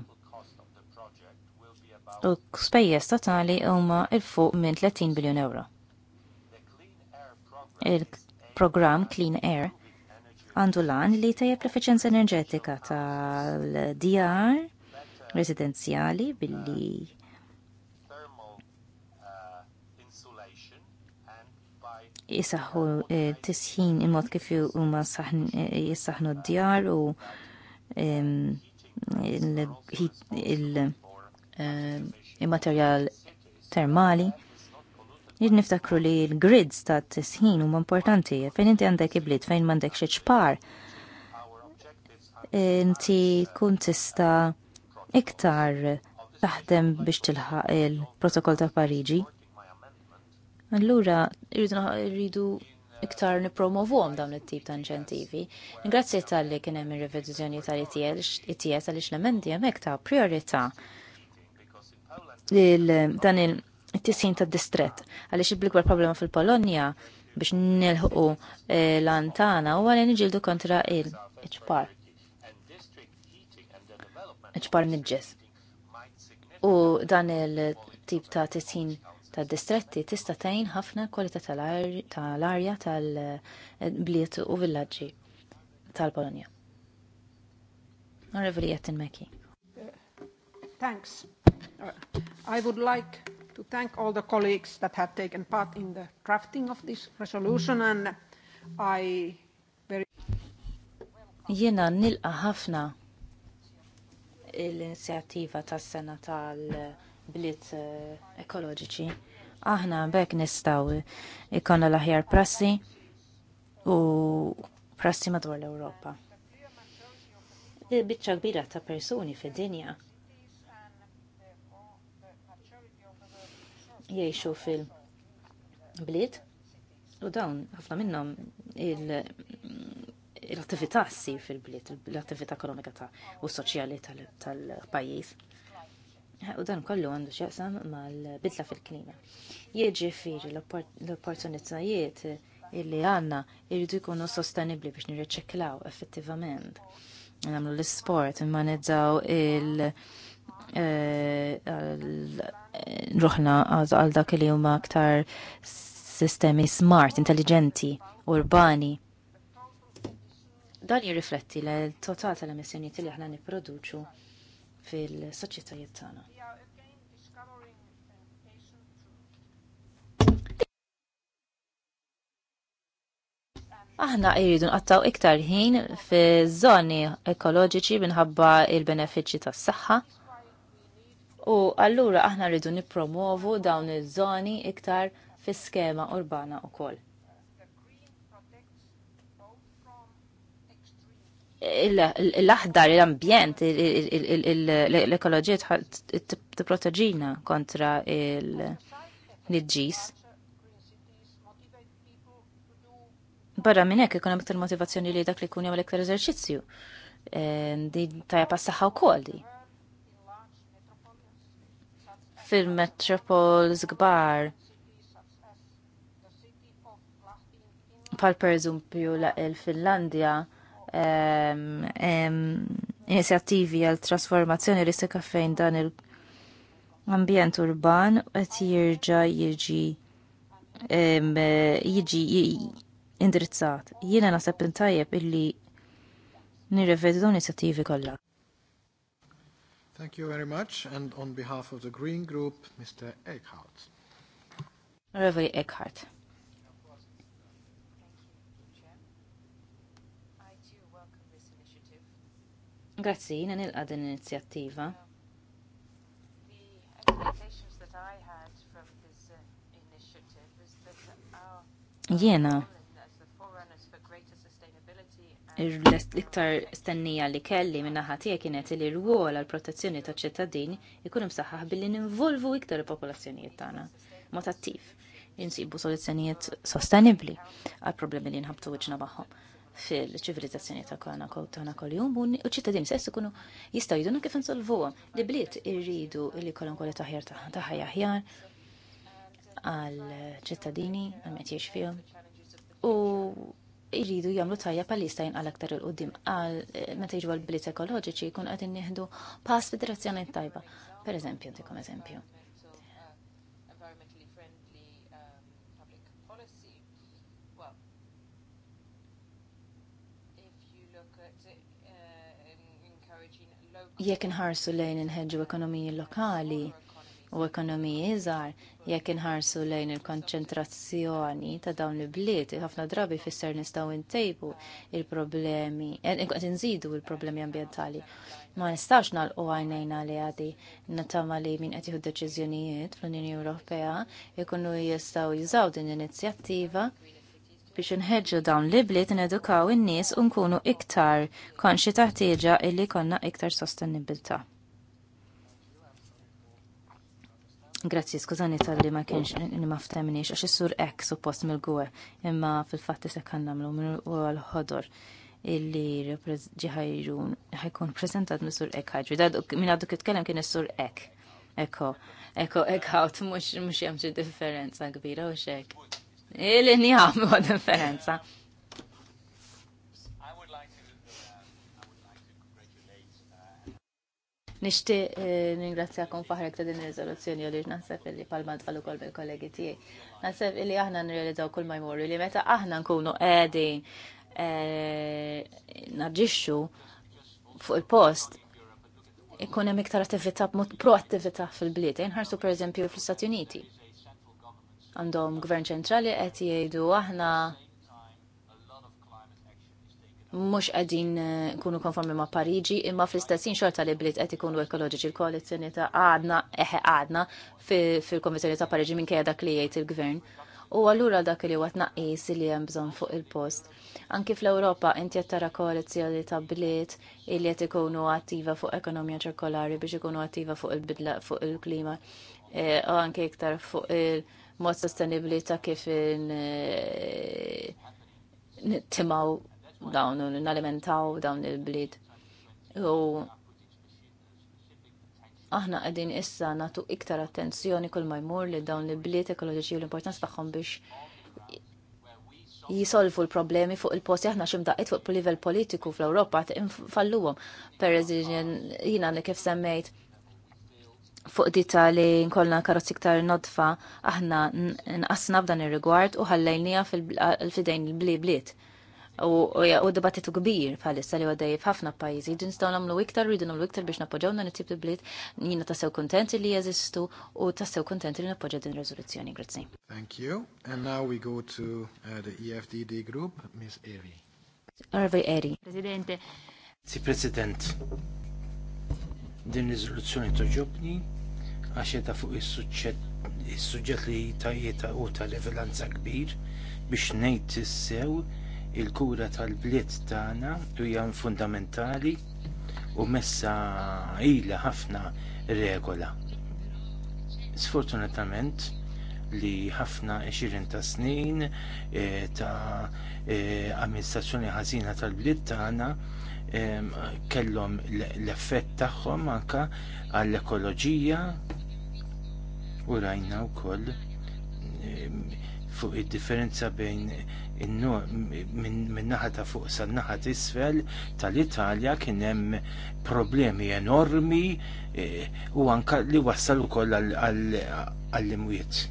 [SPEAKER 3] U spejjeż totali huma il fuq minn 30 biljun euro. Il-programm Clean Air għandu lan li tajab l-efficienza enerġetika tal-DR residenzjali billi jisaħħu eh, tisħin imot kif huma jissaħnu eh, d-djar u eh, il-materjal termali. Jid niftakru li l-grids ta' tisħin huma importanti, fejn inti għandek iblit, fejn m'għandek xi ċpar. Inti kun tista' iktar taħdem biex tilħaq il-protokoll ta' Pariġi Allura, rridu iktar nipromovu għom dawn it-tip ta' inċentivi. Ingrazzi tal-li kien hemm ir-reviżjoni tal-ITS għaliex l-emendi hemmhekk ta' priorità dan il-tisin ta' distret għaliex il bikwar problema fil-Polonja biex nilħu eh, l-antana u għalli nġildu kontra il-ċpar. ċpar nidġes. U dan il-tip ta' tisin tad distretti tista' tgħin ħafna kwalità tal-arja tal-bliet u villaġġi tal-Polonja. Onorevoli Jettin Meki.
[SPEAKER 4] Thanks. I would like to thank all the colleagues that have taken part in the drafting of this resolution and I very
[SPEAKER 3] Jena nilqa ħafna l-inizjattiva tas-sena tal- bliet eh, ekoloġiċi. Aħna bekk nistaw ikonna l-aħjar prassi u prassi madwar l-Ewropa. Biċċa kbira ta' persuni fid-dinja jiexu fil-bliet u dawn ħafna minnhom l-attività ssir fil-bliet, l-attività ekonomika ta' u soċjali tal-pajjiż. U dan kollu għandu xaqsam mal-bidla fil-klima. firri jiġifieri l-opportunitajiet illi għanna irridu jkunu sostenibli biex nirreċeklaw effettivament. Namlu l-sport, immanizzaw il- eh, ruħna għal dak li huma aktar sistemi smart, intelligenti, urbani. Dan jirrifletti l-total tal emissjoni li aħna nipproduċu fil-soċjetajiet tagħna. Aħna jridu nqattaw iktar ħin fi żoni ekoloġiċi minħabba il-benefiċċji tas-saħħa. U allura aħna rridu nippromovu dawn iż-żoni iktar fis-skema urbana wkoll. l-aħdar, l-ambjent, l-ekoloġija t-proteġina kontra l-ġis. Barra minnek ikun hemm iktar motivazzjoni li dak li jkun jagħmel iktar eżerċizzju. Ehm, di tajja passaħħa kol di. Fil-metropols kbar. Pal per eżempju la il finlandia inizjattivi għal trasformazzjoni li se fejn dan il-ambjent urban qed jirġa' jiġi jiġi indirizzat. Jiena naħseb intajjeb illi nirrevedu dawn inizjattivi kollha.
[SPEAKER 1] Thank you very much and on behalf of the Green Group, Mr. Eckhart.
[SPEAKER 3] Reverend Eckhart. Grazzi, jina nilqa din inizjattiva. Jena l-iktar stennija li kelli minna ħatija kienet li l għol għal protezzjoni ta' ċittadin ikun saħħa billi ninvolvu iktar il-popolazzjonijiet tagħna mod attiv insibu soluzzjonijiet sostenibli għal problemi li nħabtu wiċna magħhom fil-ċivilizzazzjoni ta' kana tagħna kol-jum u ċittadini sessu ikunu jistaw jiduna kif insolvuhom. Li bliet irridu li kolon kollha taħjar ta' ħajja aħjar għal ċittadini għal jiex fihom. U irridu jagħmlu tajja palista jinqal aktar il qoddim għal eh, meta jiġu għal bliet ekoloġiċi jkun qed nieħdu pass federazzjoni direzzjoni tajba. Per eżempju, dikom eżempju jekk inħarsu lejn inħeġġu ekonomiji lokali u ekonomiji iżgħar, jekk inħarsu lejn il-konċentrazzjoni ta' dawn il-bliet, ħafna drabi fisser nistgħu ntejbu il-problemi, eh, nżidu il-problemi ambjentali. Ma nistax nagħlqu għajnejna li għadi natama li min qed jieħu deċiżjonijiet fl-Unjoni Ewropea ikunu jistgħu jużaw din l-inizjattiva biex nħedġu dawn l bliet nedukaw in-nies u nkunu iktar konxi taħtieġa illi konna iktar sostenibilta. Grazzi, skużani tal-li ma kienx li ma ftemniex, għax sur ek suppost mill-gwe, imma fil-fatt isek għannamlu minn għal-ħodor illi ġiħajrun ħajkun prezentat minn sur ek ħajġu. minn għaddu kitkellem kien is-sur ek. Eko, eko, ek għaut, mux jemġi differenza kbira u xek. Illi nijam għad differenza. Nishti eh, ningrazzjakom faħrek ta' din il-rezoluzzjoni u li naħseb illi palmant tfallu kol bil-kollegi tijie. Naħseb illi aħna nirrealizzaw kull ma jmurru li meta aħna nkunu għedi eh, naġġixxu fuq il-post ikkun hemm iktar attività proattività fil-bliet. Inħarsu per eżempju fl-Stati Uniti għandhom gvern ċentrali qed jgħidu aħna mhux qegħdin eh, nkunu konformi ma' Pariġi, imma fl-istessin xorta li bliet qed ikunu ekoloġiċi l-koalizzjoni ta' għadna eħe għadna fil-konvenzjoni ta' Pariġi kejja dak li jgħid il-gvern u allura dak li huwa tnaqqis li hemm bżonn fuq il-post. Anki fl-Ewropa inti qed tara koalizzjoni ta' bliet li qed ikunu attiva fuq ekonomija ċirkolari biex ikunu attiva fuq il-bidla fuq il-klima eh, u anke iktar fuq il mod sostenibli ta' kif eh, nittimaw dawn u nalimentaw dawn il-bliet. U aħna qegħdin issa natu iktar attenzjoni kull ma jmur li dawn il-bliet ekoloġiċi u l importanz tagħhom biex jisolvu l-problemi fuq il-posti aħna ximdaqit fuq livell politiku fl-Ewropa infalluwom. Per jina kif semmejt fuq dita li nkollna karozzi iktar nodfa aħna nqasna f'dan ir-rigward u ħallejnija fil-fidejn il-bliet. U dibattitu kbir bħalissa li għaddej f'ħafna pajjiżi, ġin nistgħu nagħmlu iktar, rridu nagħmlu iktar biex nappoġġaw dan it-tip bliet, jiena tassew kuntenti li jeżistu u tassew kuntenti li nappoġġaw din riżoluzzjoni. Grazzi.
[SPEAKER 1] Thank you. And now we go to uh, the EFDD group, Ms. Eri.
[SPEAKER 3] Arvi Eri. Presidente.
[SPEAKER 5] Si President, din riżoluzzjoni toġobni għaxeta fuq is-suġġett li ta' jeta u ta' levelanza kbir biex nejt sew il-kura tal-bliet tagħna hija fundamentali u messa ilha ħafna regola. Sfortunatament, li ħafna 20 ta' snin e, ta' e, amministrazzjoni ħażina tal-bliet tagħna eh, kellhom l-effett tagħhom anke għall-ekoloġija u rajna wkoll fuq id-differenza bejn min-naħa ta' fuq san-naħa isfel tal-Italja kien hemm problemi enormi e, u anka li wassal ukoll għall-imwiet.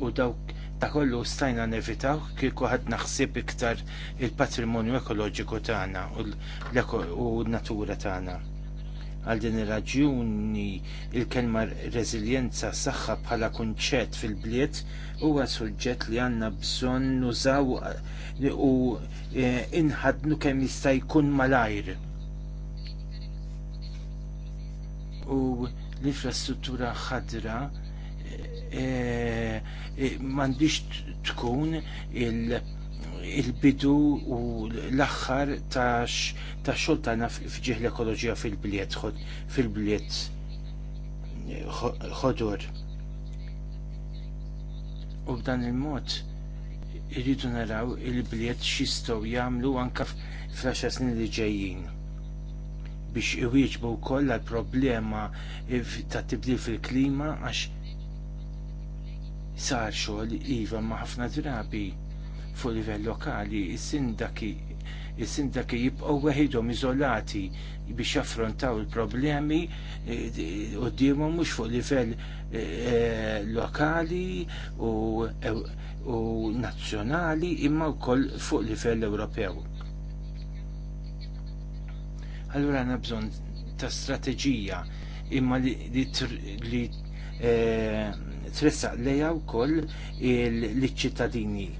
[SPEAKER 5] U dawk ta' kollu stajna nevitaw kieku ħad naħsib iktar il-patrimonju ekoloġiku tagħna u l-natura tagħna. Għal din ir-raġuni il-kelma reżiljenza saħħa bħala kunċett fil-bliet huwa suġġett li għandna bżonn nużaw u e, inħadnu kemm jista' jkun malajr. U l-infrastruttura ħadra e, e, m'għandix tkun il- il-bidu u l-axħar ta' xogħol tagħna fġieħ l-ekoloġija fil-bliet fil-bliet eh, ħodur. U b'dan il-mod irridu naraw il-bliet xistow jagħmlu anke fl-10 snin li ġejjin biex iwieġbu wkoll għall problema ta' tibdil fil-klima għax sar xogħol iva ma' ħafna drabi fuq livell lokali, is-sindaki is-sindaki jibqgħu weħidhom iżolati biex jaffrontaw il-problemi eh, qudiemhom mhux fuq livell eh, lokali u nazzjonali imma wkoll fuq livell Ewropew. Allura għandna bżonn ta' strateġija imma li eh, tressaq lejha wkoll liċ-ċittadini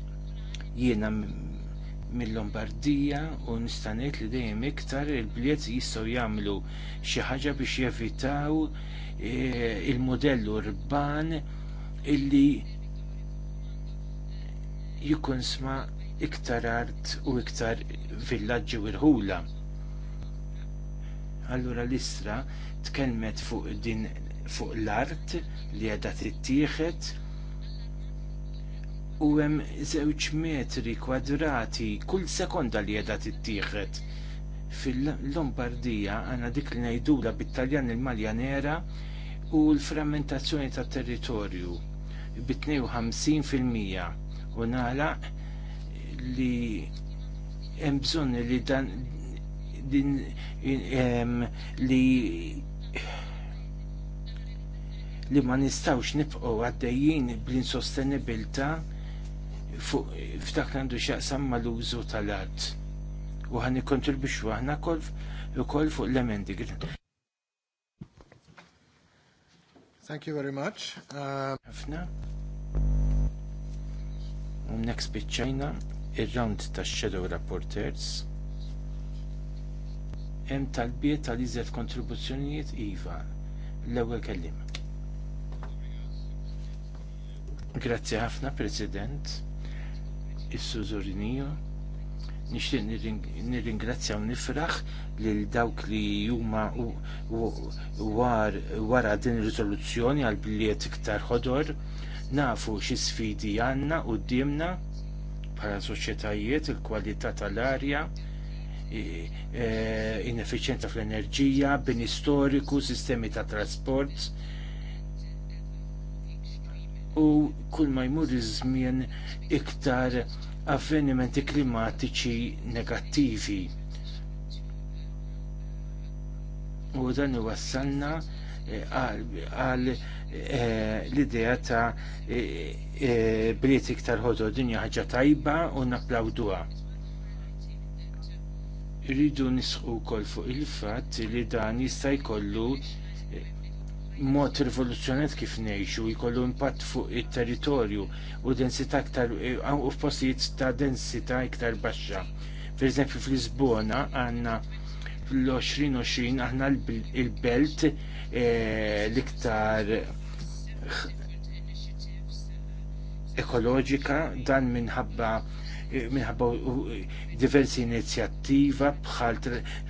[SPEAKER 5] jiena mill-Lombardija u nistanet li dejjem iktar il-bliet jistgħu jagħmlu xi ħaġa biex jevitaw e, il-modell urban illi jikun sma iktar art u iktar villaġġi irħula. Allura l-istra tkellmet fuq din fuq l-art li għedha tittieħed u hemm żewġ metri kwadrati kull sekonda li qiegħda tittieħed. Fil-Lombardija għandna dik li ngħidula bit-Taljan il-Maljanera u l-frammentazzjoni tat territorju b-52% u nagħlaq li hemm bżonn li dan din li li ma nistawx nibqgħu għaddejjin bl-insostenibilta' f'dak għandu samma mal-użu tal-art. U għan ikontribuxu għahna kol fuq l-emendi.
[SPEAKER 1] Thank you very much. Għafna. Uh...
[SPEAKER 5] Unnek spiċċajna il-round ta' Shadow Rapporters. Hemm biet tal-iżet kontribuzzjonijiet IVA. L-ewwel kellim. Grazzi ħafna, President is-sużurinija. Nixtieq nirringrazzjaw nifraħ lil dawk li huma wara din ir-riżoluzzjoni għal bliet iktar ħodor nafu xi sfidi għandna quddiemna bħala soċjetajiet il-kwalità tal-arja e, inefficienza fl-enerġija, bini storiku, sistemi ta' trasport, u kull ma jmur iż-żmien iktar avvenimenti klimatiċi negattivi. U dan iwassalna eh, għal eh, l-idea ta' eh, bliet iktar ħodu dinja ħagġa tajba u naplawduha rridu nisħu kol fuq il fatt li dan jista' jkollu mod rivoluzzjonat kif ngħixu jkollu impatt fuq it-territorju u densità aktar eh, u f'postijiet ta' densità iktar baxxa. Per eżempju fl-Lisbona għandna fl-2020 aħna il-belt eh, l-iktar ekoloġika dan minħabba minħabba diversi inizjattiva bħal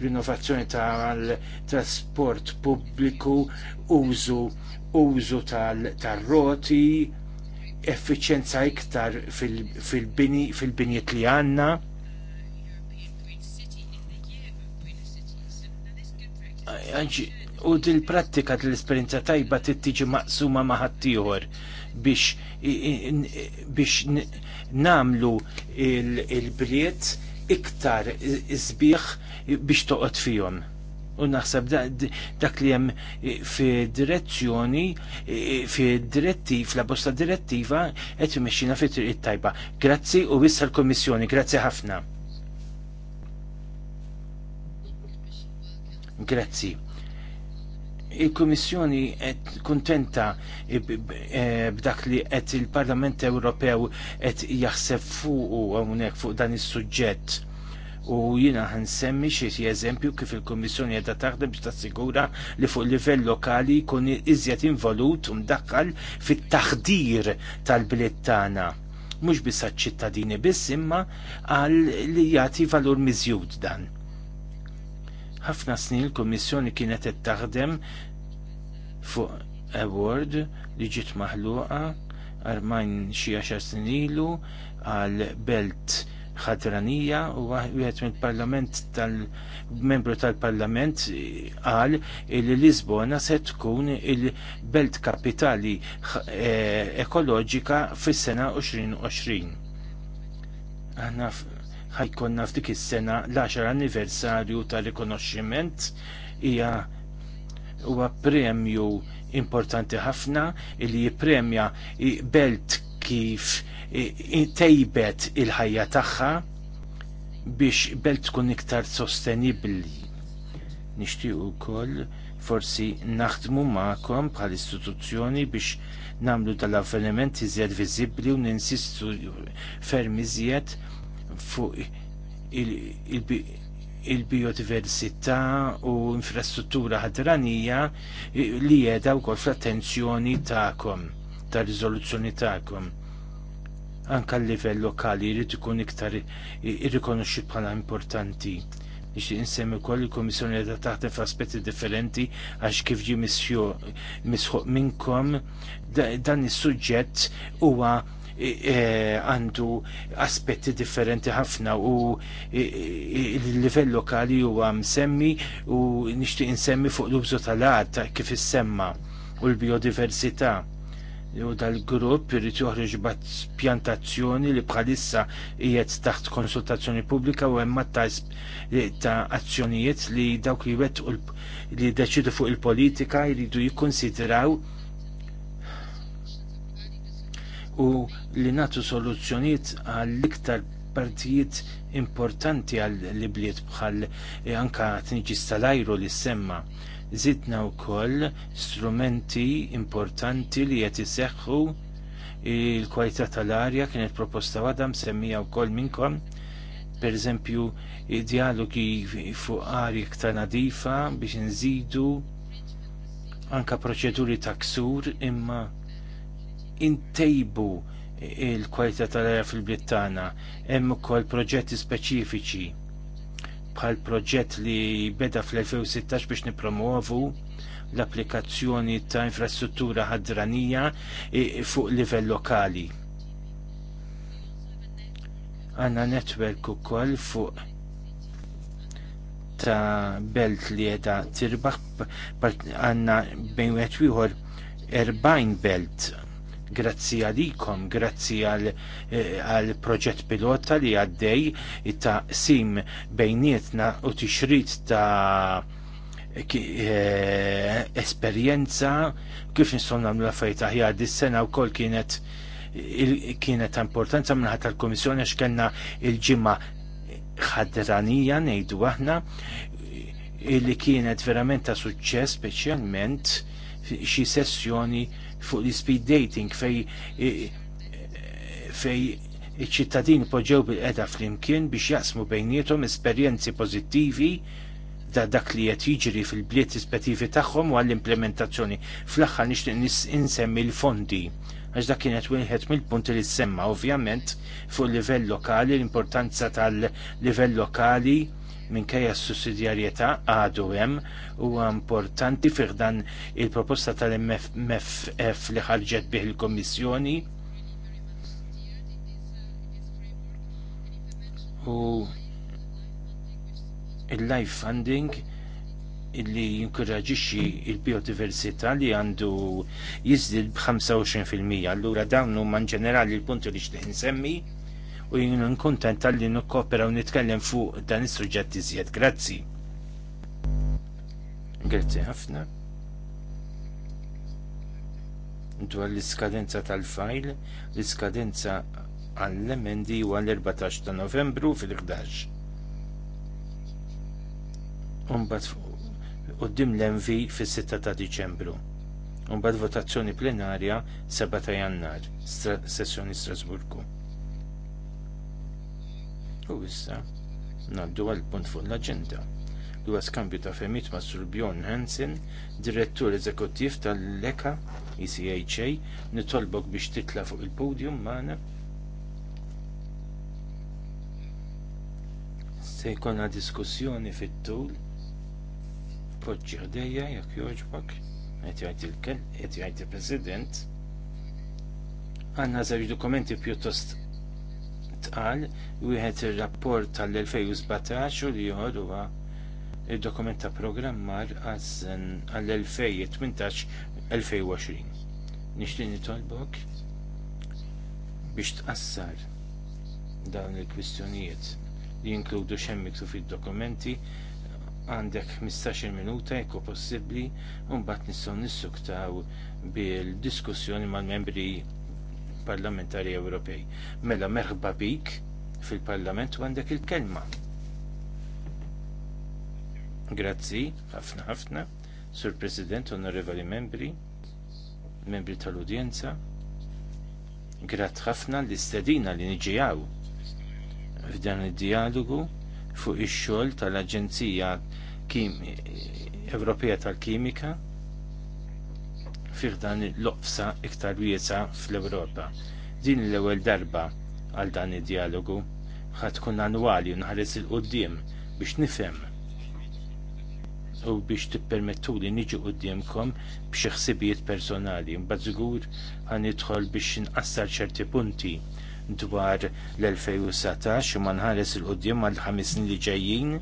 [SPEAKER 5] rinnovazzjoni tal-trasport pubbliku, użu użu tal-roti, effiċenza iktar fil-bini fil-binjiet li għanna. U dil-prattika dil-esperienza tajba tittiġi maqsuma maħattijħor biex biex namlu il-bliet iktar sbieħ biex toqgħod fihom. U naħseb dak li hemm fi direzzjoni fi direttiv, la bosta direttiva qed imexxina fi triq tajba. Grazzi u issa l komissjoni grazzi ħafna. Grazzi il kommissjoni qed kuntenta e, b'dak li qed il-Parlament Ewropew qed jaħseb fuq hawnhekk fuq dan is-suġġett u jina semmi xie eżempju kif il-Kommissjoni għedha taħdem biex tassigura li fuq livell lokali jkun iżjed involut u mdakkal fit-taħdir tal-bliet tagħna. Mhux biss ċittadini biss imma għal li jagħti valur miżjud dan ħafna snin il-Kummissjoni kienet qed taħdem fuq award li ġiet maħluqa armajn xi għaxar snin ilu għal belt ħadranija u wieħed mill-Parlament tal-membru tal-Parlament qal li Lisbona se tkun il-belt kapitali eh, ekoloġika fis-sena 2020. Aħna ħajkonna f'dik is-sena l-10 anniversarju tal-rikonoxximent hija huwa premju importanti ħafna li jippremja belt kif tejbet il-ħajja tagħha biex belt tkun iktar sostenibbli. Nixtieq ukoll forsi naħdmu magħkom bħal istituzzjoni biex nagħmlu tal-avveniment iżjed viżibbli u ninsistu ferm iżjed fuq il-biodiversità il u infrastruttura ħadranija li jeda u kol fl-attenzjoni ta'kom, ta' rizoluzzjoni ta'kom. Anka l-livell lokali jrid ikun iktar irrikonoxxi bħala importanti biex insemmi koll il-Komissjoni ta' taħdem f'aspetti differenti għax kif ġi misħuq minnkom dan is-suġġett huwa għandu aspetti differenti ħafna u il-livell lokali huwa msemmi u nixtieq insemmi fuq l-ubżu tal-art kif issemma u l-biodiversità. U dal-grupp irrid joħroġ bat pjantazzjoni li bħalissa qiegħed taħt konsultazzjoni pubblika u hemm ta' azzjonijiet li dawk li wet li deċidu fuq il-politika jridu jikkonsidraw u li natu soluzzjonijiet għall-iktar partijiet importanti għall-libliet bħal e, anka t-nġis tal-ajru li semma. Zidna u koll strumenti importanti li jett iseħħu il-kwalità tal-arja kienet proposta għadam semmija u koll minkom. per eżempju dialogi fuq arja ktar nadifa biex nżidu anka proċeduri ta' ksur imma intejbu il-kwalità tal-aja fil brittana Hemm ukoll proġetti speċifiċi bħal proġett li beda fl-2016 biex nipromuovu l-applikazzjoni ta' infrastruttura ħadranija e, fuq livell lokali. Għanna netwerk ukoll fuq ta' belt li jeda tirbaħ għanna bejn wieħed ieħor 40 belt Grazzi għalikom, grazzi eh, għal proġett pilota li għaddej ta' sim bejnietna u tixrit ta' eh, esperjenza kif nistgħu nagħmlu affarijiet aħjar dis-sena wkoll kienet kienet importanza minħat tal-Komissjoni għax kellna il-ġimma ħadranija ngħidu aħna li kienet verament ta' suċċess speċjalment xi sessjoni fuq l-speed dating fej fej iċ-ċittadin poġġew bil-qeda flimkien biex jaqsmu bejnietom esperjenzi pożittivi da dak li qed jiġri fil-bliet rispettivi tagħhom u għall-implementazzjoni. Fl-aħħar nixtieq insemmi l-fondi għax dak kienet wieħed mill-punti li semma ovvjament fuq livell lokali l-importanza tal-livell lokali minkejja s-sussidjarjetà għadu hemm huwa importanti fih dan il-proposta tal-MFF li ħarġet bih il-Kommissjoni. U il-life funding illi jinkuraġixxi il-biodiversità li għandu jiżdil b'25%. Allura dawn huma ġenerali l-punti li xtieq insemmi u kontent nkuntent għalli nukkopera u nitkellem fuq dan is-suġġett iżjed. Grazzi. Grazzi ħafna. Dwar l-iskadenza tal-fajl, l-iskadenza għall-emendi huwa l-14 ta' Novembru fil-11. Umbat dim l-envi fis-6 ta' Diċembru. Umbat votazzjoni plenarja 7 ta' Jannar, sessjoni Strasburgu. U issa, naddu għal punt fuq l-agenda. Dwa skambju ta' femit ma' Sur Bjorn Hansen, direttur eżekuttiv tal-LEKA, ECHA, nitolbok biex titla fuq il-podium ma'na. Se jkollna diskussjoni fit-tul, poġġi ħdejja jekk jogħġbok, qed jgħid il-kel, qed jgħid il-President. għanna żewġ dokumenti pjuttost qal wieħed ir-rapport tal-2017 u li joħor huwa id-dokument ta' programmar għall-2018-2020. Nixtieq nitolbok biex tqassar dawn il-kwistjonijiet li jinkludu xemmiktu fid-dokumenti għandek 15 minuta jekk possibbli u mbagħad nistgħu nissuktaw bil-diskussjoni mal-membri parlamentari Ewropej. Mela merħba bik fil-parlament u għandek il-kelma. Grazzi, ħafna ħafna, Sur President, onorevoli membri, membri tal-udjenza, grat ħafna li stedina li nġijaw f'dan id-dialogu fuq ix-xogħol tal-Aġenzija Ewropea tal-Kimika dan l loqsa iktar wiesa fl-Ewropa. Din l-ewwel darba għal dan id-dialogu ħad tkun annwali u nħares il-qoddim biex nifhem u biex tippermettu li niġu qoddimkom b'xi ħsibijiet personali. Mbagħad żgur nidħol biex nqassar ċerti punti dwar l-2019 u ma nħares il-qoddim għal ħames snin li ġejjin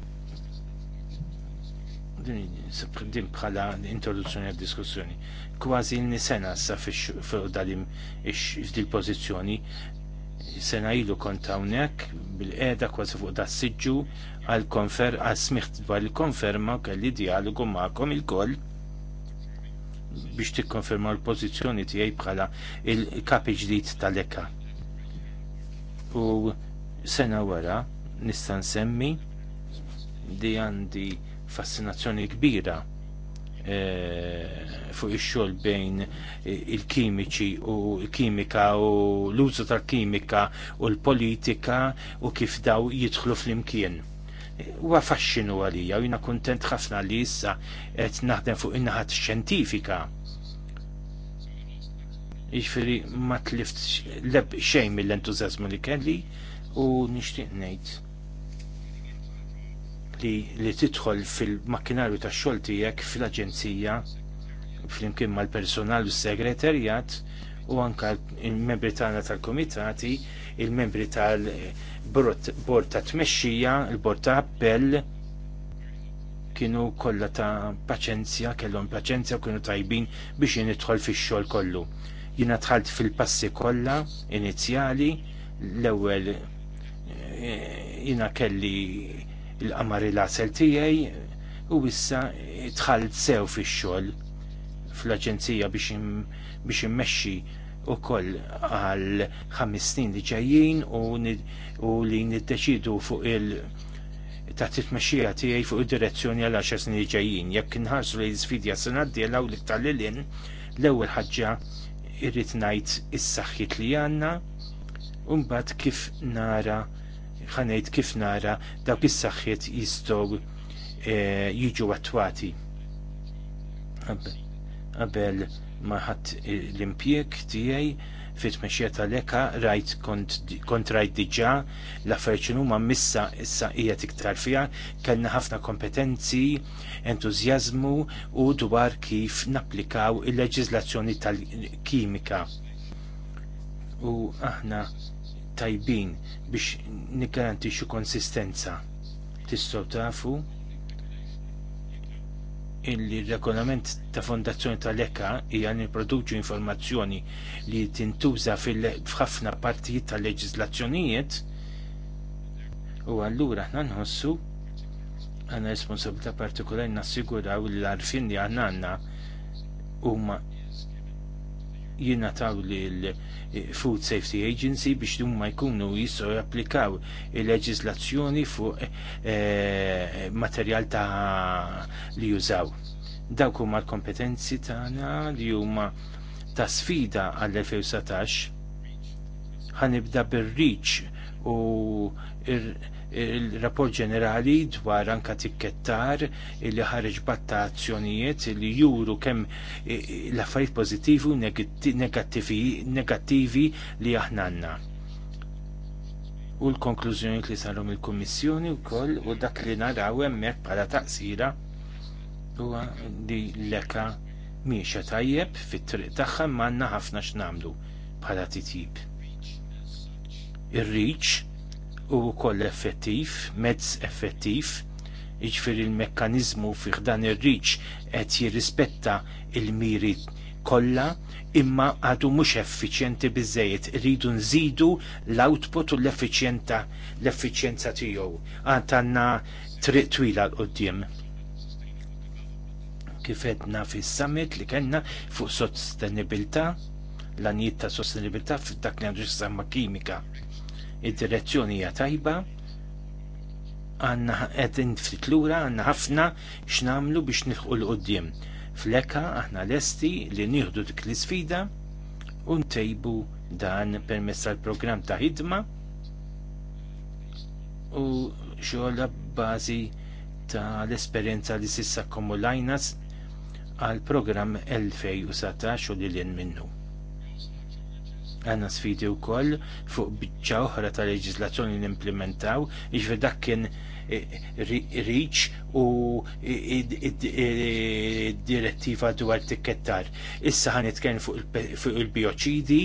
[SPEAKER 5] din bħala introduzzjoni għad diskussjoni kważi l sena sa fuq dalim il pożizzjoni sena ilu kont hawnhekk bil eda kważi fuq da s-sġu għal konfer għal smiħt dwar il-konferma kelli dialogu maqom il-koll biex t-konferma l-pożizzjoni tiegħi bħala il-kapi ġdid tal-eka. U sena wara nista' nsemmi li għandi fascinazzjoni kbira Eh, fuq ix-xogħol bejn eh, il-kimiċi u l-kimika u l-użu tal-kimika u l-politika u kif daw jidħlu fl-imkien. Huwa faxxinu għalija u jiena kuntent ħafna li issa qed naħdem fuq in-naħat xjentifika. Jiġifieri ma tlift xejn mill-entużjażmu li kelli u nixtieq ngħid li, li tidħol fil-makkinarju tax-xogħol tiegħek fil-aġenzija flimkien mal-personal u s-segretarjat u anka il-membri tagħna tal-komitati, il-membri tal-bord ta' tmexxija, il-bord ta' appell kienu kollha ta' paċenzja, kellhom paċenzja u kienu tajbin biex jinidħol fix-xogħol kollu. Jiena dħalt fil-passi kollha inizjali, l-ewwel eh, jiena kelli il-qamar il-asel tijaj u issa tħalt sew fix-xogħol fl-aġenzija biex immexxi wkoll għal ħames snin li ġejjin u li niddeċidu fuq il- ta' titmexxija tiegħi fuq id-direzzjoni għal 10 snin li ġejjin. Jekk inħarsu li l-sfidja se ngħaddiela u li tal-lilin l-ewwel ħaġa irrid ngħid is-saħħit li għandna u mbagħad kif nara ħanejt kif nara dawk is-saħħiet jistgħu eh, jiġu attwati. Qabel ma l-impjeg tiegħi fit meċieta leka rajt kont rajt diġà l-affarijiet huma missa issa ija iktar fija kellna ħafna kompetenzi, entużjażmu u dwar kif napplikaw il-leġiżlazzjoni tal-kimika. U aħna tajbin biex nikgarantixxu konsistenza. Tistgħu tafu illi regolament ta' fondazzjoni tal-eka hija nipproduċu informazzjoni li tintuża f'ħafna partijiet tal-leġislazzjonijiet u allura aħna nħossu għandna responsabilità partikolari nassiguraw li l-arfin li għandna huma jina taw li l-Food eh, Safety Agency biex dum ma jkunu jisso japplikaw il-leġizlazzjoni fuq eh, materjal ta' li jużaw. Dawk huma l-kompetenzi tagħna li huma ta' sfida għall-2017 ħanibda bir-riċ u il-rapport ġenerali dwar anka tikkettar li ħarġ batta azzjonijiet li juru kemm e, e, l-affarijiet pożittivi u negattivi li aħna U l-konklużjoni li il mill-Kummissjoni wkoll u dak li naraw hemmhekk bħala taqsira huwa li l-eka miexa tajjeb fit-triq tagħha m'għandna ħafna x'namlu bħala titjib. ir reach u koll effettiv, mezz effettiv, iġfir il-mekkanizmu fiħ dan ir-riċ qed jirrispetta il-miri kollha imma għadu mhux effiċjenti biżejjed rridu nżidu l-output u l-effiċjenta l-effiċjenza tiegħu. Għad għandna triq twila l qudiem kif fi fis-summit li kellna fuq sostenibilità l-anijiet ta' sostenibilità f'dak li għandu kimika id-direzzjoni hija tajba, għanna qed nftit lura għanna ħafna x'namlu biex nilħqu l qudiem Fleka aħna lesti li nieħdu dik l-isfida u ntejbu dan permezz tal-programm ta' ħidma u xogħla bażi ta' l-esperjenza li sissa akkumulajna għal programm 2017 u li l minnu għanna sfidi u koll fuq bicċa oħra ta' leġizlazzjoni li implementaw iġver dak kien eh, riċ u direttiva dwar it-tikkettar. Issa ħan itkellem fuq il-bioċidi,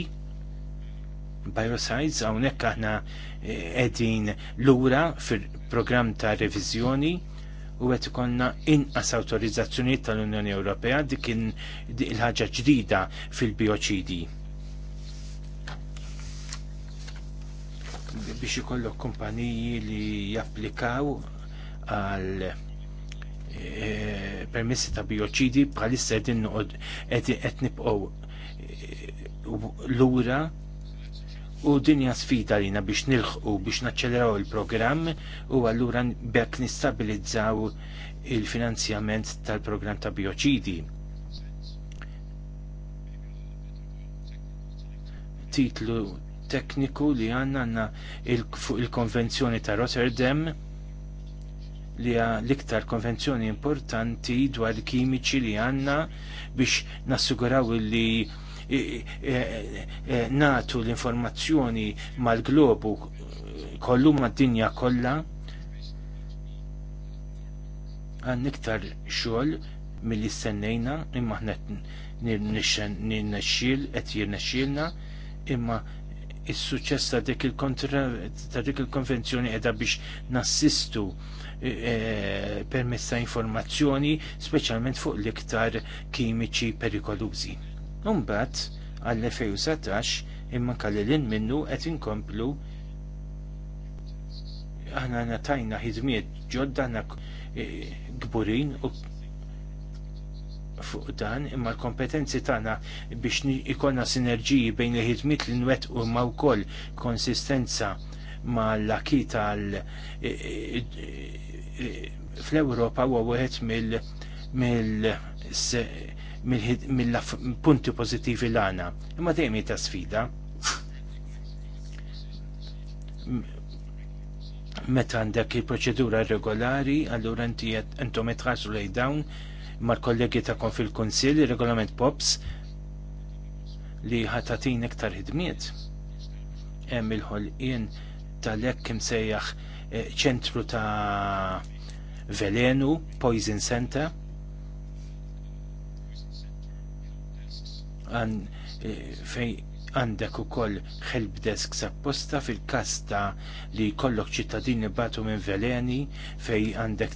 [SPEAKER 5] biocides, hawnhekk aħna eh, qegħdin lura fil-programm ta' reviżjoni u għet konna inqas autorizzazzjoni tal-Unjoni Ewropea dik il-ħaġa ġdida fil-bioċidi biex ikollok kumpaniji li japplikaw għal eh, permessi ta' bioċidi bħalissa qed nibqgħu eh, lura u dinja sfida lina biex nilħqu biex naċċeleraw il-programm u allura bekk nistabilizzaw il-finanzjament tal-programm ta' bioċidi. Titlu tekniku li għanna għanna il-konvenzjoni ta' Rotterdam li l-iktar konvenzjoni importanti dwar kimiċi li għanna biex nassuguraw li natu l-informazzjoni mal-globu kollu mad-dinja kollha għan iktar xogħol milli sennejna imma ħnet nirnexxil qed jirnexxilna imma is-suċċess ta' dik il-konvenzjoni qiegħda biex nassistu e, e, permessa informazzjoni speċjalment fuq l-iktar kimiċi perikolużi. Mbagħad għall-2017 imma kallilin minnu qed inkomplu aħna natajna ħidmiet ġodda għandna e, gburin u fuq dan imma l-kompetenzi tagħna biex ikonna sinerġiji bejn il-ħidmiet li nwet u ma wkoll konsistenza ma l-aki tal e- e- e- fl-Ewropa huwa wieħed mill mill mill-punti pożittivi l-għana. Imma dejjem ta' sfida. Meta għandek il-proċedura regolari, allura inti intom itħassu lejn dawn mal-kollegi ta' kon fil-Kunsill, regolament POPS, li ħatatin iktar hidmiet, Hemm il-ħolqien tal-hekk sejjaħ eh, ċentru ta' velenu, Poison Center, għan eh, fej Għandek ukoll help desk sapposta fil-kasta li jkollok ċittadini batu minn veleni fej għandek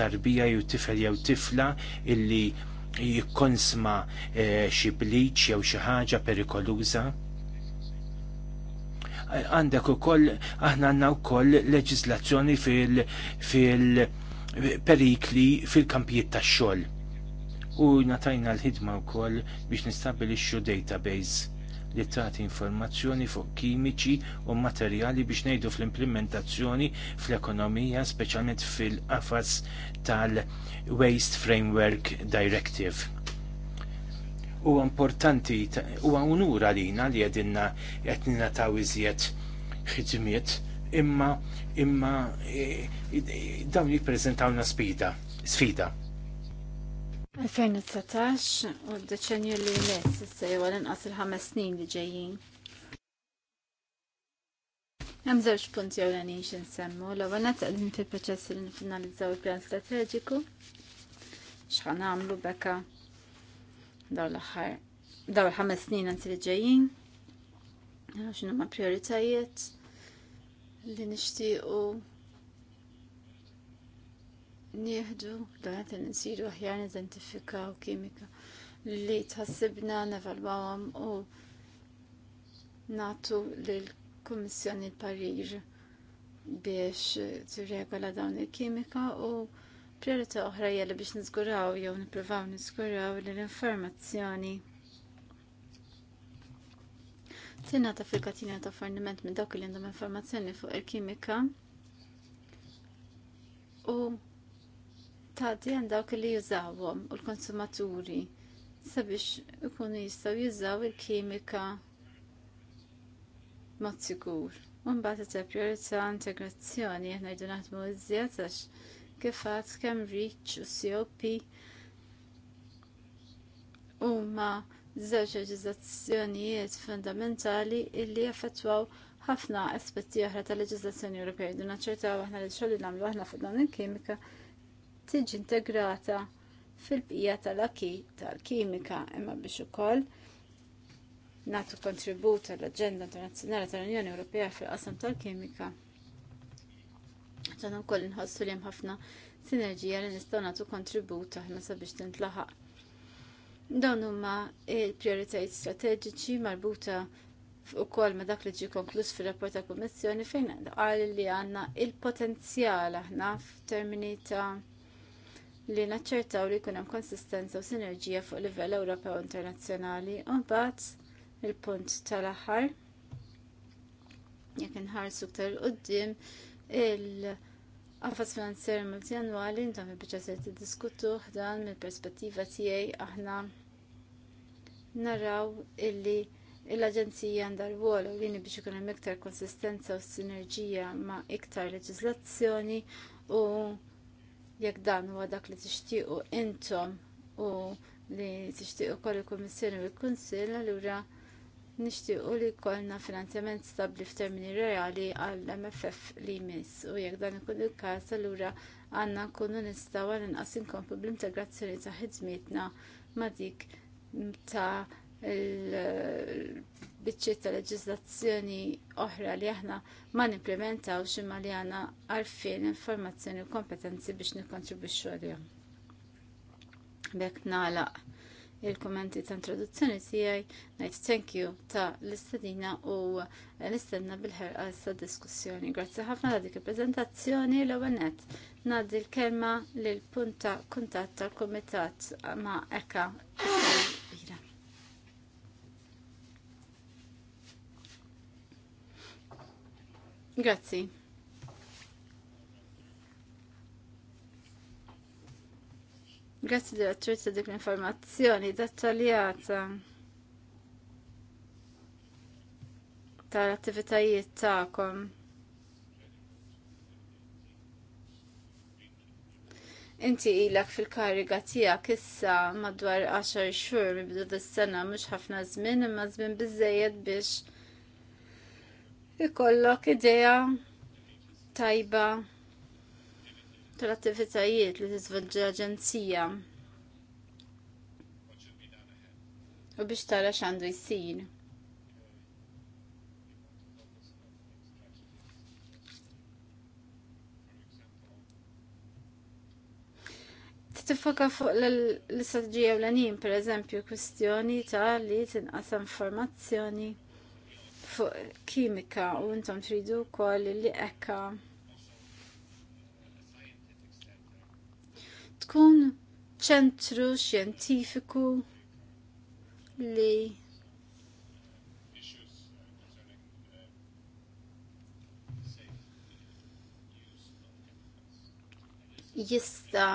[SPEAKER 5] tarbija jew tifel jew tifla illi jikkonsma eh, xi bliċ jew xi ħaġa perikoluża għandek u koll, aħna għanna u koll leġizlazzjoni fil-perikli fil perikli fil kampijiet ta' xol. U natajna l-ħidma u koll biex nistabilixxu database li tagħti informazzjoni fuq kimiċi u materjali biex ngħidu fl-implementazzjoni fl-ekonomija, speċjalment fil-qafas tal-Waste Framework Directive. Huwa importanti, huwa unura lina li għedinna qed ta' wizjet ħidmiet imma imma e, e, dawn jippreżentawna sfida sfida
[SPEAKER 2] 2019 u d-deċenju li jmiss issa jew inqas il-ħames snin li ġejjin. Hemm żewġ punti ewlenin xi nsemmu. L-ewwel qegħdin fil-proċess li nifinalizzaw il-pjan strateġiku. X'ħa nagħmlu beka daw l-aħħar daw il-ħames snin anzi li ġejjin. X'inhuma prioritajiet li nixtiequ nieħdu dan qed insiru aħjar identifikaw kimika li tħassibna nevalwawhom u natu lill-Kummissjoni l-Parir biex tirregola dawn il-kimika u priorità oħra hija li biex niżguraw jew nippruvaw niżguraw li l-informazzjoni tingħata fil-katina ta' forniment minn dawk li għandhom informazzjoni fuq il-kimika u tagħti għal dawk li jużawhom u l-konsumaturi sabiex ikunu jistgħu jużaw il-kimika mod sigur. U mbagħad ta' priorità integrazzjoni jena jdu naħdmu iżjed għax kif kem reach u COP huma żewġ leġiżlazzjonijiet fundamentali illi jaffetwaw ħafna aspetti oħra tal-leġiżlazzjoni Ewropea. Dunna ċertaw għahna li xogħol nagħmlu aħna fuq dan il-kimika tiġi integrata fil-bqija tal-aki tal-kimika imma biex ukoll natu kontribut għall-Aġenda Internazzjonali tal-Unjoni Ewropea fil-qasam tal-kimika. Dan ukoll nħossu li hemm ħafna sinerġija li nistgħu nagħtu kontribut aħna sabiex tintlaħaq. Dawn huma l-prijoritajiet strateġiċi marbuta u kol ma dak li ġi konkluż fil-rapport ta' kummissjoni fejn għal li għanna il-potenzjal aħna f'termini ta' li naċċertaw li jkun hemm konsistenza u sinerġija fuq livell Ewropew internazzjonali u mbagħad il-punt tal-aħħar jekk inħarsu ktar qudiem il-qafas finanzjer multjanwali intom il-biċċa se tiddiskutu dan mill-perspettiva tiegħi aħna naraw illi l-Aġenzija għandha rwol u biex ikun hemm iktar konsistenza u sinerġija ma' iktar leġiżlazzjoni u jekk dan huwa dak li tixtiequ intom u li tixtiequ ukoll il-Kummissjoni u l-Kunsill allura nixtiequ li jkollna finanzjament stabbli f'termini reali għall MFF li jmiss u jekk dan ikun il-każ allura għandna nkunu nistgħu għal inqas inkomplu bl-integrazzjoni ta' ħidmietna ma' dik ta' biċċiet ta' leġiżlazzjoni oħra li aħna ma nimplementaw ximma li għana għarfien informazzjoni u kompetenzi biex nikontribuċu għalihom. Bek nalaq il-kommenti ta' introduzzjoni tiegħi ngħid thank you ta' l-istadina u nistenna bil-ħerqa sa' diskussjoni. Grazzi ħafna ta' dik il-preżentazzjoni l ewwel nett. Ngħaddi l-kelma l punta kuntatt tal-Kumitat ma' Eka Grazzi. Grazzi direttur ta' dik l-informazzjoni dettaljata tal-attivitajiet ta'kom. Inti ilak fil-kariga tiegħek issa madwar 10 xhur minn bidu dis-sena mhux ħafna żmien imma żmien biżejjed biex ikollok idea tajba tal-attivitajiet li tiżvolġi l-Aġenzija. U biex tara x'għandu jsir. tifoka fuq l-istatġija u l-anim, per eżempju, kustjoni ta' li inqas informazzjoni fuq kimika u intom tridu kol li ekka tkun ċentru xjentifiku li jista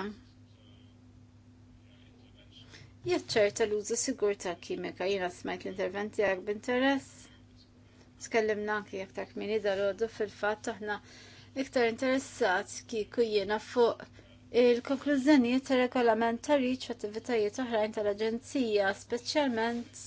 [SPEAKER 2] jaċċerta l-użu sigur tal kimika jina smajt l-interventi għak b'interess Tkellimna anki aktar kmini id-dalodu fil-fatt aħna iktar interessat kieku jiena fuq il-konklużjonijiet tar regolament ta' riċ attivitajiet oħrajn tal-Aġenzija, speċjalment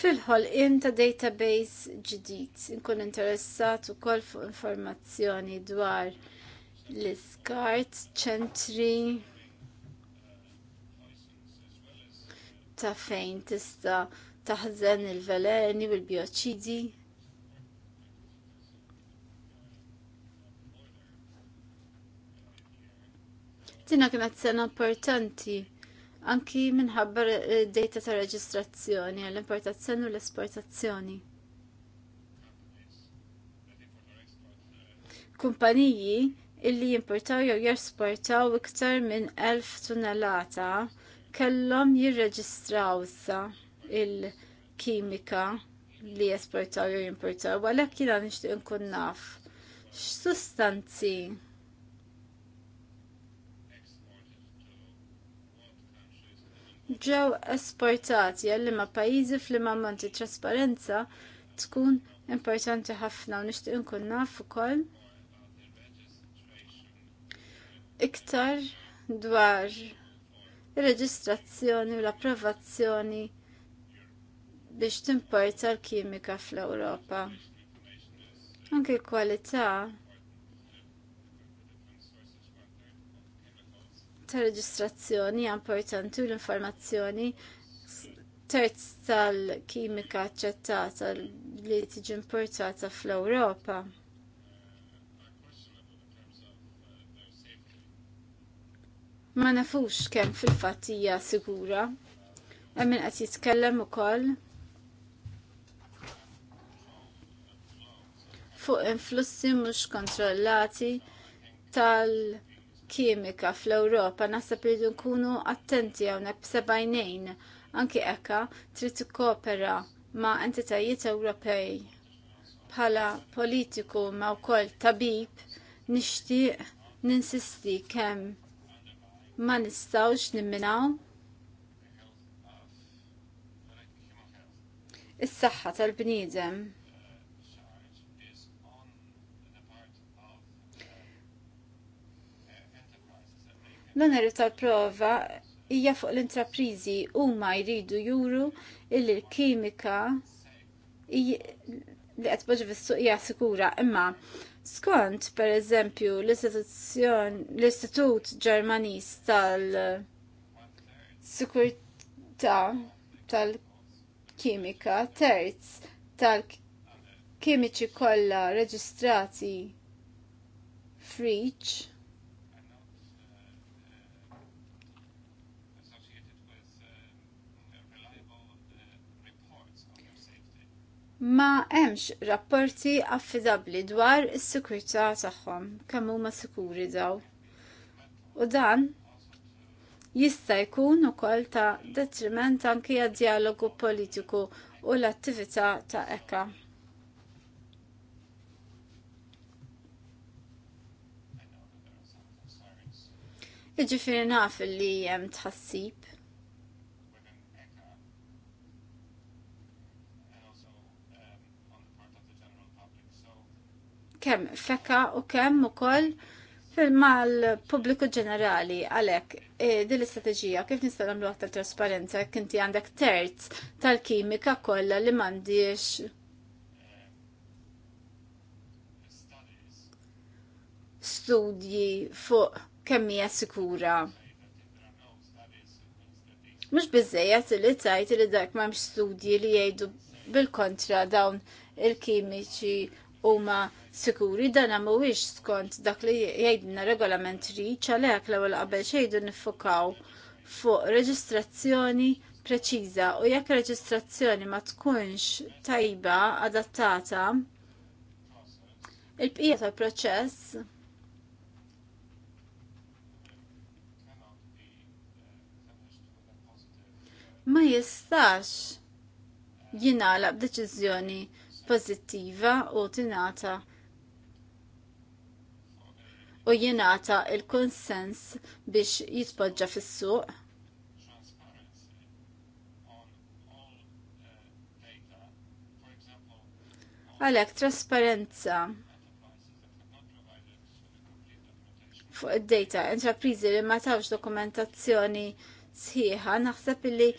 [SPEAKER 2] Fil-ħolqien ta' database ġdid, inkun interessat ukoll fuq informazzjoni dwar l-iskart ċentri ta' fejn tista' taħżen il-veleni u l-bioċidi. Tina kienet sena importanti anki minħabba data ta' reġistrazzjoni għall-importazzjoni u l-esportazzjoni. Kumpaniji illi jimportaw jew jesportaw iktar minn 1000 tunnellata kellhom jirreġistraw sa il-kimika li jesportaw jew jimportaw, għalhekk jiena nixtieq nkun naf x'sustanzi ġew esportati għal ma pajjiżi fl-imma monti trasparenza tkun importanti ħafna u nixtieq nkun naf ukoll iktar dwar il-reġistrazzjoni u l-approvazzjoni biex timporta l-kimika fl-Ewropa. Anke l-kwalità ta' reġistrazzjoni hija importanti u l-informazzjoni terz tal-kimika aċċettata li tiġi importata fl-Ewropa. ma nafux kemm fil-fatt hija sigura. Hemm min qed jitkellem ukoll fuq influssi mhux kontrollati tal-kimika fl-Ewropa naħseb li nkunu attenti hawnhekk b'sebajnejn anki hekk trid tikkopera ma' entitajiet Ewropej bħala politiku ma' wkoll tabib nixtieq ninsisti kemm ma nistawx nimminaw is-saħħa tal-bniedem. L-oneri tal-prova hija fuq l-intraprizi u ma jridu juru illi l-kimika li qed vissu fis hija sikura imma Skont, per eżempju, l-Istitut Ġermanis tal-Sikurta tal-Kimika, terz tal-kimiċi kollha reġistrati friċ ma hemmx rapporti affidabbli dwar is-sikurtà tagħhom kemm huma sikuri daw. U dan jista' jkun ukoll ta' detriment anki dialogu politiku u l-attività ta' eka. Iġifieri naf li hemm tħassib. kemm feka u kemm ukoll mal-pubbliku ġenerali għalek e, din l-istrateġija kif nista' nagħmlu aktar trasparenza jekk inti għandek terz tal-kimika kollha li m'għandix studji fuq kemm hija sikura. Mhux biżejjed li tajt li dak m'hemmx studji li jgħidu bil-kontra dawn il-kimiċi huma sikuri dan mhuwiex skont dak li jgħidna regolament riċ għalhekk l-ewwel qabel xejdu nifukaw fuq reġistrazzjoni preċiża u jekk reġistrazzjoni ma tkunx tajba adattata il-bqija tal-proċess ma jistax jinala b'deċiżjoni pożittiva u tingħata u jingħata il-konsens biex jitpoġġa fis-suq. Għalhekk trasparenza fuq id-data, intrapriżi li ma tawx dokumentazzjoni sħiħa, naħseb li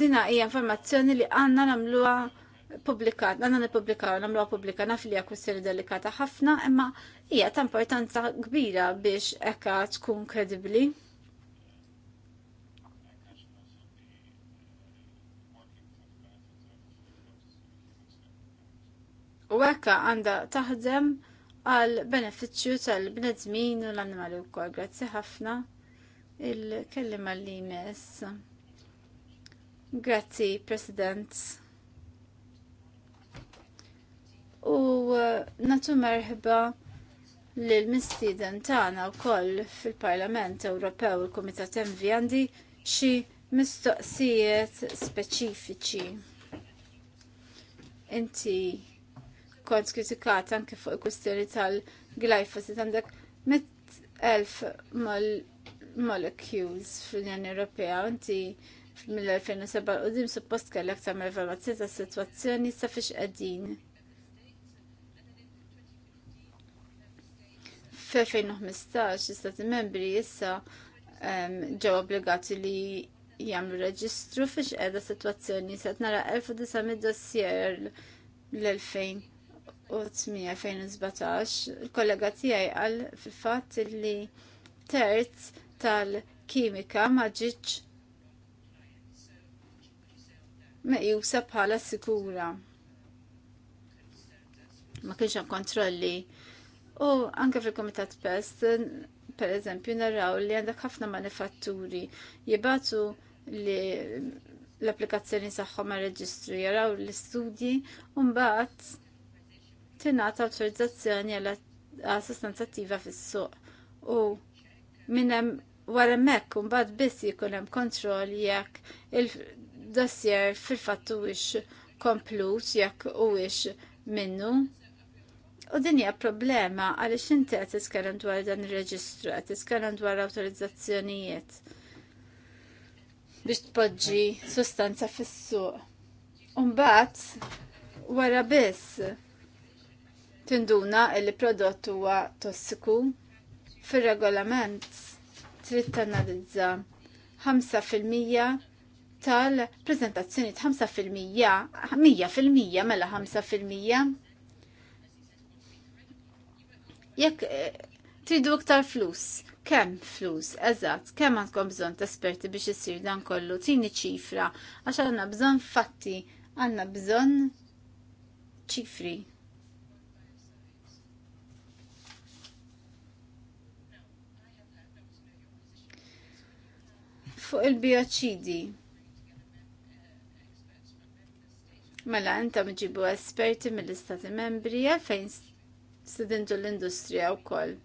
[SPEAKER 2] Dina hija informazzjoni li għandna nagħmluha publikat, għanna nipublikaw, namluwa pubblika naf li kwistjoni delikata ħafna, imma hija ta' importanza kbira biex ekka tkun kredibli. U ekka għanda taħdem għal beneficju tal-bnedmin u l-annimali u kol, grazzi ħafna il-kellima li jmess. Grazzi, President. U uh, natu merħba l-mistiden tagħna wkoll fil-Parlament Ewropew il-Kumitat Envi għandi xi mistoqsijiet speċifiċi. Inti kont kritikat anke fuq il-kustjoni tal glyfosit għandek mit elf molecules fil-Unjoni Ewropea inti mill-2007 u din suppost kellek tagħmel evalwazzjoni ta' sitwazzjoni sa fiex qegħdin. F'2015 istati membri issa ehm, ġew obbligati li jagħmlu reġistru fiex qiegħda sitwazzjoni se nara 1900 dossier l-2008-2017. Il-kollega tiegħi għal fil-fatt li terz tal-kimika ma ġietx meqjusa bħala sikura. Ma kienx hemm kontrolli. U anke fil-Komitat Pest, per eżempju, narraw li għandek ħafna manifatturi jibatu li l-applikazzjoni saħħom ma' reġistru jaraw l-istudji u mbagħad tingħata awtorizzazzjoni għal sostanza attiva fis-suq u minn hemm wara hemmhekk u mbagħad biss jkun hemm kontroll jekk dossier fil-fatt huwiex komplut jekk huwiex minnu. U din hija problema għaliex inti qed tiskellem dwar dan ir-reġistru, qed tiskellem dwar awtorizzazzjonijiet biex tpoġġi sustanza fis-suq. Umbagħad wara biss tinduna li prodott huwa tossiku fir-regolament trid tanalizza 5% fil-mija tal-prezentazzjoni ta' 5% 100% mela 5% jekk eh, tridu iktar flus kemm flus eżatt kemm għandkom bżonn ta' esperti biex issir dan kollu tini ċifra għax għandna bżonn fatti għandna bżonn ċifri. fuq il-bioċidi. Mela, intom mġibu esperti mill-istati membri għalfejn studintu l-industrija u koll.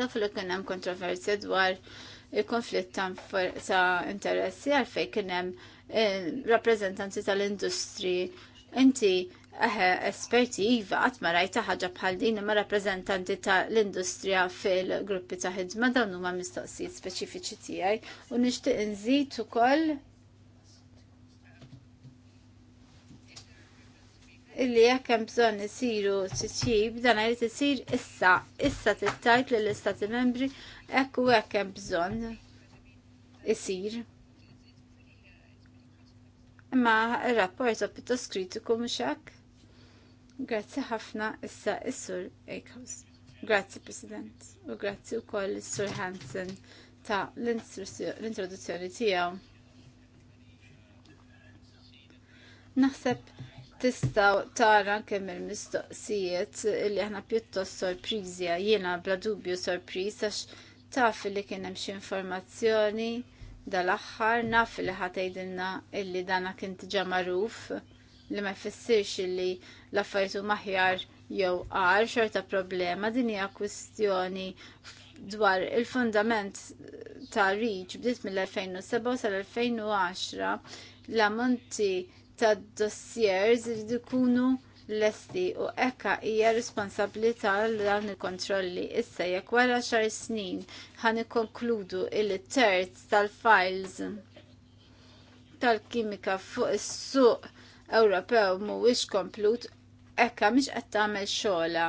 [SPEAKER 2] Tafu li hemm kontroversja dwar il-konflitt ta' interessi għalfejn kienem eh, rappresentanti tal-industri. Inti eħe eh, esperti iva għatma rajta ħagġa bħal din ma rappresentanti tal-industrija fil-gruppi ta' ħidma dawn huma mistoqsijiet speċifiċi tiegħi u nixtieq inżid ukoll illi jekk hemm bżonn isiru titjib dan jrid isir issa, issa tittajt lill istati membri hekk u hekk hemm bżonn isir. Imma r-rapport pjuttost kritiku mhux hekk. Grazzi ħafna issa is-Sur Eichhaus. Grazzi President u grazzi wkoll is-Sur Hansen ta' l-introduzzjoni tiegħu. Naħseb tistaw tara kemm il-mistoqsijiet li aħna pjuttost sorprizi jiena bla dubju sorpriż għax taf li kien hemm xi informazzjoni dal-aħħar naf li ħatejdilna illi dana kien diġà magħruf li ma jfissirx illi l-affarijiet huma aħjar jew għar xorta problema din hija kwistjoni dwar il-fundament ta' riċ bdiet mill-2007 sal-2010 l-ammonti tad dossiers iridu jkunu lesti u ekka hija responsabilità għal dawn il-kontrolli. Issa jekk wara xar snin ħan ikkonkludu il-terz tal-files tal-kimika fuq is-suq Ewropew mhuwiex komplut ekka mhix qed tagħmel xogħla.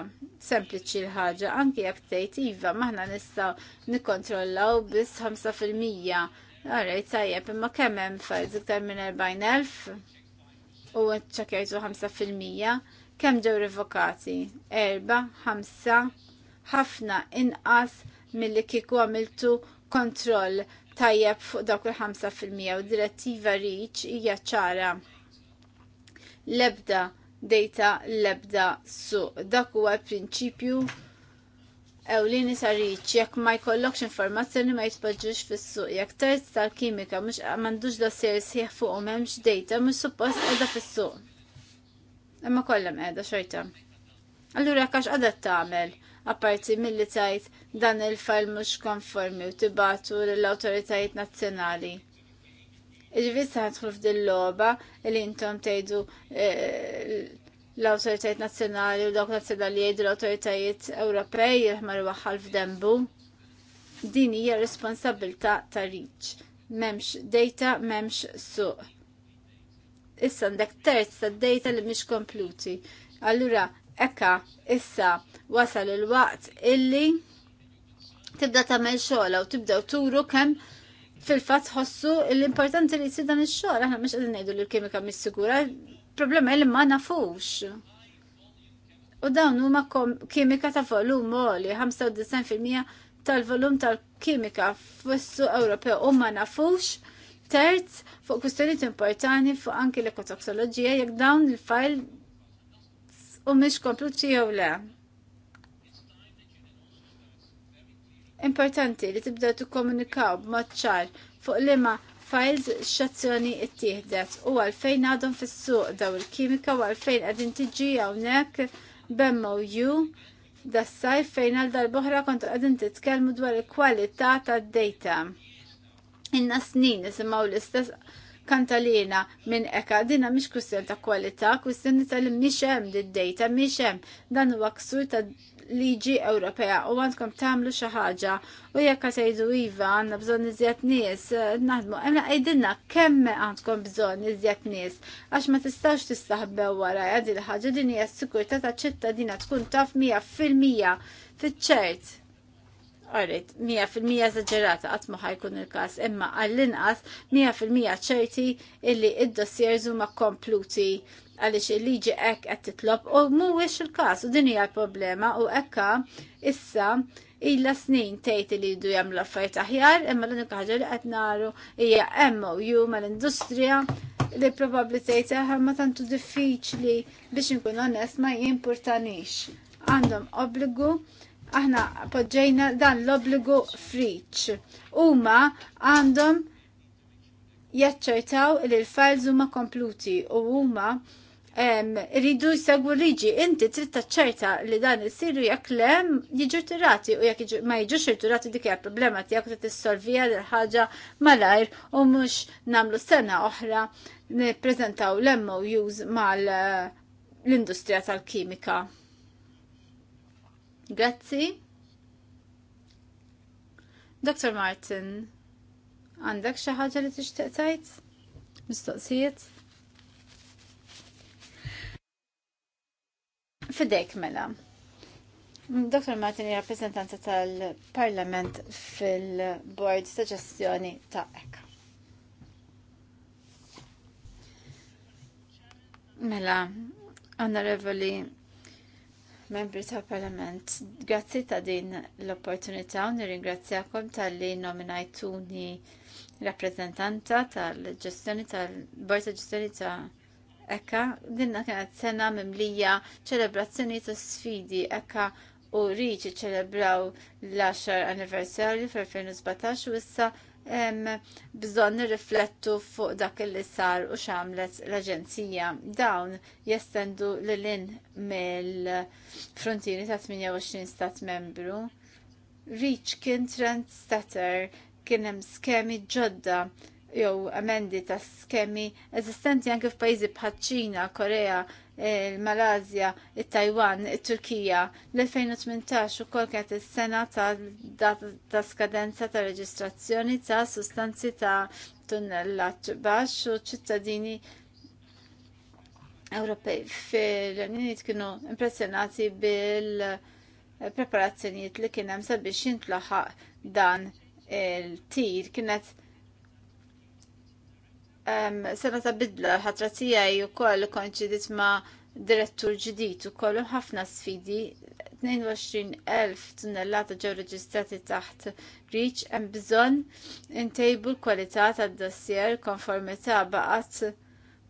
[SPEAKER 2] Sempliċi l-ħaġa anke jekk tgħid iva maħna nistgħu nikkontrollaw biss 5%. Alright, tajjeb, imma kemm hemm files iktar minn 40,000? u ċakjajtu 5% kemm ġew revokati? Erba, ħamsa, ħafna inqas milli kieku għamiltu kontroll tajjeb fuq dawk il-5% u direttiva riċ hija ċara. Lebda data lebda suq. Dak huwa prinċipju ewlieni sarriċ jekk ma jkollokx informazzjoni ma jitpoġġux fis-suq jekk terz tal-kimika mhux m'għandux dossier sħiħ fuq m'hemmx dejta mhux suppost qiegħda fis-suq. Imma kollha qiegħda xorta. Allura għax għadha tagħmel apparti milli tajt dan il-fajl mhux konformi u tibatu lill-awtoritajiet nazzjonali. Iġvis ħadħlu l logħba li intom tgħidu eh, l-autoritajiet nazzjonali u dawk nazzjonali jgħidu l-autoritajiet Ewropej jirħmar waħħal f'dembu. Din hija responsabilta ta' riċ. Memx data, memx suq. Issa għandek terz ta' data li mhix kompluti. Allura, ekka, issa wasal il-waqt illi tibda tagħmel xogħol u tibdew turu kemm fil-fatt ħossu l-importanti li jsir dan ix-xogħol aħna mhux qegħdin ngħidu li l-kimika mis-sigura problema li ma nafux. U dawn huma kimika ta' volum għoli, 95% tal-volum tal-kimika f'issu Ewropew u ma nafux terz fuq kwistjonijiet importanti fuq anki l-ekotoksoloġija jekk dawn il-fajl u mhix kompluċi jew le. Importanti li tibda tikkomunikaw b'mod ċar fuq liema files x'azzjoni ittieħdet u għalfejn għadhom fis-suq daw il-kimika u għalfejn qegħdin tiġi hawnhekk b'MOU das-sajf fejn għal darb'oħra kont qegħdin titkellmu dwar il-kwalità tad-data. Inna snin nisimgħu l-istess kantalina minn eka, dina mhix kwistjoni ta' kwalità, kwistjoni tal-mniex hemm d dejta mhix hemm dan huwa ksur ta' liġi Ewropea u għandkom tagħmlu xi ħaġa u jekk tgħidu iva għandna bżonn iżjed nies eh, naħdmu hemm qegħdilna kemm għandkom bżonn iżjed nies għax ma tistax tistaħbew wara għadi l-ħaġa din hija s-sikurtà taċ-ċittadina tkun taf mija fil-mija fiċ-ċert. Alright, 100% eżagġerata qatt ma ħajkun il-każ, imma għall-inqas 100% ċerti illi id dossier huma kompluti għaliex il-liġi hekk qed titlob u mhuwiex il-każ u din hija l-problema u ekka issa illa snin tgħid li jdu jagħmlu affarijiet aħjar imma l-unika ħaġa li qed naru hija MOU mal-industrija li probabbli tgħid ma tantu diffiċli biex inkun onest ma jimpurtanix. Għandhom obbligu aħna poġġejna dan l-obbligu friċ. Huma għandhom jaċċajtaw li l-files huma kompluti u huma rridu jsegwu liġi, inti trid taċċerta li dan isiru jekk lem jiġu tirati u jekk ma jiġux irturati dik hija problema tiegħek trid tissolvija l ħaġa malajr u mhux nagħmlu sena oħra nippreżentaw l-MOUs mal eh, l-industrija tal-kimika. Grazzi. Dr. Martin, għandek xi ħaġa li tixtieq tgħid Mistoqsijiet? Fidejk mela. Dr. Martin hija rappresentanza tal-Parlament fil-Bord ta' ġestjoni ta' EK. Mela, onorevoli membri tal parlament grazzi ta' din l-opportunità u nirringrazzjakom tal-li nominajtuni rappresentanta tal-ġestjoni tal-Bord ta' ta' ekka dinna kienet sena mimlija ċelebrazzjoni ta' sfidi ekka u riċi ċelebraw l-10 anniversarju fil-2017 u issa bżon nirriflettu fuq dak li sar u xamlet l-Aġenzija. Dawn jestendu l-lin mill-frontini ta' 28 stat membru. Reach kien trendsetter kien hemm skemi ġodda jew emendi ta' skemi eżistenti anke f'pajjiżi bħal Ċina, Korea, il-Malazja, eh, il-Taiwan, il-Turkija. L-2018 ukoll kienet is-sena ta' skadenza ta' reġistrazzjoni ta' sustanzi ta' tunnellat baxx u ċittadini Ewropej fil-Unit kienu impressjonati bil-preparazzjonijiet li kien hemm sabiex jintlaħaq dan il-tir kienet sena ta' bidla ħatra tiegħi wkoll konċidit ma' direttur u ukoll ħafna sfidi 22,000 tunnellata ġew reġistrati taħt Reach hemm bżonn intejbu l-kwalità tad-dossier konformità baqgħet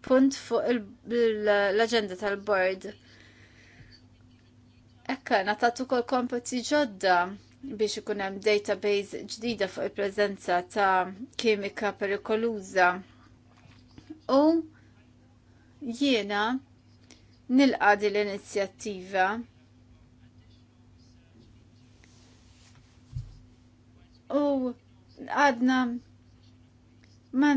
[SPEAKER 2] punt fuq l-aġenda tal-bord. Ekka, natat ukoll kompeti ġodda biex ikun hemm database ġdida fuq il-preżenza ta' kimika perikoluża u jiena nilqa l-inizjattiva u għadna ma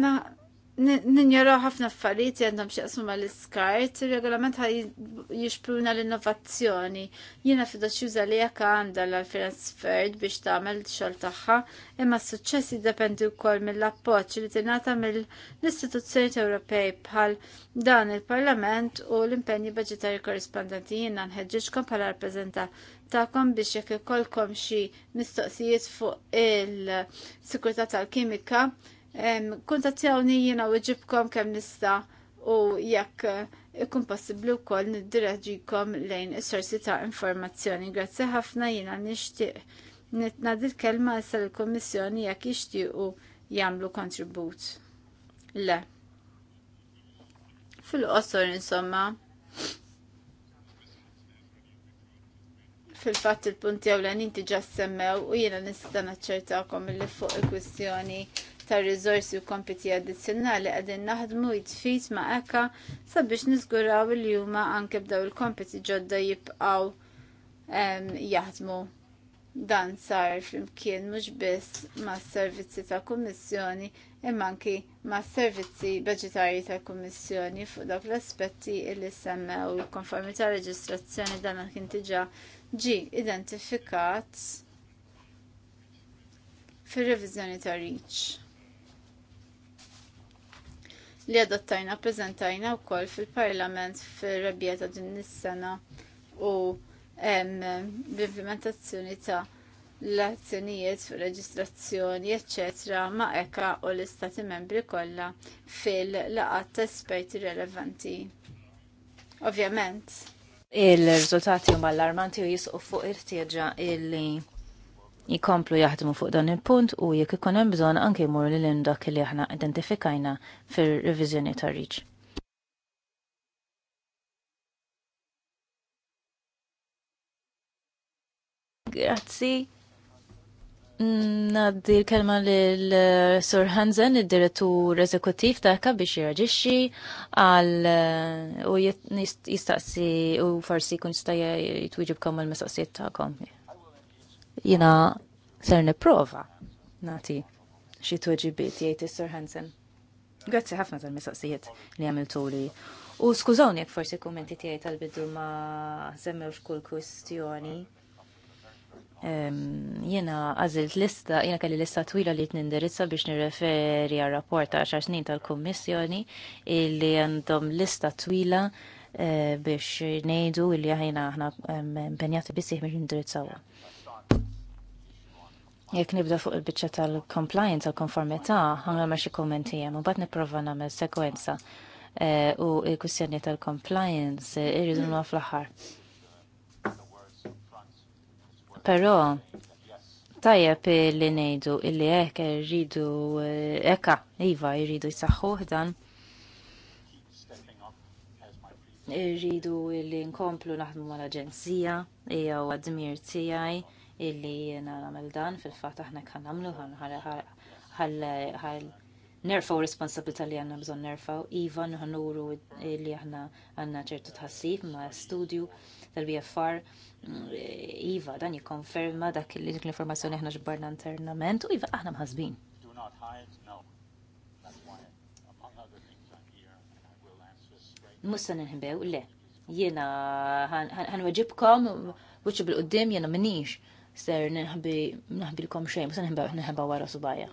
[SPEAKER 2] Ninjaraw ħafna affarijiet għandhom xieqsmu mal iskart il-regolament ħaj jixpruna l-innovazzjoni. Jiena fiduċjuża li jekk għandha l-Alfinance biex tagħmel xogħol tagħha, imma s-suċċess jiddependi wkoll mill-appoġġ li tingħata mill-istituzzjonijiet Ewropej bħal dan il-Parlament u l-impenji budġetarji korrispondenti jiena nħeġġiġkom bħala takom biex jekk ikollkom xi mistoqsijiet fuq il-sikurtà tal-kimika kontazzjoni jiena uġibkom kem kemm nista' u jekk eh, ikun possibbli wkoll niddireġikom lejn is-sorsi ta' informazzjoni. Grazzi ħafna jiena nixtieq nitnad il-kelma sal komissjoni jekk jixtiequ jagħmlu kontribut. Le. Fil-qosor insomma. fil-fatt il-punti għaw l-għanin semmew u jena nista il li fuq il-kwistjoni ta' rizorsi u kompiti addizzjonali għadin naħdmu jitfit ma' ekka sabiex nizguraw li huma anke b'daw il-kompiti ġodda jibqaw jaħdmu dan sar flimkien mhux biss mas servizzi ta' kummissjoni imma anki mas servizzi baġitarji ta' kummissjoni fuq dawk l-aspetti li semmew il-konformità reġistrazzjoni dan kien diġà ġie identifikat fir-reviżjoni ta' Reach li adottajna prezentajna u koll fil-parlament fil-rabija ta' din is-sena u l-implementazzjoni ta' l-azzjonijiet fil reġistrazzjoni, eccetera, ma' eka u l-istati membri kollha fil-laqat ta' esperti relevanti. Ovvjament.
[SPEAKER 3] Il-rizultati huma allarmanti u jisqu fuq irtieġa illi jikomplu jaħdmu fuq dan il-punt u jekk ikun hemm bżonn anke jmur lil hemm dak li aħna identifikajna fir-reviżjoni tar-riċ. Grazzi. Naddi l-kelma l-Sur eh, Hansen, il-direttur eżekutiv taka biex jirraġixxi għal eh, u jistaqsi u forsi kun jista' jitwiġibkom għal-mistaqsijiet ta'kom jina ser niprofa nati xi tweġibiet jgħid is-Sir Hansen. Grazzi ħafna tal-mistoqsijiet li għamiltu li. U skużawni jekk forsi kummenti tiegħi tal-bidu ma semmewx kull kwistjoni. Jiena għażilt lista, jiena kelli lista twila li t-nindirizza biex nirreferi għal rapport ta' 10 snin tal-Kummissjoni illi għandhom lista twila eh, biex ngħidu illi aħna aħna impenjati bissieħ biex nindirizzawa. Jek nibda fuq il-bicċa tal-compliance, tal-konformità, ħanna ma kommenti jem, u bat niprofa namel sekwenza u il kussjoni tal-compliance eh, irridu nwa fl-ħar. Pero, tajjeb li nejdu illi ek irridu eh, eka, iva irridu jisaxu dan. Irridu illi nkomplu naħdmu mal-aġenzija, ija u għadmir tijaj illi jena namel dan fil-fat aħna kan namlu ħal nerfaw responsabilta li għanna bżon nerfaw. Iva nħanuru li għanna għanna ċertu tħassib ma studju tal-BFR. Mm, iva dan jikonferma dak li dik l-informazzjoni ħna ġbarna internament u Iva aħna mħazbin. Mussan nħibew, le. Jena ħanweġibkom, wuċi bil-qoddim jena minix ser nħabbi naħbilkom xejn, se nħebba wara subajja.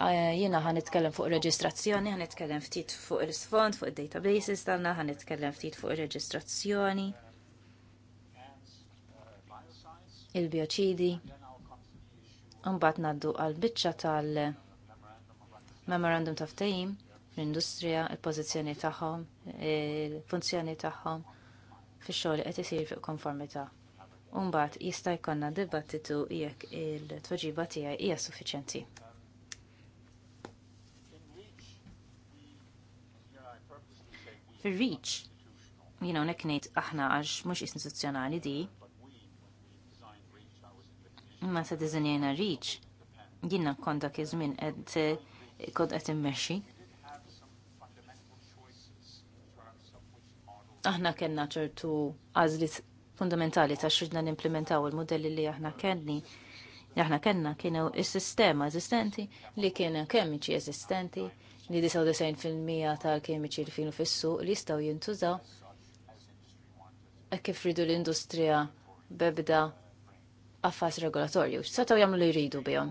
[SPEAKER 3] Jiena ħan nitkellem fuq reġistrazzjoni, ħan nitkellem ftit fuq il-sfond, fuq il-databases tagħna, ħan nitkellem ftit fuq il-reġistrazzjoni, il-bioċidi, mbagħad naddu għal biċċa tal memorandum ta' ftehim l-industrija, il-pożizzjoni tagħhom, il-funzjoni tagħhom fix-xogħol qed isir fuq konformità. Umbat jista' jkollna dibattitu jekk il-tweġiba tiegħi hija suffiċjenti. Fir-reach, jien hawnhekk ngħid aħna għax mux istituzzjonali di. Ma sa dizinjena reach, jina kont kizmin iż-żmien qed kont Aħna kena ċertu għażlit fundamentali ta' xridna nimplementaw il-modelli li aħna kenni aħna kenna kienu il-sistema eżistenti li kienu kemiċi eżistenti li 99% tal-kemiċi li finu fissu li jistaw jintużaw e kif ridu l-industrija bebda affas regolatorju. s-sataw jamlu li jridu bihom.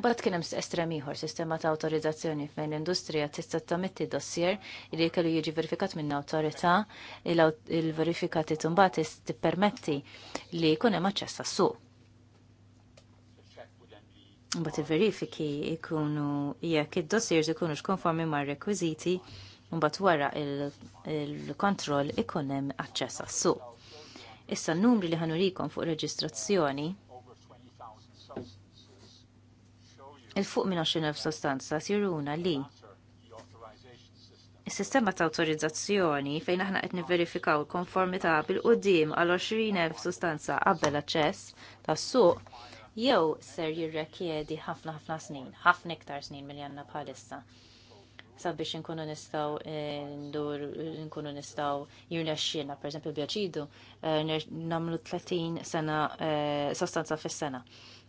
[SPEAKER 3] Mbagħad kien hemm estrem ieħor sistema ta' awtorizzazzjoni fejn l-industrija tista' tamitti dossier li kellu jiġi verifikat minn awtorità il-verifika titumbat tippermetti li jkun hemm aċċess għas-suq. Mbagħad il-verifiki jkunu jekk id-dossiers ikunux konformi mar-rekwiżiti mbagħad wara il-kontroll ikun hemm aċċess għas-suq. Issa n-numri li ħanurikom fuq reġistrazzjoni il-fuq minn 20.000 sostanza siruna li Is-sistema ta' autorizzazzjoni fejn aħna qed nivverifikaw il-konformità bil-qudiem għal 20.000 sostanza qabel aċċess tas-suq jew ser jirrekjedi ħafna ħafna snin, ħafna iktar snin milli għandna bħalissa sabiex nkunu nistaw eh, ndur nkunu nistaw jirnexxina, per esempio bjaċidu, eh, namlu 30 sena eh, sostanza fis-sena.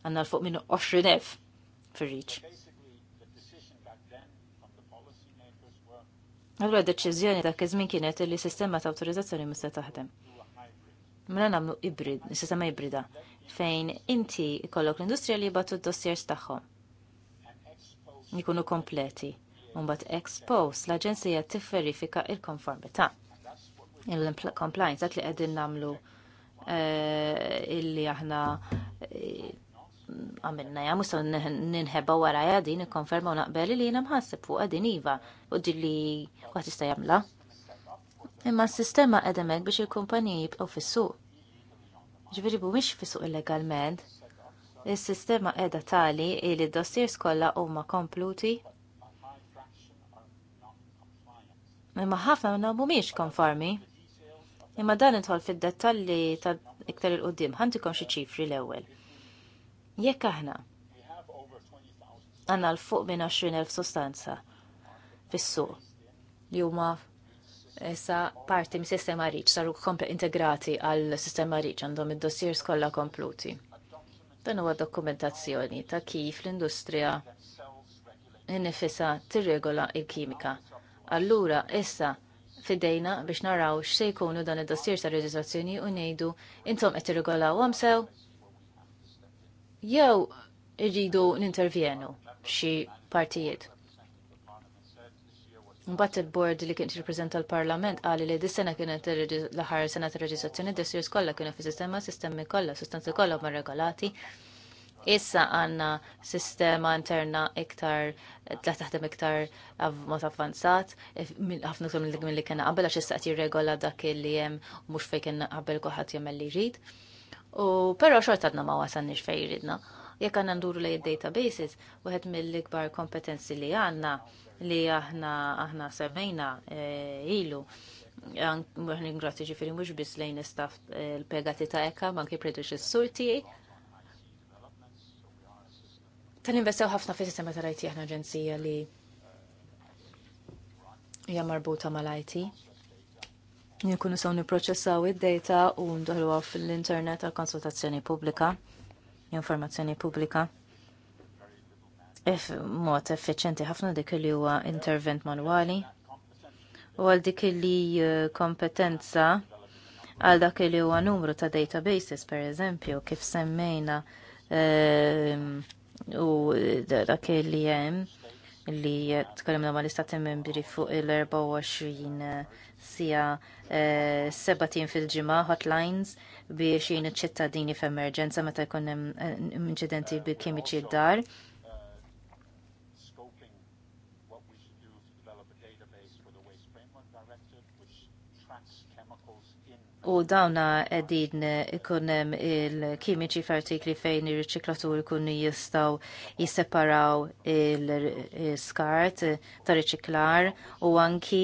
[SPEAKER 3] Għanna l-fuq minn 20.000 fil riċ Għallu għad-deċizjoni ta' kizmin kienet li sistema ta' autorizzazzjoni musta taħdem. Mela namlu ibrid, sistema ibrida fejn inti kollok l-industrija li batu d-dossiers tagħhom. Nikunu kompleti. Mbagħad ekspos l-aġenzija tifferifika il konformita Il-compliance dak li għedin namlu eh, illi aħna eh, għamilna ja, musta ninħeba waraja din ikkonferma u naqbel li jena mħasseb fuq din iva u li għat jista jamla. Imma s-sistema edemek biex il-kumpaniji jibqaw fissu. suq Ġviri bu miex fissu illegalment. Il-sistema edha tali li d-dossier skolla u ma kompluti. Imma ħafna minna bu miex konformi. Imma dan idħol fid-dettalli ta' iktar il-qoddim. Ħantikom xi ċifri l-ewwel Jekk aħna għanna l-fuq minn 20.000 sostanza fis-suq li huma issa parti mis sistema riċ saru komple integrati għal sistema riċ għandhom id-dossiers kollha kompluti. Dan huwa dokumentazzjoni ta' kif l-industrija nifisa tirregola il-kimika. Allura issa fidejna biex naraw x'se jkunu dan id-dossier ta' reġistrazzjoni u ngħidu intom qed tirregolaw sew jew irridu nintervjenu xi partijiet. Mbatt il bord li kien jirrepreżenta l-Parlament għali li dis-sena kienet l-aħħar sena ta' reġistrazzjoni dis-sirs kollha kienu fis-sistema sistemi kollha, sostanzi kollha ma' regolati. Issa għanna sistema interna iktar, tlaħ taħdem iktar mod avvanzat, ħafna ktar mill-li kena qabel għax issa qed jirregola dak li hemm mhux fejn kien qabel kulħadd jagħmel li jrid. U pero xort għadna ma wasanniex fej jridna. Jekk għanna nduru lej databases u għed mill-ikbar kompetenzi li għanna li aħna aħna semmejna e, ilu. Għan ingrati ġifiri mux bis lejn istaf e, l-pegati ta' eka, ma' kħi redux il-surti. Tan investew ħafna fi sistema tal-IT aħna ġenzija li hija marbuta mal-IT Nkunu saw niproċessaw id-data u ndoħluha fil internet għal konsultazzjoni pubblika, informazzjoni pubblika. Mod effiċenti ħafna dik li huwa intervent manwali u għal dik li eh, kompetenza għal dak li huwa numru ta' databases per eżempju kif semmejna ehm, u dak li hemm li tkellimna ma' l-istati membri fuq il-24 sija e, eh, sebatin fil-ġimgħa hotlines biex jien ċittadini f'emerġenza meta jkun hemm eh, inċidenti bi kimiċi d-dar. U dawna għedin ikunem il-kimiċi f'artikli fejn ir-riċiklatur ikunu jistaw jisseparaw il-skart ta' riċiklar u anki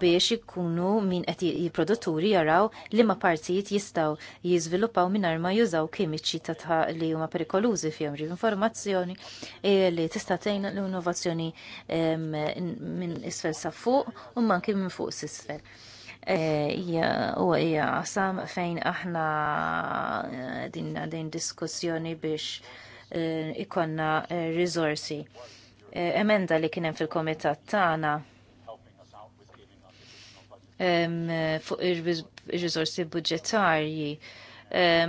[SPEAKER 3] biex ikunu min qed jipprodutturi jaraw li ma partijiet jistaw jiżviluppaw mingħajr ma jużaw kimiċi ta' li huma perikolużi fihom ġi informazzjoni eh, li tista' tgħin l-innovazzjoni minn isfel sa' fuq u manki minn fuq s-isfel. Eh, u hija qasam fejn aħna eh, dinna din diskussjoni biex eh, ikonna risorsi. Emenda li kienem fil-komitat tagħna fuq ir-risorsi budġetarji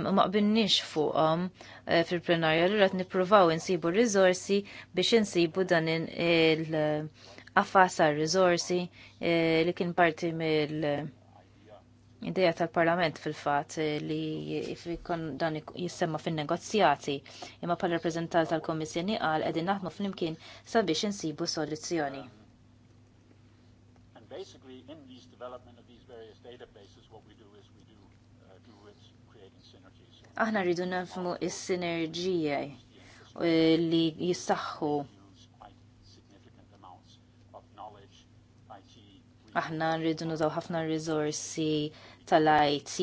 [SPEAKER 3] ma maqbinnix fuqhom fil-plenarja l qed nippruvaw insibu rizorsi biex insibu dan il- affasa r-rizorsi eh, li kien parti mill ideja tal-parlament fil-fat eh, li dan jissemma fin-negozjati imma pal rappresentant tal-Komissjoni qal qegħdin naħdmu flimkien sabiex insibu soluzzjoni.
[SPEAKER 4] Uh,
[SPEAKER 3] Aħna rridu nafmu is-sinerġija eh, li jissaxħu Aħna nridu nużaw ħafna risorsi tal-IT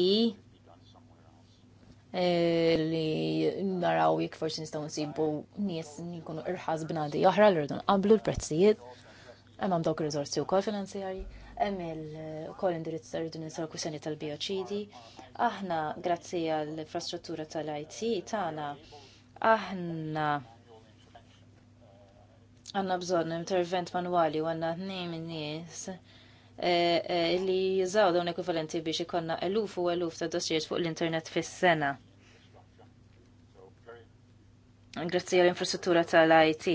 [SPEAKER 3] eh, li naraw jek forsi nistaw nsibu nies nkunu irħas b'nadi oħra li rridu nqablu l-prezzijiet. Hemm dawk ir-riżorsi wkoll finanzjarji, hemm il-kol indirizz rridu ninsaw kwistjoni tal-bioċidi. Aħna grazzi għall-infrastruttura tal-IT tagħna aħna għanna bżonn intervent manwali u għanna t-nejn nies Eh, eh, li jużaw dawn ekwivalenti biex ikonna eluf u eluf ta' dossiers fuq l-internet fis-sena. Grazzi għall-infrastruttura tal-IT.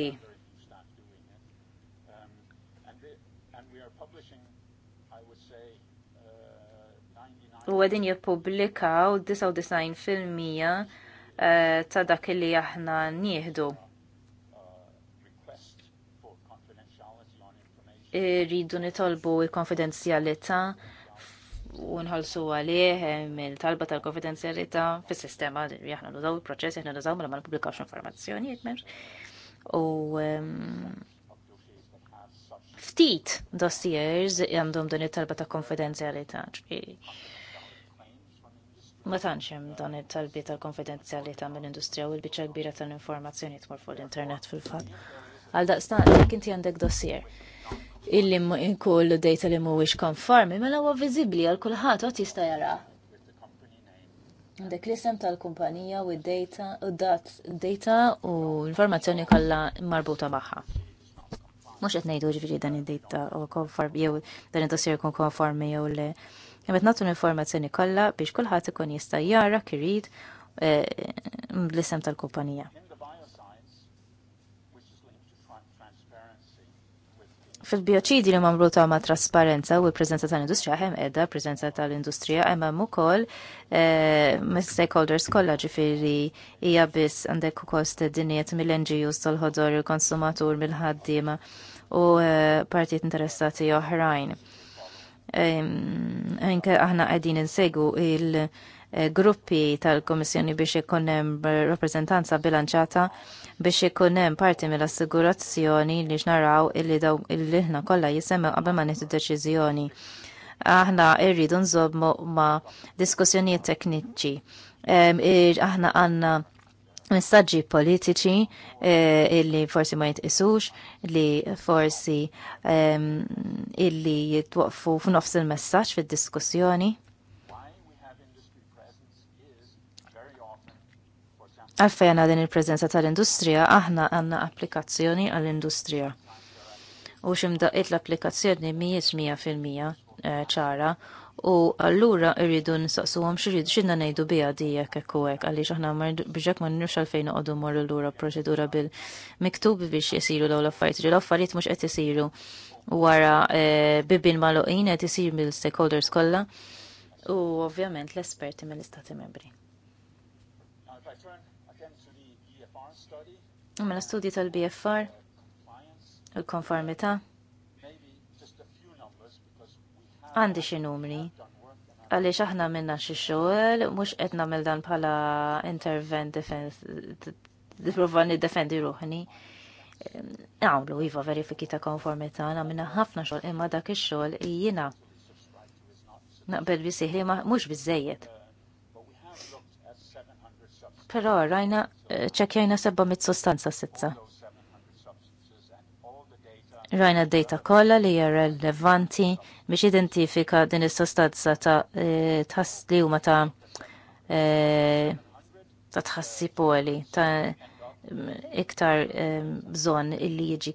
[SPEAKER 3] U għedin jipublikaw 99% eh, ta' dak li aħna nieħdu. rridu nitolbu il-konfidenzjalità u nħallsu għalih eh, il-talba tal-konfidenzjalità fis-sistema li aħna nużaw il-proċess aħna nużaw mela ma npubblikawx informazzjoni jekk U ehm, ftit dossiers għandhom dan it-talba ta' konfidenzjalità. Ma tantx hemm dan it-talbi tal-konfidenzjalità mill-industrija u l-biċċa kbira tal-informazzjoni tmur fuq l-internet fil-fatt. Għal daqstant, jekk inti għandek dossier illi inkollu data li mhuwiex konformi, mela huwa viżibbli għal kulħadd għad jista' jara. Dek l-isem tal-kumpanija u d-data u d-data u l-informazzjoni kollha marbuta magħha. Mhux qed ngħidu ġifieri dan id-data u konform jew dan id-dossier jkun konformi jew le. Jemet nagħtu l-informazzjoni kollha biex kulħadd ikun jista' jara kirid bl-isem eh, tal-kumpanija. fil-bioċidi li mamlu ta' ma' trasparenza u l-prezenza tal-industrija hemm edha, prezenza tal-industrija hemm hemm ukoll eh, stakeholders kollha ġifieri hija biss għandek ukoll stedinijiet mill-NGOs tal-ħodor il-konsumatur mill-ħaddiema u eh, partijiet interessati oħrajn. Anke aħna qegħdin insegu il- eh, gruppi tal-Komissjoni biex ikun hemm rappreżentanza bilanċata biex ikun hemm parti mill-assigurazzjoni li xnaraw illi daw illi ħna kollha jisemmew qabel ma nieħdu deċiżjoni. Aħna rridu nżobmu ma diskussjonijiet tekniċi. Aħna għandna messaġġi politiċi eh, illi forsi ma jitqisux, li forsi illi jitwaqfu f'nofs il-messaġġ fid-diskussjoni. għalfejn din il-preżenza tal-industrija aħna għandna applikazzjoni għall-industrija. U ximdaqiet l-applikazzjoni mhijiex mija fil-mija eh, ċara u allura irridu nistaqsuhom x'irid x'inna ngħidu biha dijek hekk u għalli għaliex aħna biġek ma nirx għalfejn noqogħdu morru lura proċedura bil-miktub biex isiru daw l-affarijiet. L-affarijiet mhux qed isiru wara eh, bibin maluqin qed isir mill-stakeholders kollha u ovvjament l-esperti mill-istati membri. Mela studji tal-BFR, il-konformità. Għandi xi numri għaliex aħna minna xi xogħol mhux qed nagħmel dan bħala intervent defense nipprova niddefendi ruħni. Għamlu iva verifiki ta' konformità minna ħafna xogħol imma dak ix-xogħol naqbel bisih mux mhux Però rajna eh, ċekjajna mit sostanza sitza. Rajna d-data kollha li hija relevanti biex identifika din is-sostanza ta' eh, tħass li huma ta' eh, ta' poli ta' mm, iktar bżonn illi jiġi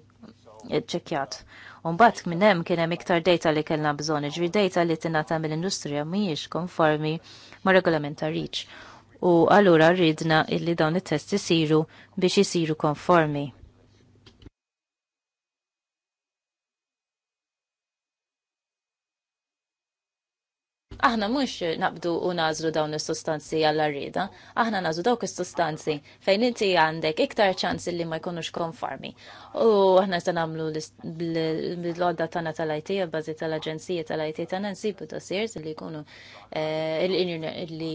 [SPEAKER 3] ċekjat. Umbat minn hemm kien hemm iktar data li kellna bżonn, ġri data li tingħata mill-industrija mhijiex konformi ma' regolament ta' reach u allura rridna illi dawn it-test isiru biex isiru konformi. Aħna mhux naqbdu u nażlu dawn is-sustanzi għall rida aħna nażlu dawk is-sustanzi fejn inti għandek iktar ċans li ma jkunux konformi. U aħna se nagħmlu l-għodda tagħna tal-IT bażi tal-aġenzija tal-IT tagħna nsibu dossiers eh, li jkunu li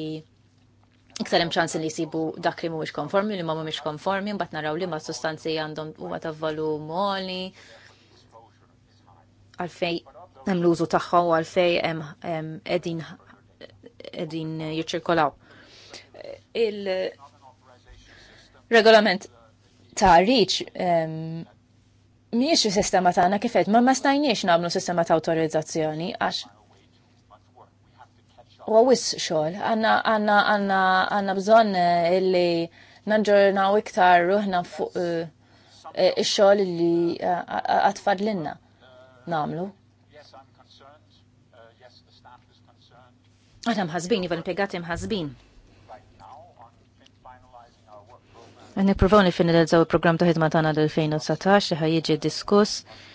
[SPEAKER 3] iktar hemm ċans li jsibu dak li mhuwiex konformi li ma mhumiex konformi mbagħad naraw li ma sustanzi għandhom huwa ta' volum għoli għalfej hemm l-użu tagħhom u għalfej hemm qegħdin qegħdin jiċċirkolaw. Il-regolament ta' riċ miex sistema tagħna kif qed ma ma stajniex nagħmlu sistema ta' awtorizzazzjoni għax u għawis xol, għanna għanna għanna għanna bżon eh, illi nanġorna u iktar ruħna fuq eh, eh, il-xol illi għatfad l-inna namlu.
[SPEAKER 4] Għana mħazbin, jivan impiegati mħazbin.
[SPEAKER 3] provoni nifinalizzaw il-program ta' ħidma l-2019 li diskus. diskuss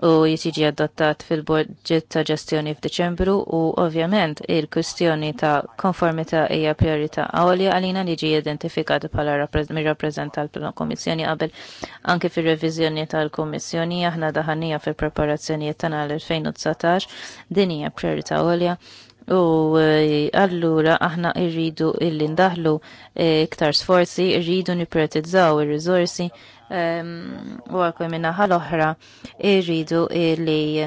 [SPEAKER 3] u jitiġi adottat fil-budget ta' ġestjoni f'Deċembru u ovvjament il-kwistjoni ta' konformità hija priorità għolja għalina li ġi identifikat bħala mir-rappreżent tal-Komissjoni qabel anke fir-reviżjoni tal-Komissjoni aħna daħanija fil-preparazzjonijiet tagħna l-2019 din hija priorità għolja u eh, allura aħna irridu illi ndaħlu eh, iktar sforzi, irridu nipretizzaw ir rizorsi u għalkoj minna ħal ohra irridu li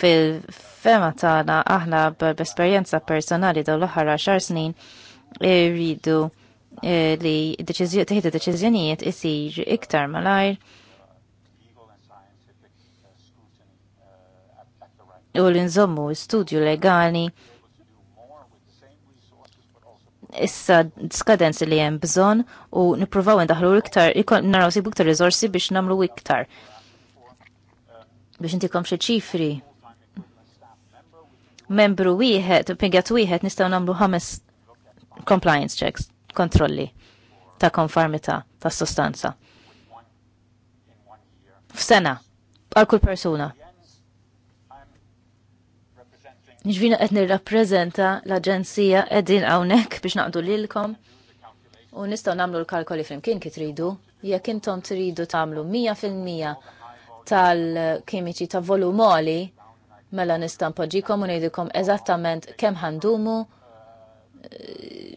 [SPEAKER 3] fil-fema tagħna aħna b'esperjenza personali daw l ohra xar snin irridu eh, li teħdu deċizjonijiet isir iktar malajr. u l-inżommu studju legali issa skadenzi li hemm bżonn u nippruvaw ndaħlu iktar, naraw sibu buktar rizorsi biex nagħmlu iktar. Biex intikom xi ċifri. Membru wieħed, pingat wieħed nistgħu nagħmlu ħames compliance checks, kontrolli ta' konformità ta' sostanza. F'sena, għal kull persuna. Nġvina qed nirrappreżenta l-Aġenzija qegħdin hawnhekk biex naqdu lilkom u nistgħu nagħmlu l-kalkoli flimkien kien tridu. Jekk intom tridu tagħmlu 100% tal-kimiċi ta' volumoli mela nista' npoġġikom u ngħidilkom eżattament kemm ħandumu eh,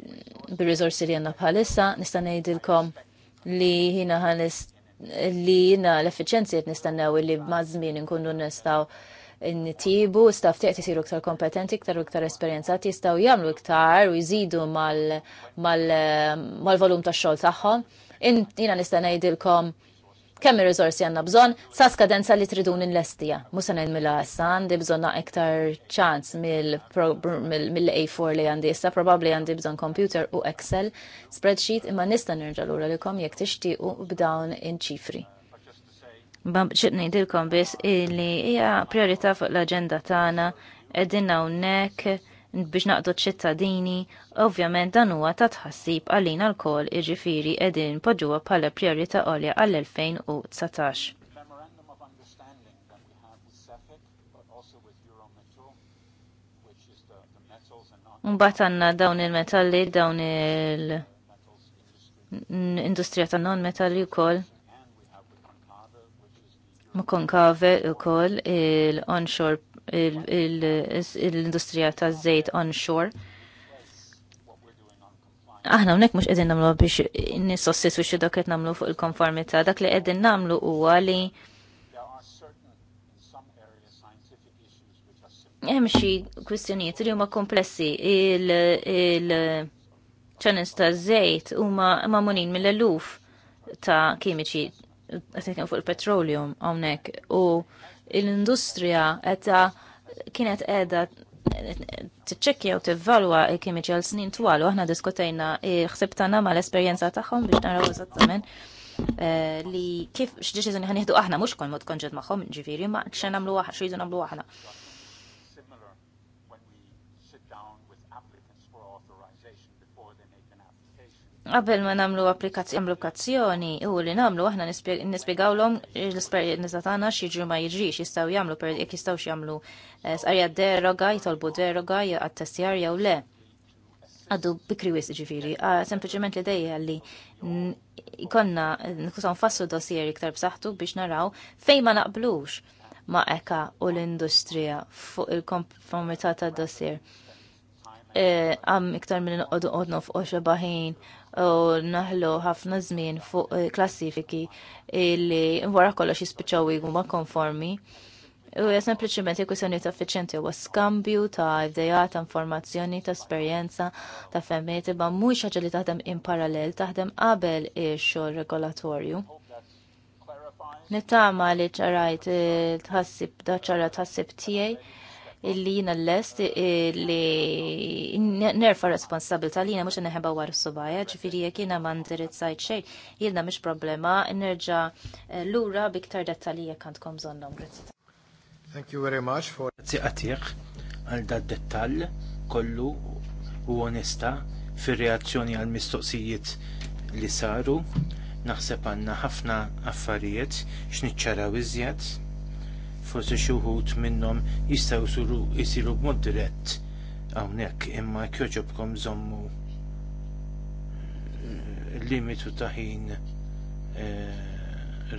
[SPEAKER 3] bir rizorsi li għandna bħalissa nista' ngħidilkom li jina li jina l-effiċenzi jt nistennew li mażmin nkunu nistaw ntibu, staff tiegħek isiru iktar kompetenti, iktar u iktar esperjenzati jistgħu jagħmlu iktar u jżidu mal-volum tax-xogħol tagħhom. Jiena nista' ngħidilkom kemm ir-riżorsi għandna bżonn sa skadenza li tridu nlestija. Mhux se ngħidmilha issa għandi bżonn iktar ċans mill-A4 li għandi issa, probabbli għandi bżonn computer u Excel spreadsheet imma nista' nerġa' lura lilkom jekk tixtiequ b'dawn inċifri. Xit ngħidilkom biss illi hija priorità fuq l-aġenda tagħna qegħdin hawnhekk biex naqdu ċittadini, ovvjament dan huwa ta' tħassib għalin għal kol iġifiri edin poġuwa bħala priorità għolja għall-2019. Mbagħad għandna dawn il-metalli, dawn il-industrija ta' non-metalli wkoll. Mkonkave u koll il-onshore, l-industrija ta' zejt onshore. Aħna unnek mux edin namlu biex nisossis biex dak qed namlu fuq il-konformità. Dak li edin namlu u għali hemm xi kwistjonijiet li huma komplessi il ċanis ta' zejt huma mamunin mill-eluf ta' kimiċi għetekan fuq il-petroleum għonek u l-industrija għetta kienet edha t-ċekja u t-valwa kimiċi għal snin twal u għahna diskutajna xsibtana ma l-esperienza taħħom biex naraw eżattament eh, li kif x'deċiżjoni ħanieħdu aħna mhux kol mod konġed magħhom ġifieri ma x'għan nagħmlu x'ridu nagħmlu aħna. Qabel ma namlu applikazzjoni u li namlu aħna nispjegawlhom l-esperjenza tagħna xieġu ma jiġrix jistgħu jagħmlu jekk jistgħux jagħmlu eh, sqarja deroga, jitolbu deroga għat-testjar jew le. Għaddu bikri wis ġifiri, ah, sempliciment li dejja li jkollna nkusan fassu dossier iktar b'saħħtu biex naraw fejn ma naqblux ma' eka u l-industrija fuq il-konformità tad dossier Eh, għam iktar minn nqodu qodnu fuq baħin u naħlu ħafna żmien fuq eh, klassifiki li wara kollox jispiċċaw huma konformi. U sempliċiment jekk kwistjoni ta' fiċenti u skambju ta' idea ta' informazzjoni, ta' esperjenza, ta' femmiet ba' mhux ħaġa li taħdem in parallel taħdem qabel ix-xogħol regolatorju. Nittama li ċarajt eh, tħassib da ċara tħassib tiegħi illi jina l-lest li nerfa responsabilta li jina mux neħeba war s-subaja, ġifiri jek jina ma ndirizzajt xej, jilna mux problema, nerġa eh, l-ura biktar dettali jek għandkom zonnom.
[SPEAKER 5] Thank you very much for... Grazie għatiq għal da dettal kollu u onesta fir reazzjoni għal mistoqsijiet li saru. Naħseb għanna ħafna affarijiet x'niċċaraw iżjed forsi xi wħud minnhom jistgħu jsiru b'mod dirett hawnhekk imma jkjoġobkom żommu eh, limitu ta' ħin e,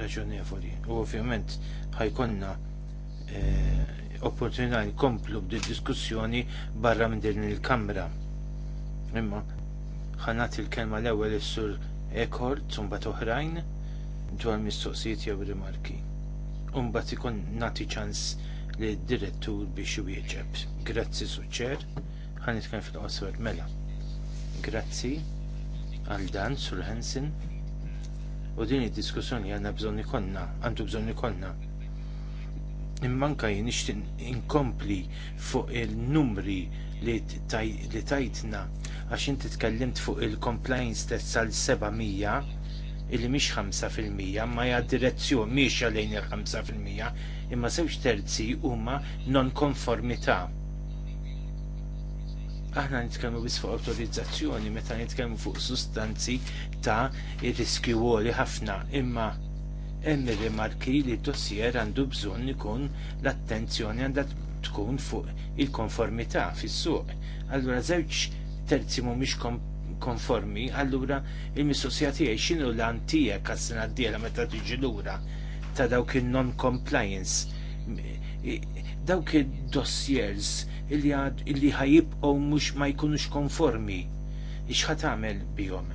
[SPEAKER 5] raġonevoli. U ovvjament ħajkonna eh, opportunità opportunità nkomplu b'di diskussjoni barra minn din il-kamra. Imma ħanat il-kelma l-ewwel is-sur Ekord, mbagħad oħrajn dwar mistoqsijiet jew rimarki. Umbat ikun nati ċans li direttur biex wieġeb. Grazzi suċċer, ħan itkan fil-qosor mela. Grazzi għal dan sur Hansen u din id-diskussjoni għandna bżon ikonna, għandu bżon ikonna. Immanka jien nixtin inkompli fuq il-numri li tajtna għax inti tkellimt fuq il-compliance test sal-700 illi miex 5% ma hija direzzjoni mhix għalejn il-5% imma żewġ terzi huma non-konformità. Aħna nitkellmu biss fuq awtorizzazzjoni meta nitkellmu fuq sustanzi ta' riskju għoli ħafna imma hemm rimarki li d-dossier għandu bżonn ikun l-attenzjoni għandha tkun fuq il-konformità fis-suq. Allura żewġ terzi mhumiex konformi, allura il-mistoqsija tiegħi x'inhu lan tiegħek għas-sena d-diela meta tiġi lura ta' dawk il-non-compliance, dawk il-dossiers illi ħajibqgħu mhux ma jkunux konformi, x'ħat tagħmel bihom.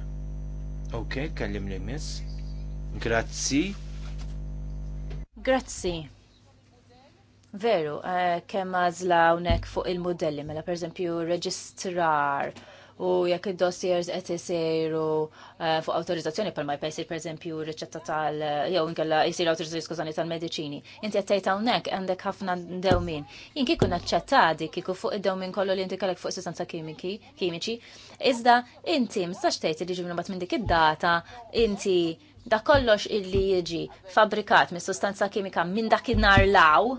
[SPEAKER 5] Ok, kellim li miss. Grazzi.
[SPEAKER 3] Grazzi. Veru, eh, kemm għażla hawnhekk fuq il-modelli mela pereżempju reġistrar u jekk id-dossiers qed isiru eh, fuq awtorizzazzjoni palma per eżempju riċetta tal jew inkella jsir awtorizzazzjoni skużani tal-mediċini. Inti qed tgħid hawnhekk għandek ħafna dewmin. Jien kieku naċċettadi kieku fuq id-dewmin kollu li inti kellek fuq sustanza kimiċi, iżda inti mistax tgħid li ġibnu minn dik id-data inti da kollox illi jiġi fabrikat mis sustanza kimika minn dakinhar law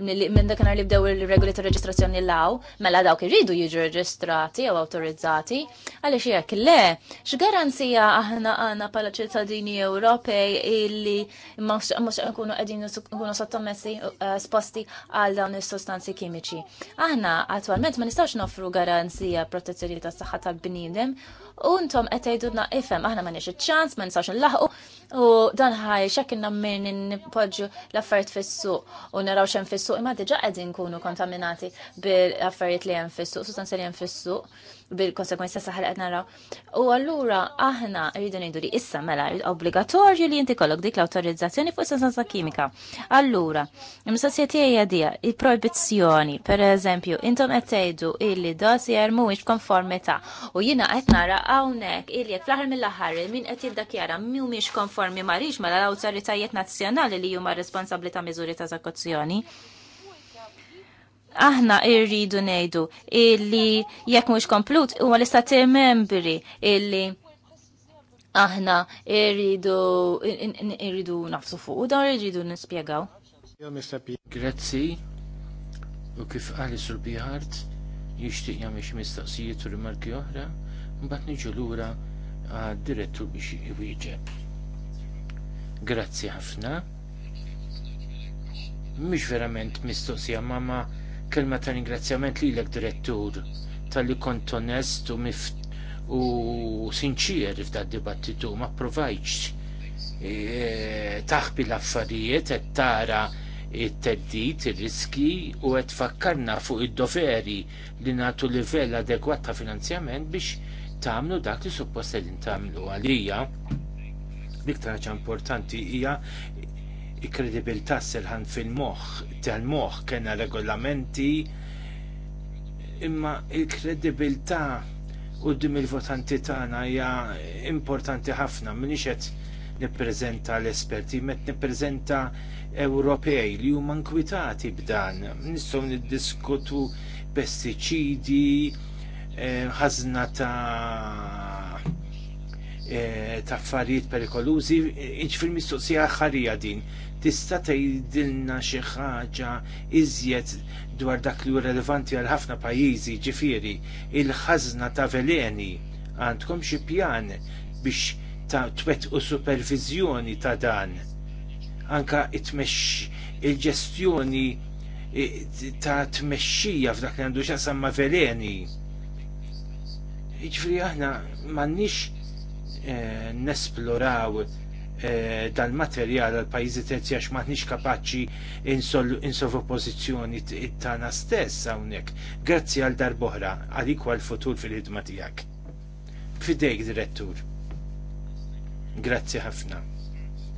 [SPEAKER 3] minn dak li bdew il-regoli ta' reġistrazzjoni law, mela dawk irridu jiġu reġistrati jew awtorizzati, għaliex jekk le, x'garanzija aħna għandna bħala ċittadini Ewropej illi mhux nkunu qegħdin nkunu sottomessi eh, sposti għal dawn is-sostanzi kimiċi. Aħna attwalment ma nistgħux noffru garanzija protezzjoni tas-saħħa tal-bniedem untom qed tgħidulna ifhem aħna ma nix iċ-ċans ma nistax nlaħqu u dan ħaj xekkinna min nipoġġu l-affarijiet fis-suq u naraw x'hemm fis-suq imma diġà qegħdin nkunu kontaminati bil-affarijiet li hemm fis-suq, sustanzi li hemm fis-suq bil-konsekwenza saħal għedna naraw. U allura aħna rridu nidu li issa mela obbligatorju li jinti kollok dik l-awtorizzazzjoni fuq sostanza kimika. Allura, il-mistoqsija tiegħi dija il-proibizzjoni, pereżempju, intom qed tgħidu illi dossier mhuwiex konformità u jiena qed nara hawnhekk illi fl-aħħar mill-aħħar min qed jiddakjara mhumiex konformi ma rix mela l-awtoritajiet nazzjonali li huma responsabbli ta' miżuri ta' eżekuzzjoni aħna irridu nejdu illi jekk mhux komplut huwa l istat membri illi aħna irridu irridu nafsu fuq u dan irridu nispjegaw.
[SPEAKER 5] Grazzi u kif qali sur biħart jixtieq jagħmel xi mistaqsijiet u rimarki oħra, mbagħad niġu lura għad-direttur biex iwieġeb. Grazzi ħafna. Mhux verament mistoqsija mama. Kelma ta' ringrazzjament li l direttur tal-li kont onest u mift u sinċir f'da' dibattitu ma provajċ e, taħbi l-affarijiet qed tara it-teddit, ir-riski u qed fakkarna fuq id-doveri li nagħtu livell adegwat ta' finanzjament biex tagħmlu dak li suppost qegħdin tagħmlu għalija. L-iktar ħaġa importanti hija il-kredibilità silħan fil-moħ, tal-moħ kena regolamenti, imma il-kredibilità u dim il-votanti tagħna hija importanti ħafna minix qed nippreżenta l-esperti, met nippreżenta Ewropej li huma nkwitati b'dan. Nistgħu niddiskutu pestiċidi, eh, ħażna ta' Eh, ta' affarijiet perikolużi, iġ fil-mistoqsija ħarija din. Tista' tgħidilna xi ħaġa iżjed dwar dak li relevanti għal ħafna pajjiżi, ġifieri, il-ħażna ta' veleni għandkom xi pjan biex ta' twet u supervizjoni ta' dan. Anka itmex il-ġestjoni eh, ta' tmexxija f'dak li għandu xasamma veleni. Iġfri aħna m'għandniex Eh, nesploraw eh, dal-materjal għal pajjiżi terzi għax maħniex kapaċi insolvu pożizzjoni tagħna stess hawnhekk. Grazzi għal darboħra għalik għal futur fil-ħidma tiegħek. Fidejk, direttur. Grazzi ħafna.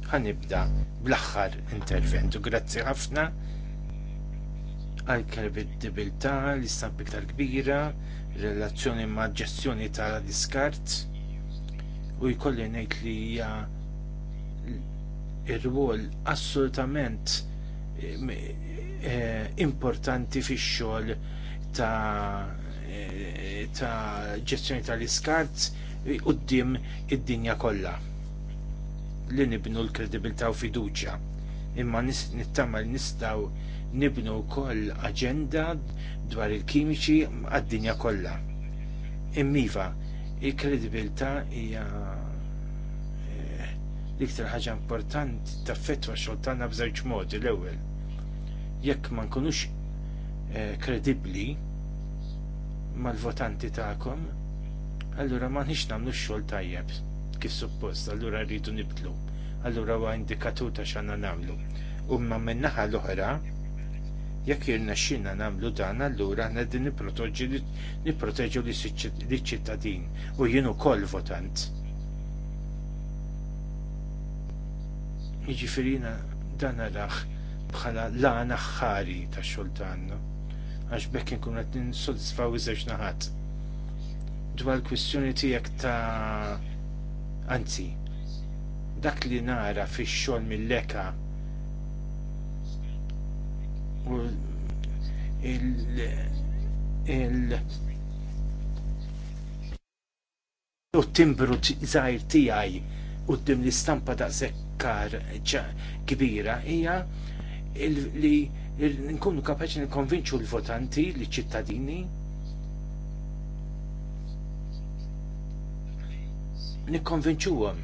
[SPEAKER 5] Għanibda bl-aħħar interventu, grazzi ħafna għal kredibilità, l-istampik tal-kbira, relazzjoni ma' ġestjoni tal diskart u jkolli ngħid li hija ir-rwol assolutament eh, importanti fix-xogħol ta' eh, ta' ġestjoni tal-iskart qudiem id-dinja kollha li nibnu l-kredibilità u fiduċja. Imma nittama li nistgħu nibnu wkoll aġenda dwar il-kimiċi għad-dinja kollha. Immiva, il-kredibilità hija eh, l-iktar ħaġa importanti ta' xogħol tagħna b'żewġ modi l-ewwel. Jekk ma nkunux eh, kredibbli mal-votanti tagħkom, allura ma nix nagħmlu x-xogħol tajjeb kif suppost, allura rridu nibtlu. Allura huwa indikatur ta' x'għandna nagħmlu. U ma minnaħa naħa l-oħra, Jekk jirnexxina nagħmlu dan allura aħna niproteġu nipproteġu ċittadin u jien ukoll votant. Jiġifieri dan għalax bħala lana ħari ta' xultanno għax bekk nkun qed ninsodisfaw iż-żewġ naħat. Dwar l-kwistjoni tiegħek ta' anzi, dak li nara fix-xogħol mill-leka u il il u timbru zaħir tijaj u dim l-istampa da' zekkar kbira hija li nkunu kapaċi nikonvinċu l-votanti, l-ċittadini nikkonvinċuhom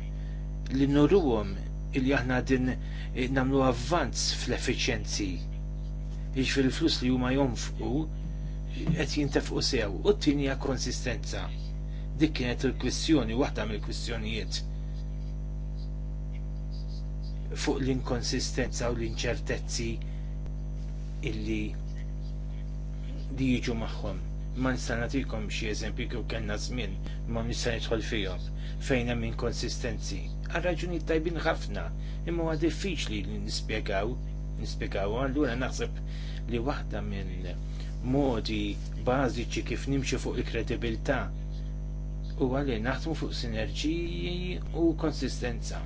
[SPEAKER 5] li nurruhom illi aħna din eh, namlu avvanz fl efficienzi biex fil-flus li huma jonfqu qed jintefqu sew u t-tieni hija konsistenza. Dik kienet il-kwistjoni waħda mill-kwistjonijiet fuq l-inkonsistenza u l-inċertezzi illi li jiġu magħhom. Ma nista' nagħtikom xi eżempju kif kellna żmien ma nista' nidħol fihom fejn hemm inkonsistenzi. Għal raġuni tajbin ħafna, imma huwa diffiċli li nispjegaw nispjegaw. Allura naħseb li waħda minn modi bażiċi kif nimxu fuq il-kredibilità huwa li naħdmu fuq sinerġiji u konsistenza.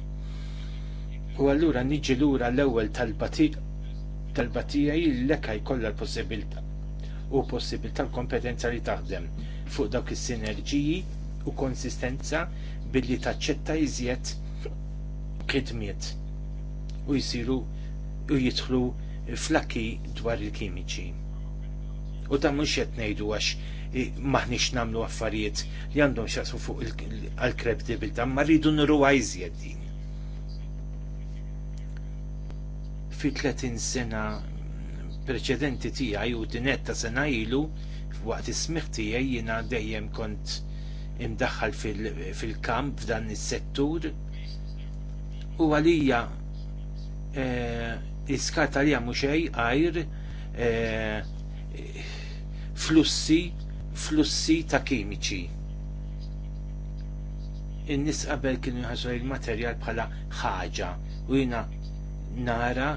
[SPEAKER 5] U allura niġi lura l-ewwel tal-batija l-leka jkollha l-possibilità u possibilità l-kompetenza li taħdem fuq dawk is-sinerġiji u konsistenza billi taċċetta iżjed kitmiet u jisiru u jidħlu flakki dwar il-kimiċi. U dan mhux qed ngħidu għax eh, maħniex nagħmlu affarijiet li għandhom xaqsu fuq għal-kredibilità, ma rridu nru għajżjed din. Fi 30 sena preċedenti tiegħi u dinetta sena ilu waqt is-smigħ tiegħi jiena dejjem kont imdaħħal fil-kamp f'dan is-settur u għalija eh, li għamu xej għajr e, flussi flussi ta' kimiċi. In-nis qabel kienu jħassu il-materjal bħala ħaġa u jina nara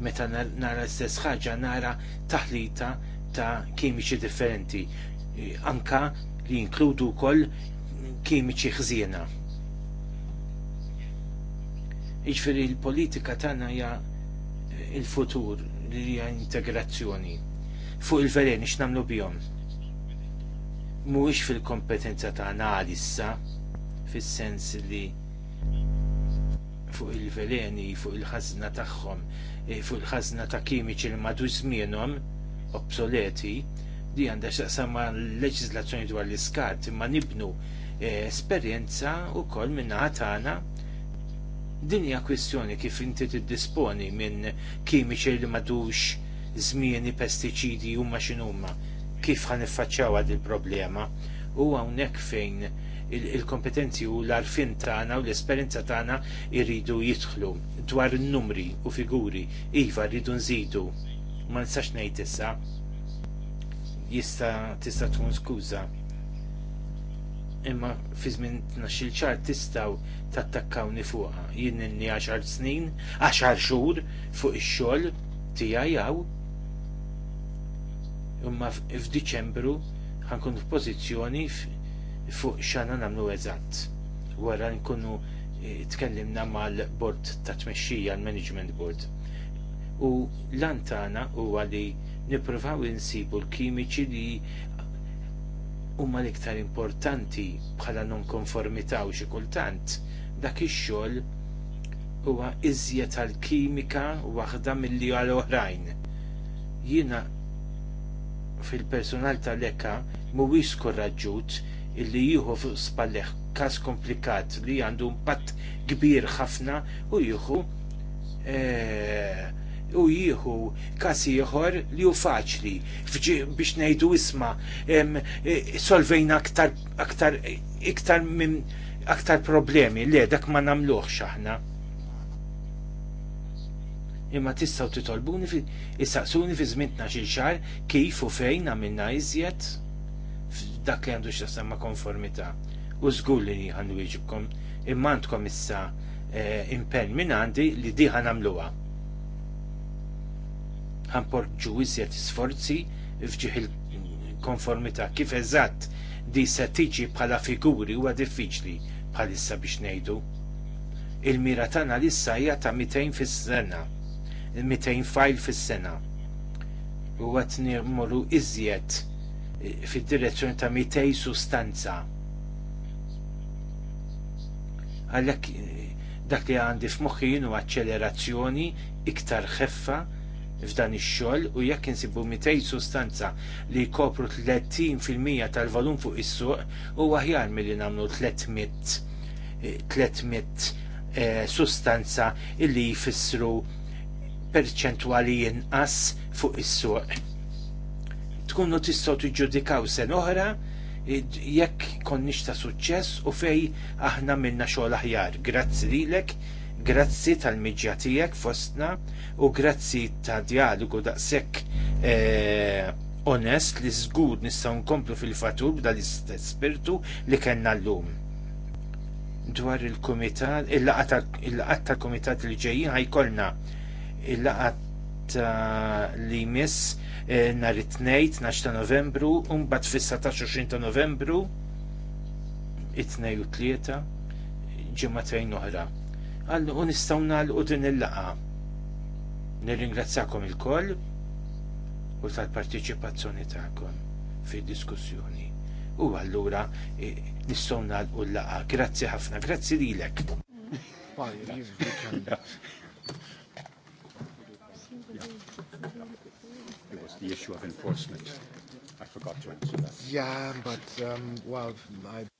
[SPEAKER 5] meta nara stess ħaġa nara taħlita ta' kimiċi differenti e, anka li jinkludu wkoll kimiċi ħzina. Iġveri l-politika tagħna ja' il-futur li hija integrazzjoni fuq il-veren ix namlu bihom. Mhuwiex fil-kompetenza tagħna għalissa fis-sens li fuq il-veleni, fuq il-ħażna tagħhom, e, fuq il-ħażna ta' kimiċi li madu żmienhom obsoleti, li għandha x'taqsam ma' leġiżlazzjoni dwar l-iskat, imma nibnu e, esperjenza wkoll minnaħa tagħna Din hija kwistjoni kif inti tiddisponi minn kimiċi li madux zmieni, pestiċidi huma x'inhuma kif ħan iffaċċjaw għad il-problema u hawnhekk fejn il-kompetenzi u l-arfin tagħna u l-esperjenza tagħna irridu jidħlu dwar numri u figuri iva rridu nżidu. Ma nistax ngħid issa jista' tista' tkun skuża imma fi żmien tnaxil ċar tistgħu tattakkawni fuqha. Jien inni 10 snin, 10 xhur fuq ix-xogħol tiegħi jew imma f'Diċembru ħankun f'pożizzjoni fuq x'għandna nagħmlu eżatt. Wara nkunu eh, tkellimna mal-bord ta' tmexxija l-Management Board. U l-antana huwa li nippruvaw insibu l-kimiċi li huma l-iktar importanti bħala nonkonformità u xi kultant dak ix-xogħol huwa iżjed tal-kimika waħda milli għal oħrajn. Jiena fil-personal tal-ekka mhuwiex skoraġġut illi jieħu fuq spalleħ każ komplikat li għandu impatt kbir ħafna u jieħu eh, u jieħu kas ieħor li hu faċli biex ngħidu isma' e, solvejna aktar aktar iktar minn aktar problemi le dak ma nagħmluhx aħna. Imma tistaw titolbuni issaqsuni fi żmien il xahar kif u fejn għamilna iżjed dak li għandu x'tasem ma' konformità. U żgur li iġibkom imma għandkom issa e, impen minn għandi li diħan għamluwa ħanporġu iżjed sforzi fġiħ il konformita kif eżatt di se tiġi bħala figuri huwa diffiċli bħalissa biex ngħidu. Il-mira tagħna lissa hija ta' 200 fis-sena, 200 fajl fis-sena. U għat nimorru iżjed fid-direzzjoni ta' 200 sustanza. Għallek dak li għandi f'moħħin u accelerazzjoni iktar ħeffa f'dan ix-xogħol u jekk insibu 200 sustanza li jkopru 30% tal-valum fuq is-suq huwa aħjar milli nagħmlu 300 eh, eh, sustanza illi jfissru perċentwali jinqas fuq is-suq. Tkunu tistgħu tiġġudikaw sen oħra jekk konniex ta' suċċess u fej aħna minna xogħol aħjar. Grazzi lilek Grazzi tal-miġja tiegħek fostna u grazzi ta' dialogu daqshekk e, eh, onest li żgur nistgħu nkomplu fil-fatur b'dal-istess spirtu li kellna llum. Dwar il-kumitat, il-laqat tal-kumitat li ġejjin ħajkolna il-laqat li miss nar eh, nhar it-tnejn 12 ta' Novembru u mbagħad fis-17 20 ta' Novembru it-tnejn u tlieta ġematajn oħra għallu nistaw nagħlqu din il-laqa. Nirringrazzakom il-koll u tal-partiċipazzjoni tagħkom fid-diskussjoni. U allura nistgħu nagħlqu l-laqa. Grazzi ħafna, grazzi lilek. It was the issue of enforcement.
[SPEAKER 1] I forgot to answer that. Yeah, but, um, well, I...